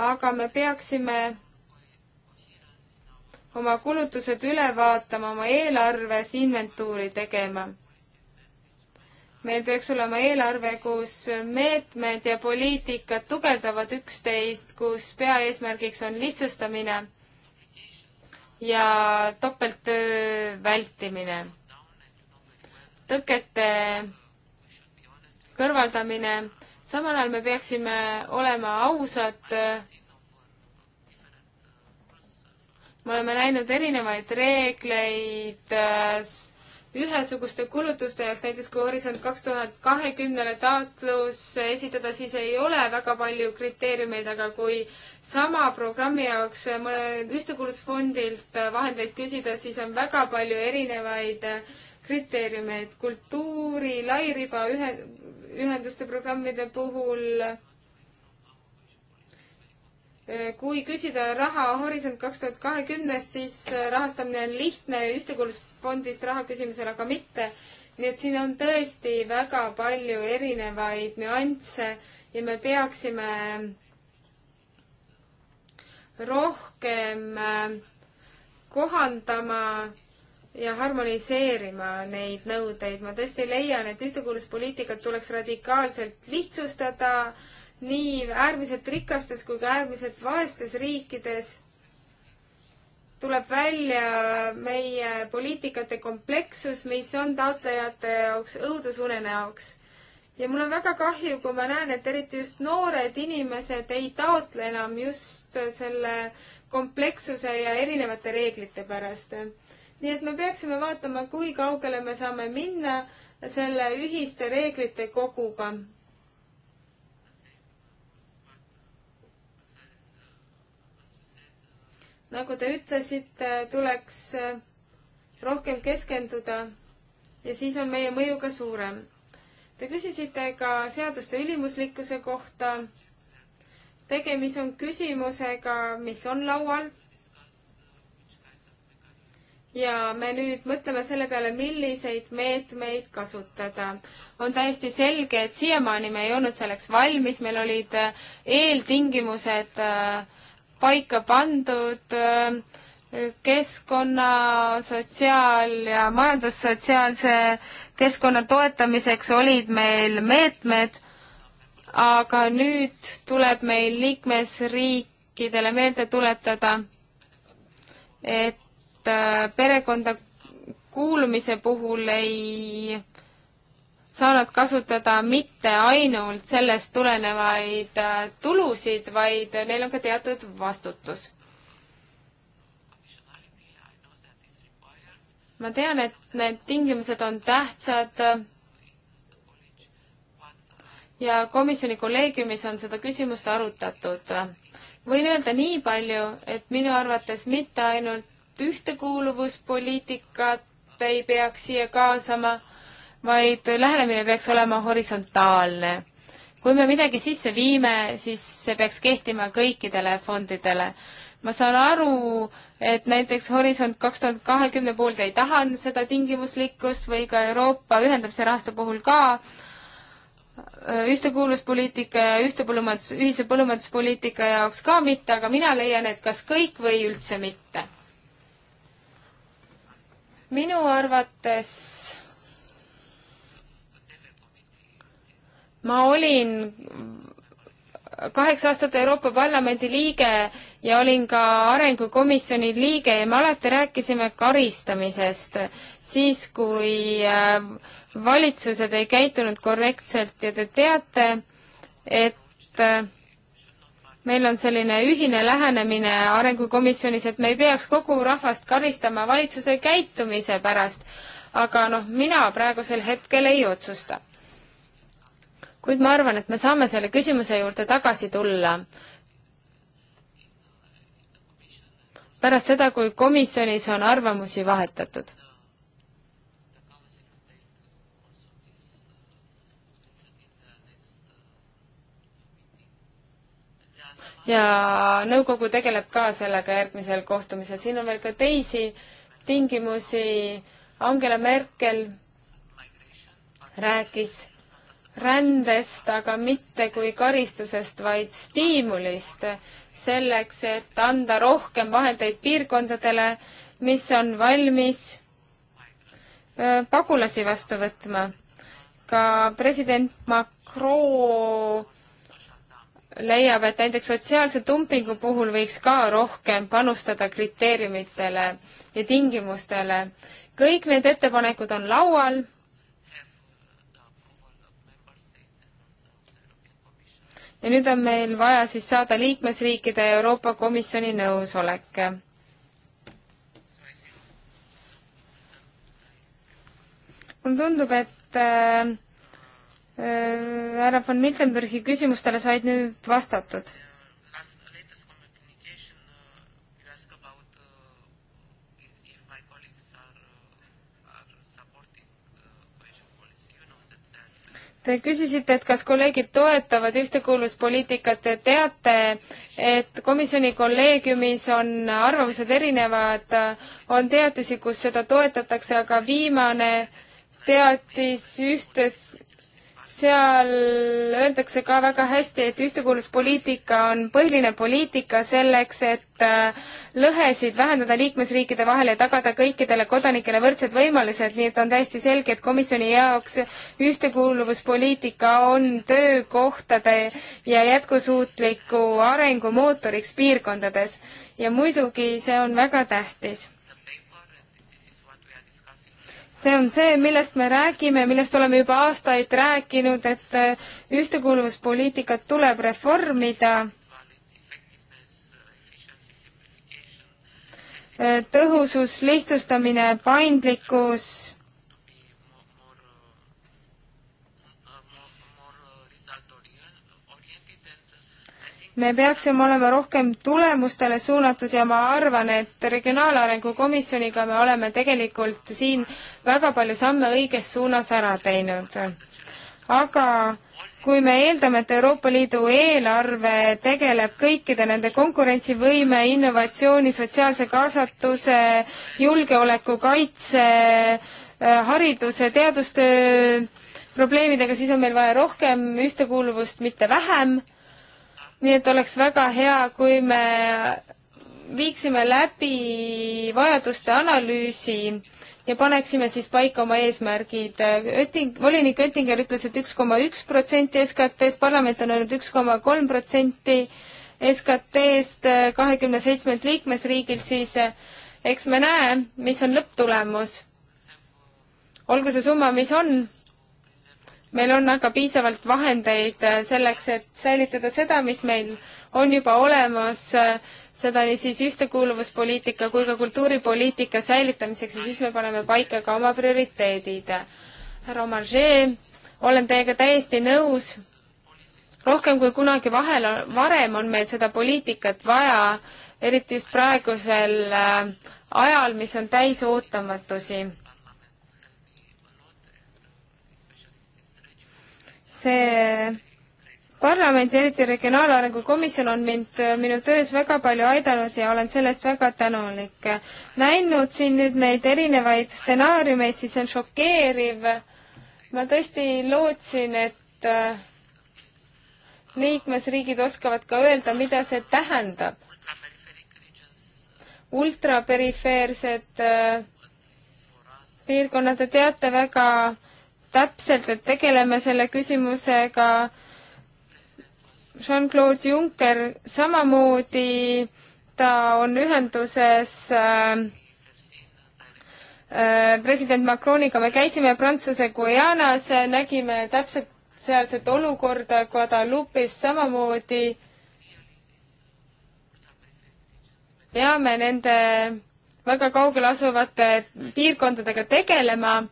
aga me peaksime oma kulutused üle vaatama, oma eelarves inventuuri tegema. meil peaks olema eelarve, kus meetmed ja poliitikad tugevdavad üksteist, kus peaeesmärgiks on lihtsustamine ja topelttöö vältimine, tõkete kõrvaldamine, samal ajal me peaksime olema ausad. me oleme näinud erinevaid reegleid äh, ühesuguste kulutuste jaoks, näiteks kui Horisont kaks tuhat kahekümnele taotlus esitada, siis ei ole väga palju kriteeriumeid, aga kui sama programmi jaoks mõne ühtekuuluvusfondilt vahendeid küsida, siis on väga palju erinevaid kriteeriume, et kultuuri lairiba ühe, ühenduste programmide puhul kui küsida raha Horisont kaks tuhat kahekümnest, siis äh, rahastamine on lihtne, ühtekuuluvusfondist raha küsimusel aga mitte. nii et siin on tõesti väga palju erinevaid nüansse ja me peaksime rohkem äh, kohandama ja harmoniseerima neid nõudeid. ma tõesti leian, et ühtekuuluvuspoliitikat tuleks radikaalselt lihtsustada äh, nii äärmiselt rikastes kui ka äärmiselt vaestes riikides tuleb välja meie poliitikate komplekssus, mis on taotlejate jaoks õudusunene jaoks. ja mul on väga kahju, kui ma näen, et eriti just noored inimesed ei taotle enam just selle komplekssuse ja erinevate reeglite pärast. nii et me peaksime vaatama, kui kaugele me saame minna selle ühiste reeglite koguga nagu te ütlesite, tuleks äh, rohkem keskenduda ja siis on meie mõju ka suurem. Te küsisite ka seaduste ülimuslikkuse kohta. tegemist on küsimusega, mis on laual. ja me nüüd mõtleme selle peale, milliseid meetmeid kasutada. on täiesti selge, et siiamaani me ei olnud selleks valmis, meil olid äh, eeltingimused äh, paika pandud äh, keskkonna, sotsiaal- ja majandussotsiaalse keskkonna toetamiseks olid meil meetmed, aga nüüd tuleb meil liikmesriikidele meelde tuletada, et äh, perekonda kuulumise puhul ei saanud kasutada mitte ainult sellest tulenevaid äh, tulusid, vaid neil on ka teatud vastutus. ma tean, et need tingimused on tähtsad ja komisjoni kolleegiumis on seda küsimust arutatud. võin öelda nii palju, et minu arvates mitte ainult ühtekuuluvuspoliitikat ei peaks siia kaasama, vaid lähenemine peaks olema horisontaalne. kui me midagi sisse viime, siis see peaks kehtima kõikidele fondidele. ma saan aru, et näiteks Horisont kaks tuhat kahekümne puhul te ei taha seda tingimuslikkust või ka Euroopa ühendamise rahastu puhul ka, ühtekuuluvuspoliitika ja ühte põllumajandus, ühise põllumajanduspoliitika jaoks ka mitte, aga mina leian, et kas kõik või üldse mitte. minu arvates ma olin kaheksa aastat Euroopa Parlamendi liige ja olin ka Arengukomisjoni liige ja me alati rääkisime karistamisest, siis kui äh, valitsused ei käitunud korrektselt ja te teate, et äh, meil on selline ühine lähenemine Arengukomisjonis, et me ei peaks kogu rahvast karistama valitsuse käitumise pärast, aga noh, mina praegusel hetkel ei otsusta kuid ma arvan, et me saame selle küsimuse juurde tagasi tulla pärast seda, kui komisjonis on arvamusi vahetatud. ja nõukogu tegeleb ka sellega järgmisel kohtumisel, siin on veel ka teisi tingimusi, Angela Merkel rääkis rändest, aga mitte kui karistusest, vaid stiimulist selleks, et anda rohkem vahendeid piirkondadele, mis on valmis pagulasi vastu võtma. ka president Macron leiab, et näiteks sotsiaalse dumpingu puhul võiks ka rohkem panustada kriteeriumitele ja tingimustele. kõik need ettepanekud on laual ja nüüd on meil vaja siis saada liikmesriikide ja Euroopa Komisjoni nõusolek. mulle tundub, et härra äh, äh, von Miltenbergi küsimustele said nüüd vastatud Te küsisite, et kas kolleegid toetavad ühtekuuluvuspoliitikat. Te teate, et komisjoni kolleegiumis on arvamused erinevad, on teatisi, kus seda toetatakse, aga viimane teatis ühtes seal öeldakse ka väga hästi, et ühtekuuluvuspoliitika on põhiline poliitika selleks, et äh, lõhesid vähendada liikmesriikide vahel ja tagada kõikidele kodanikele võrdsed võimalused, nii et on täiesti selge, et komisjoni jaoks ühtekuuluvuspoliitika on töökohtade ja jätkusuutliku arengu mootoriks piirkondades. ja muidugi see on väga tähtis see on see, millest me räägime, millest oleme juba aastaid rääkinud, et eh, ühtekuuluvuspoliitikat tuleb reformida eh, tõhusus, lihtsustamine, paindlikkus me peaksime olema rohkem tulemustele suunatud ja ma arvan, et Regionaalarengu Komisjoniga me oleme tegelikult siin väga palju samme õiges suunas ära teinud. aga kui me eeldame, et Euroopa Liidu eelarve tegeleb kõikide nende konkurentsivõime, innovatsiooni, sotsiaalse kaasatuse, julgeoleku, kaitse, äh, hariduse, teadustöö probleemidega, siis on meil vaja rohkem ühtekuuluvust, mitte vähem nii et oleks väga hea, kui me viiksime läbi vajaduste analüüsi ja paneksime siis paika oma eesmärgid. Ötting, volinik Oettinger ütles et, et üks koma üks protsenti SKT-st, parlament on öelnud üks koma kolm protsenti SKT-st kahekümne seitsmelt liikmesriigilt, siis eh, eks me näe, mis on lõpptulemus. olgu see summa, mis on meil on aga piisavalt vahendeid äh, selleks, et säilitada seda, mis meil on juba olemas, äh, seda niisiis ühtekuuluvuspoliitika kui ka kultuuripoliitika säilitamiseks ja siis me paneme paika ka oma prioriteedid. härra Omarjee, olen teiega täiesti nõus, rohkem kui kunagi vahel, varem on meil seda poliitikat vaja, eriti just praegusel äh, ajal, mis on täis ootamatusi see parlament, eriti Regionaalarengu Komisjon on mind minu töös väga palju aidanud ja olen selle eest väga tänulik. näinud siin nüüd neid erinevaid stsenaariumeid, siis on šokeeriv. ma tõesti lootsin, et äh, liikmesriigid oskavad ka öelda, mida see tähendab. ultraperifeersed äh, piirkonnad, te teate väga täpselt, et tegeleme selle küsimusega. Jean-Claude Juncker samamoodi, ta on ühenduses äh, äh, president Macroniga, me käisime Prantsuse Guianas, nägime täpselt sealset olukorda Guadalupe'is samamoodi. peame nende väga kaugel asuvate piirkondadega tegelema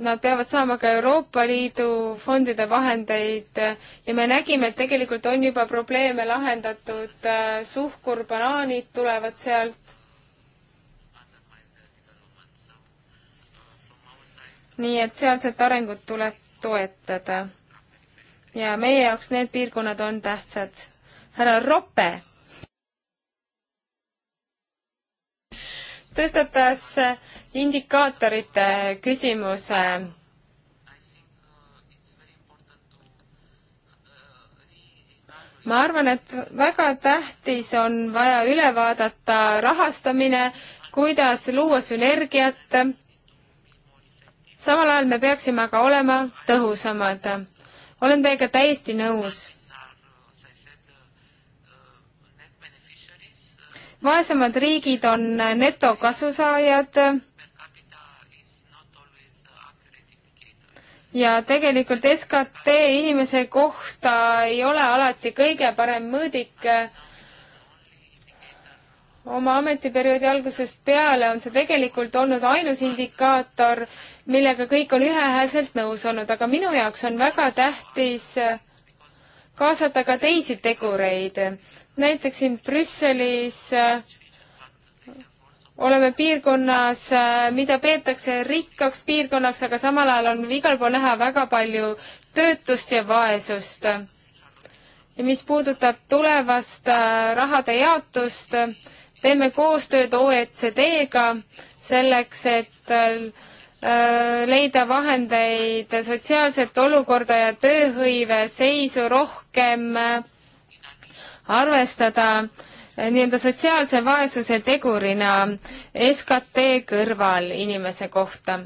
Nad peavad saama ka Euroopa Liidu fondide vahendeid ja me nägime, et tegelikult on juba probleeme lahendatud, suhkur, banaanid tulevad sealt. nii et sealset arengut tuleb toetada. ja meie jaoks need piirkonnad on tähtsad. härra Rope tõstatas indikaatorite küsimuse ma arvan, et väga tähtis on vaja üle vaadata rahastamine, kuidas luua sünergiat. samal ajal me peaksime aga olema tõhusamad. olen teiega täiesti nõus. vaesemad riigid on netokasusaajad ja tegelikult SKT inimese kohta ei ole alati kõige parem mõõdik. oma ametiperioodi algusest peale on see tegelikult olnud ainus indikaator, millega kõik on ühehäälselt nõus olnud, aga minu jaoks on väga tähtis kaasata ka teisi tegureid. näiteks siin Brüsselis äh, oleme piirkonnas, äh, mida peetakse rikkaks piirkonnaks, aga samal ajal on igal pool näha väga palju töötust ja vaesust. ja mis puudutab tulevast äh, rahade jaotust, teeme koostööd OECD-ga selleks, et äh, leida vahendeid sotsiaalset olukorda ja tööhõive seisu rohkem arvestada nii-öelda sotsiaalse vaesuse tegurina SKT kõrval inimese kohta.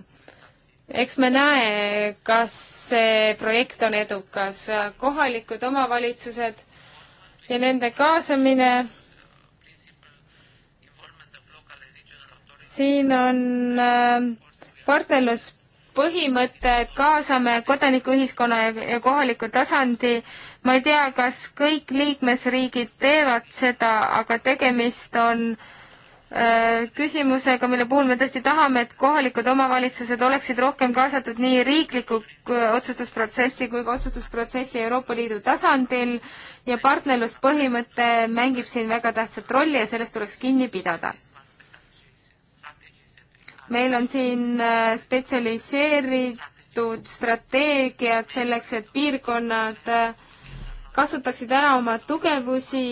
eks me näe, kas see projekt on edukas. kohalikud omavalitsused ja nende kaasamine siin on äh, partnerlus põhimõte, et kaasame kodanikuühiskonna ja, ja kohaliku tasandi. ma ei tea, kas kõik liikmesriigid teevad seda, aga tegemist on öö, äh, küsimusega, mille puhul me tõesti tahame, et kohalikud omavalitsused oleksid rohkem kaasatud nii riiklikku äh, otsustusprotsessi kui ka otsustusprotsessi Euroopa Liidu tasandil ja partnerluspõhimõte mängib siin väga tähtsat rolli ja sellest tuleks kinni pidada meil on siin äh, spetsialiseeritud strateegiad selleks, et piirkonnad äh, kasutaksid ära oma tugevusi,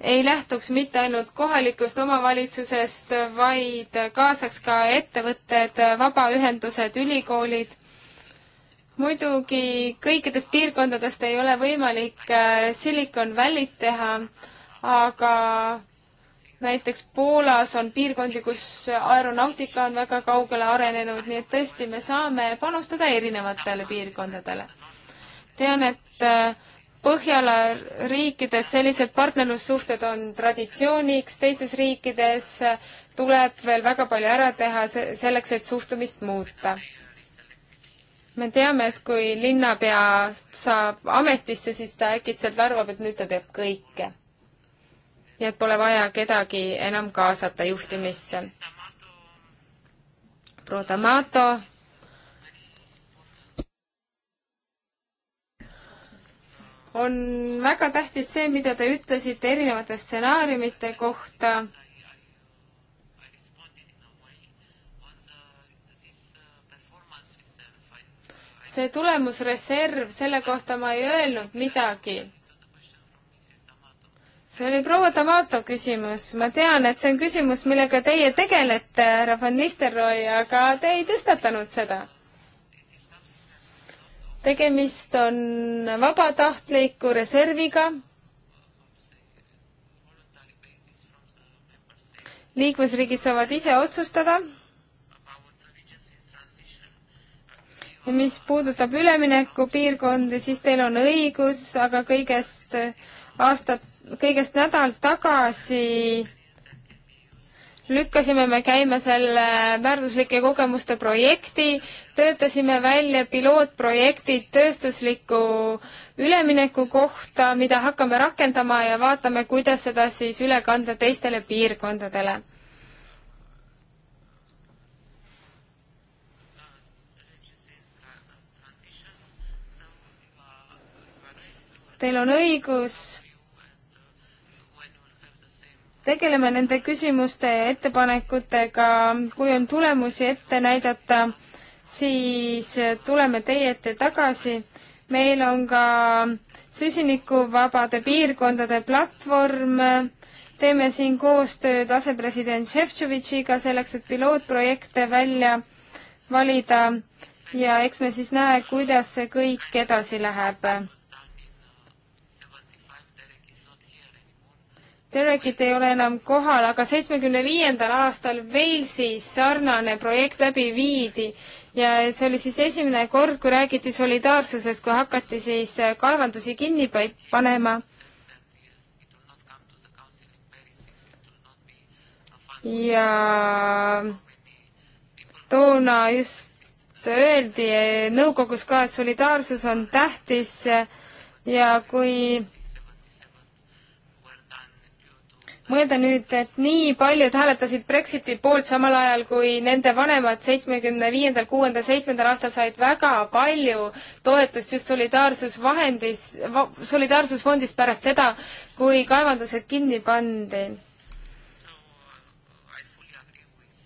ei lähtuks mitte ainult kohalikust omavalitsusest, vaid kaasaks ka ettevõtted, vabaühendused, ülikoolid. muidugi kõikidest piirkondadest ei ole võimalik äh, Silicon Valley't teha, aga näiteks Poolas on piirkondi, kus aeronautika on väga kaugele arenenud, nii et tõesti, me saame panustada erinevatele piirkondadele. tean, et äh, Põhjala riikides sellised partnerlussuhted on traditsiooniks, teistes riikides äh, tuleb veel väga palju ära teha selleks, et suhtumist muuta. me teame, et kui linnapea saab ametisse, siis ta äkitselt arvab, et nüüd ta teeb kõike nii et pole vaja kedagi enam kaasata juhtimisse. proua D'Amato. on väga tähtis see, mida te ütlesite erinevate stsenaariumite kohta see tulemusreserv, selle kohta ma ei öelnud midagi see oli proua Tamato küsimus. ma tean, et see on küsimus, millega teie tegelete, härra Van Nistelrooy, aga te ei tõstatanud seda. tegemist on vabatahtliku reserviga liikmesriigid saavad ise otsustada. ja mis puudutab üleminekupiirkondi, siis teil on õigus, aga kõigest aastat kõigest nädal tagasi lükkasime me käima selle väärtuslike kogemuste projekti, töötasime välja pilootprojektid tööstusliku ülemineku kohta, mida hakkame rakendama ja vaatame, kuidas seda siis üle kanda teistele piirkondadele. Teil on õigus tegeleme nende küsimuste ja ettepanekutega, kui on tulemusi ette näidata, siis tuleme teie ette tagasi. meil on ka süsinikuvabade piirkondade platvorm, teeme siin koostööd asepresident Šefčovitšiga selleks, et pilootprojekte välja valida ja eks me siis näe, kuidas see kõik edasi läheb Derekit ei ole enam kohal, aga seitsmekümne viiendal aastal Walesis sarnane projekt läbi viidi ja see oli siis esimene kord, kui räägiti solidaarsusest, kui hakati siis äh, kaevandusi kinni panema. ja toona just öeldi äh, nõukogus ka, et solidaarsus on tähtis ja kui mõelda nüüd, et nii paljud hääletasid Brexiti poolt samal ajal, kui nende vanemad seitsmekümne viiendal, kuuendal, seitsmendal aastal said väga palju toetust just solidaarsusvahendis, solidaarsusfondis pärast seda, kui kaevandused kinni pandi.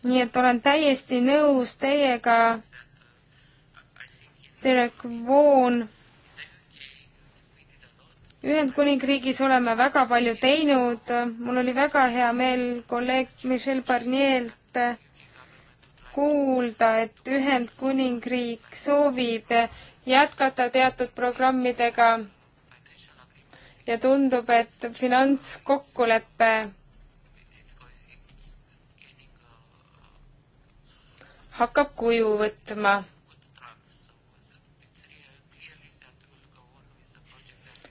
nii et olen täiesti nõus teiega, Derek Vaughan Ühendkuningriigis oleme väga palju teinud, mul oli väga hea meel kolleeg Michel Barnielt kuulda, et Ühendkuningriik soovib jätkata teatud programmidega ja tundub, et finantskokkulepe hakkab kuju võtma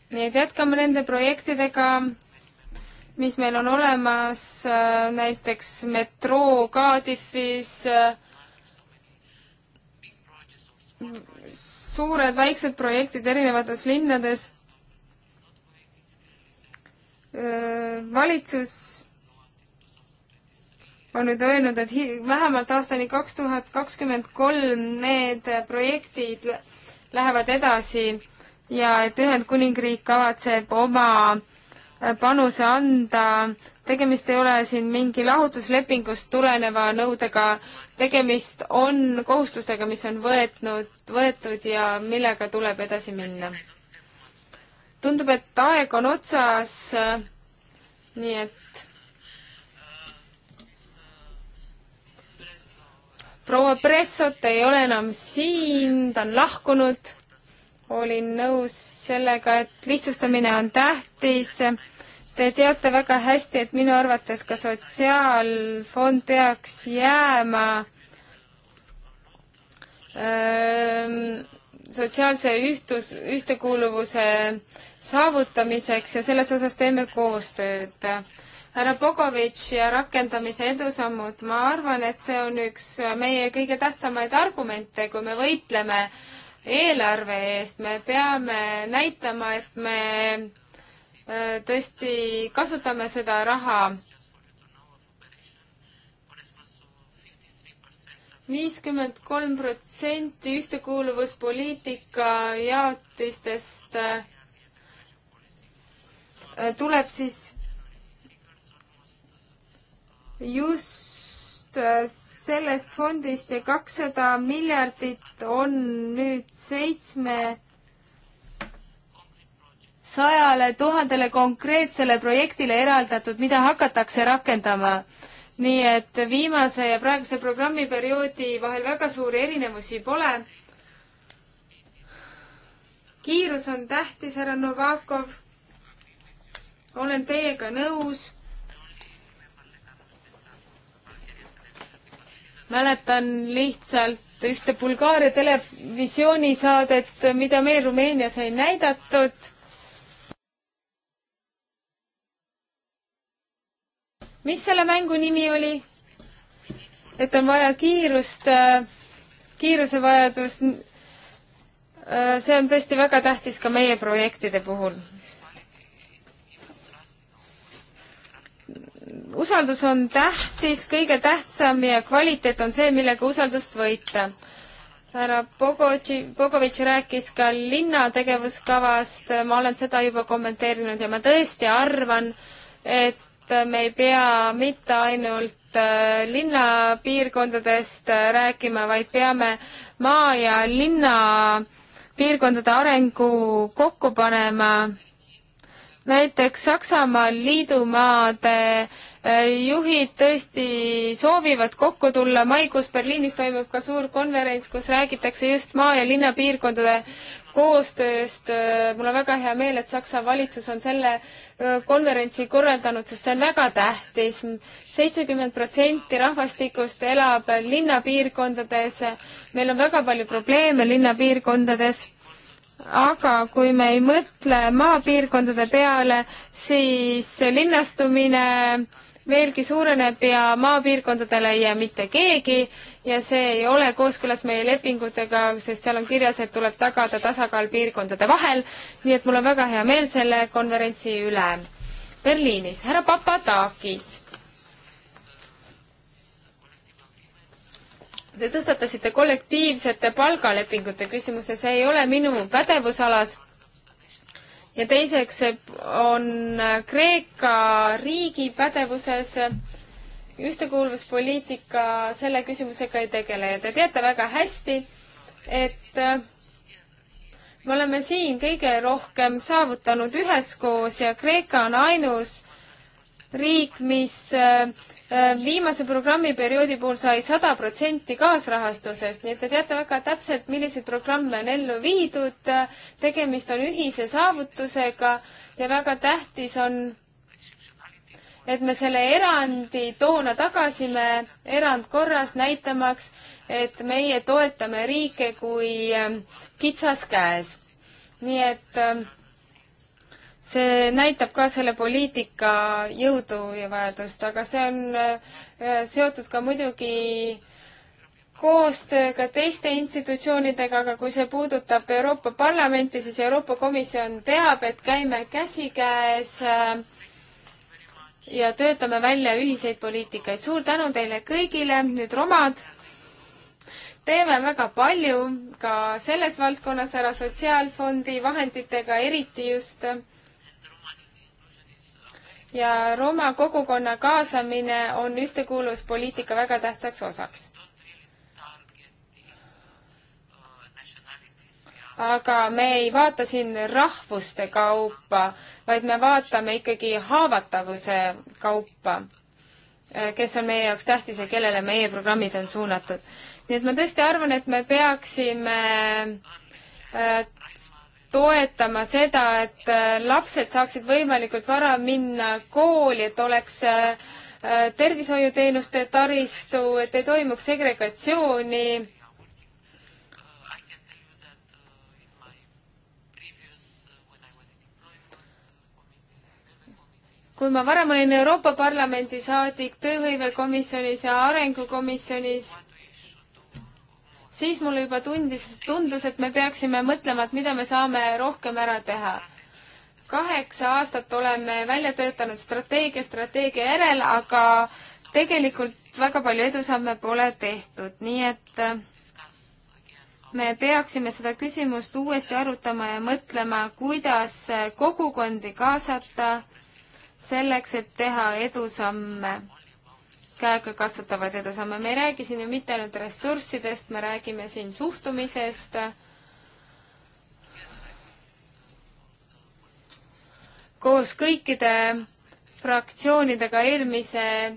nii et jätkame nende projektidega, mis meil on olemas, äh, näiteks metroo Cardiffis, äh, suured väiksed projektid erinevates linnades. Äh, valitsus on nüüd öelnud, et vähemalt aastani kaks tuhat kakskümmend kolm need projektid lähevad edasi ja et Ühendkuningriik kavatseb oma äh, panuse anda. tegemist ei ole siin mingi lahutuslepingust tuleneva nõudega, tegemist on kohustustega, mis on võetnud, võetud ja millega tuleb edasi minna. tundub, et aeg on otsas, äh, nii et proua Pressot ei ole enam siin, ta on lahkunud olin nõus sellega, et lihtsustamine on tähtis. Te teate väga hästi, et minu arvates ka sotsiaalfond peaks jääma öö, ähm, sotsiaalse ühtus, ühtekuuluvuse saavutamiseks ja selles osas teeme koostööd. härra Bogovitš ja rakendamise edusammud, ma arvan, et see on üks meie kõige tähtsamaid argumente, kui me võitleme äh, eelarve eest, me peame näitama, et me äh, tõesti kasutame seda raha viiskümmend kolm protsenti ühtekuuluvuspoliitika jaotistest äh, tuleb siis just äh, sellest fondist ja kakssada miljardit on nüüd seitsme sajale tuhandele konkreetsele projektile eraldatud, mida hakatakse rakendama. nii et viimase ja praeguse programmiperioodi vahel väga suuri erinevusi pole. kiirus on tähtis, härra Novakov. olen teiega nõus mäletan lihtsalt ühte Bulgaaria televisioonisaadet, mida meil Rumeenias ei näidatud. mis selle mängu nimi oli? et on vaja kiirust, äh, kiirusevajadus. Äh, see on tõesti väga tähtis ka meie projektide puhul usaldus on tähtis, kõige tähtsam ja kvaliteet on see, millega usaldust võita. härra Bogotši, Bogovitš rääkis ka linna tegevuskavast, ma olen seda juba kommenteerinud ja ma tõesti arvan, et me ei pea mitte ainult äh, linnapiirkondadest äh, rääkima, vaid peame maa ja linna piirkondade arengu kokku panema näiteks Saksamaal liidumaade äh, juhid tõesti soovivad kokku tulla, maikuus Berliinis toimub ka suur konverents, kus räägitakse just maa- ja linnapiirkondade koostööst. Äh, mul on väga hea meel, et Saksa valitsus on selle äh, konverentsi korraldanud, sest see on väga tähtis. seitsekümmend protsenti rahvastikust elab linnapiirkondades. meil on väga palju probleeme linnapiirkondades aga kui me ei mõtle maapiirkondade peale, siis linnastumine veelgi suureneb ja maapiirkondadele ei jää mitte keegi ja see ei ole kooskõlas meie lepingutega, sest seal on kirjas, et tuleb tagada tasakaal piirkondade vahel. nii et mul on väga hea meel selle konverentsi üle Berliinis. härra Papadakis Te tõstatasite kollektiivsete palgalepingute küsimuse, see ei ole minu pädevusalas. ja teiseks on Kreeka riigi pädevuses ühtekuuluvuspoliitika selle küsimusega ei tegele ja te teate väga hästi, et me oleme siin kõige rohkem saavutanud üheskoos ja Kreeka on ainus riik, mis Äh, viimase programmiperioodi puhul sai sada protsenti kaasrahastusest, nii et te teate väga täpselt, milliseid programme on ellu viidud, tegemist on ühise saavutusega ja väga tähtis on, et me selle erandi toona tagasime erandkorras, näitamaks, et meie toetame riike kui kitsas käes. nii et äh, see näitab ka selle poliitika jõudu ja vajadust, aga see on äh, seotud ka muidugi koostööga teiste institutsioonidega, aga kui see puudutab Euroopa Parlamenti, siis Euroopa Komisjon teab, et käime käsikäes äh, ja töötame välja ühiseid poliitikaid. suur tänu teile kõigile, nüüd romad teeme väga palju ka selles valdkonnas ära sotsiaalfondi vahenditega, eriti just ja Roma kogukonna kaasamine on ühtekuuluvuspoliitika väga tähtsaks osaks. aga me ei vaata siin rahvuste kaupa, vaid me vaatame ikkagi haavatavuse kaupa, kes on meie jaoks tähtis ja kellele meie programmid on suunatud. nii et ma tõesti arvan, et me peaksime äh, toetama seda, et äh, lapsed saaksid võimalikult vara minna kooli, et oleks äh, äh, tervishoiuteenuste taristu, et ei toimuks segregatsiooni. kui ma varem olin Euroopa Parlamendi saadik tööhõivekomisjonis ja arengukomisjonis, siis mulle juba tundis, tundus, et me peaksime mõtlema, et mida me saame rohkem ära teha. kaheksa aastat oleme välja töötanud strateegia strateegia järel, aga tegelikult väga palju edusamme pole tehtud, nii et äh, me peaksime seda küsimust uuesti arutama ja mõtlema, kuidas kogukondi kaasata selleks, et teha edusamme käegakatsutavaid edusamme. me ei räägi siin ju mitte ainult ressurssidest, me räägime siin suhtumisest, koos kõikide fraktsioonidega eelmise äh,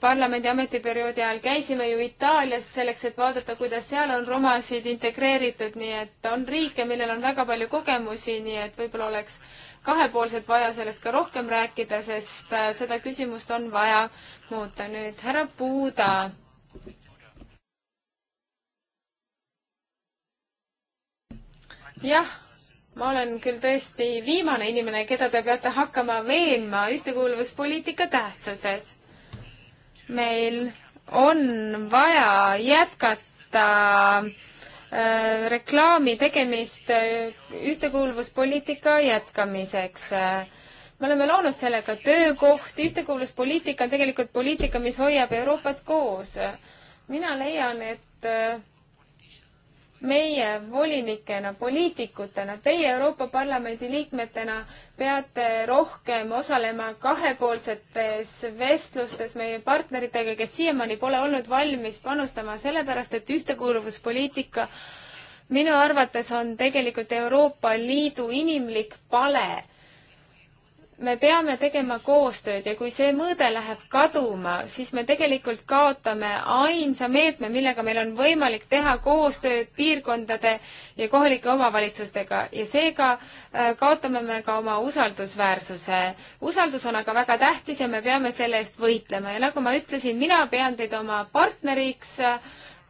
parlamendi ametiperioodi ajal käisime ju Itaalias selleks, et vaadata, kuidas seal on romasid integreeritud, nii et on riike, millel on väga palju kogemusi, nii et võib-olla oleks kahepoolselt vaja sellest ka rohkem rääkida, sest äh, seda küsimust on vaja muuta. nüüd härra Puuda. jah ma olen küll tõesti viimane inimene, keda te peate hakkama veenma ühtekuuluvuspoliitika tähtsuses. meil on vaja jätkata Äh, reklaami tegemist äh, ühtekuuluvuspoliitika jätkamiseks. Äh, me oleme loonud sellega töökohti, ühtekuuluvuspoliitika on tegelikult poliitika, mis hoiab Euroopat koos. mina leian, et meie volinikena, poliitikutena, teie Euroopa Parlamendi liikmetena peate rohkem osalema kahepoolsetes vestlustes meie partneritega, kes siiamaani pole olnud valmis panustama, sellepärast et ühtekuuluvuspoliitika minu arvates on tegelikult Euroopa Liidu inimlik pale me peame tegema koostööd ja kui see mõõde läheb kaduma, siis me tegelikult kaotame ainsa meetme, millega meil on võimalik teha koostööd piirkondade ja kohalike omavalitsustega ja seega äh, kaotame me ka oma usaldusväärsuse. usaldus on aga väga tähtis ja me peame selle eest võitlema ja nagu ma ütlesin, mina pean teid oma partneriks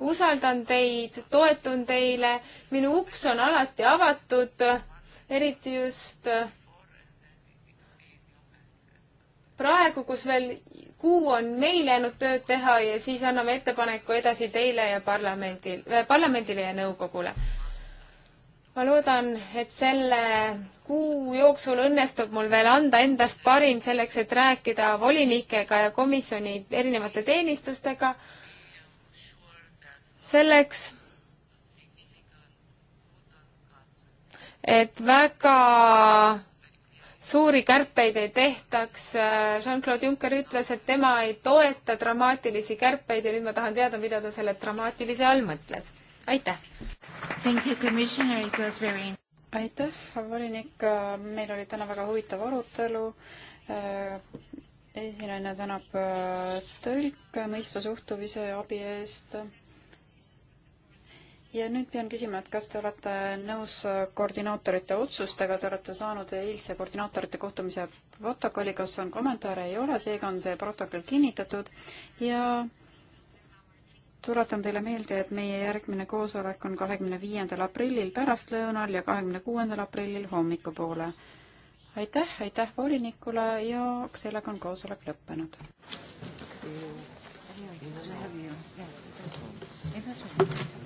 usaldan teid, toetun teile, minu uks on alati avatud, eriti just äh, praegu, kus veel kuu on meil jäänud tööd teha ja siis anname ettepaneku edasi teile ja parlamendil, äh, parlamendile ja nõukogule. ma loodan, et selle kuu jooksul õnnestub mul veel anda endast parim selleks, et rääkida volinikega ja komisjoni erinevate teenistustega. selleks, et väga suuri kärpeid ei tehtaks. Jean-Claude Juncker ütles, et tema ei toeta dramaatilisi kärpeid ja nüüd ma tahan teada, mida ta selle dramaatilise all mõtles. aitäh! Very... aitäh, volinik, meil oli täna väga huvitav arutelu esinaine tänab äh, tõlke mõistva suhtumise ja abi eest ja nüüd pean küsima, et kas te olete nõus koordinaatorite otsustega, te olete saanud eilse koordinaatorite kohtumise protokolli, kas on kommentaare, ei ole, seega on see protokoll kinnitatud ja tuletan teile meelde, et meie järgmine koosolek on kahekümne viiendal aprillil pärastlõunal ja kahekümne kuuendal aprillil hommikupoole. aitäh, aitäh volinikule ja sellega on koosolek lõppenud. Yes, thank you.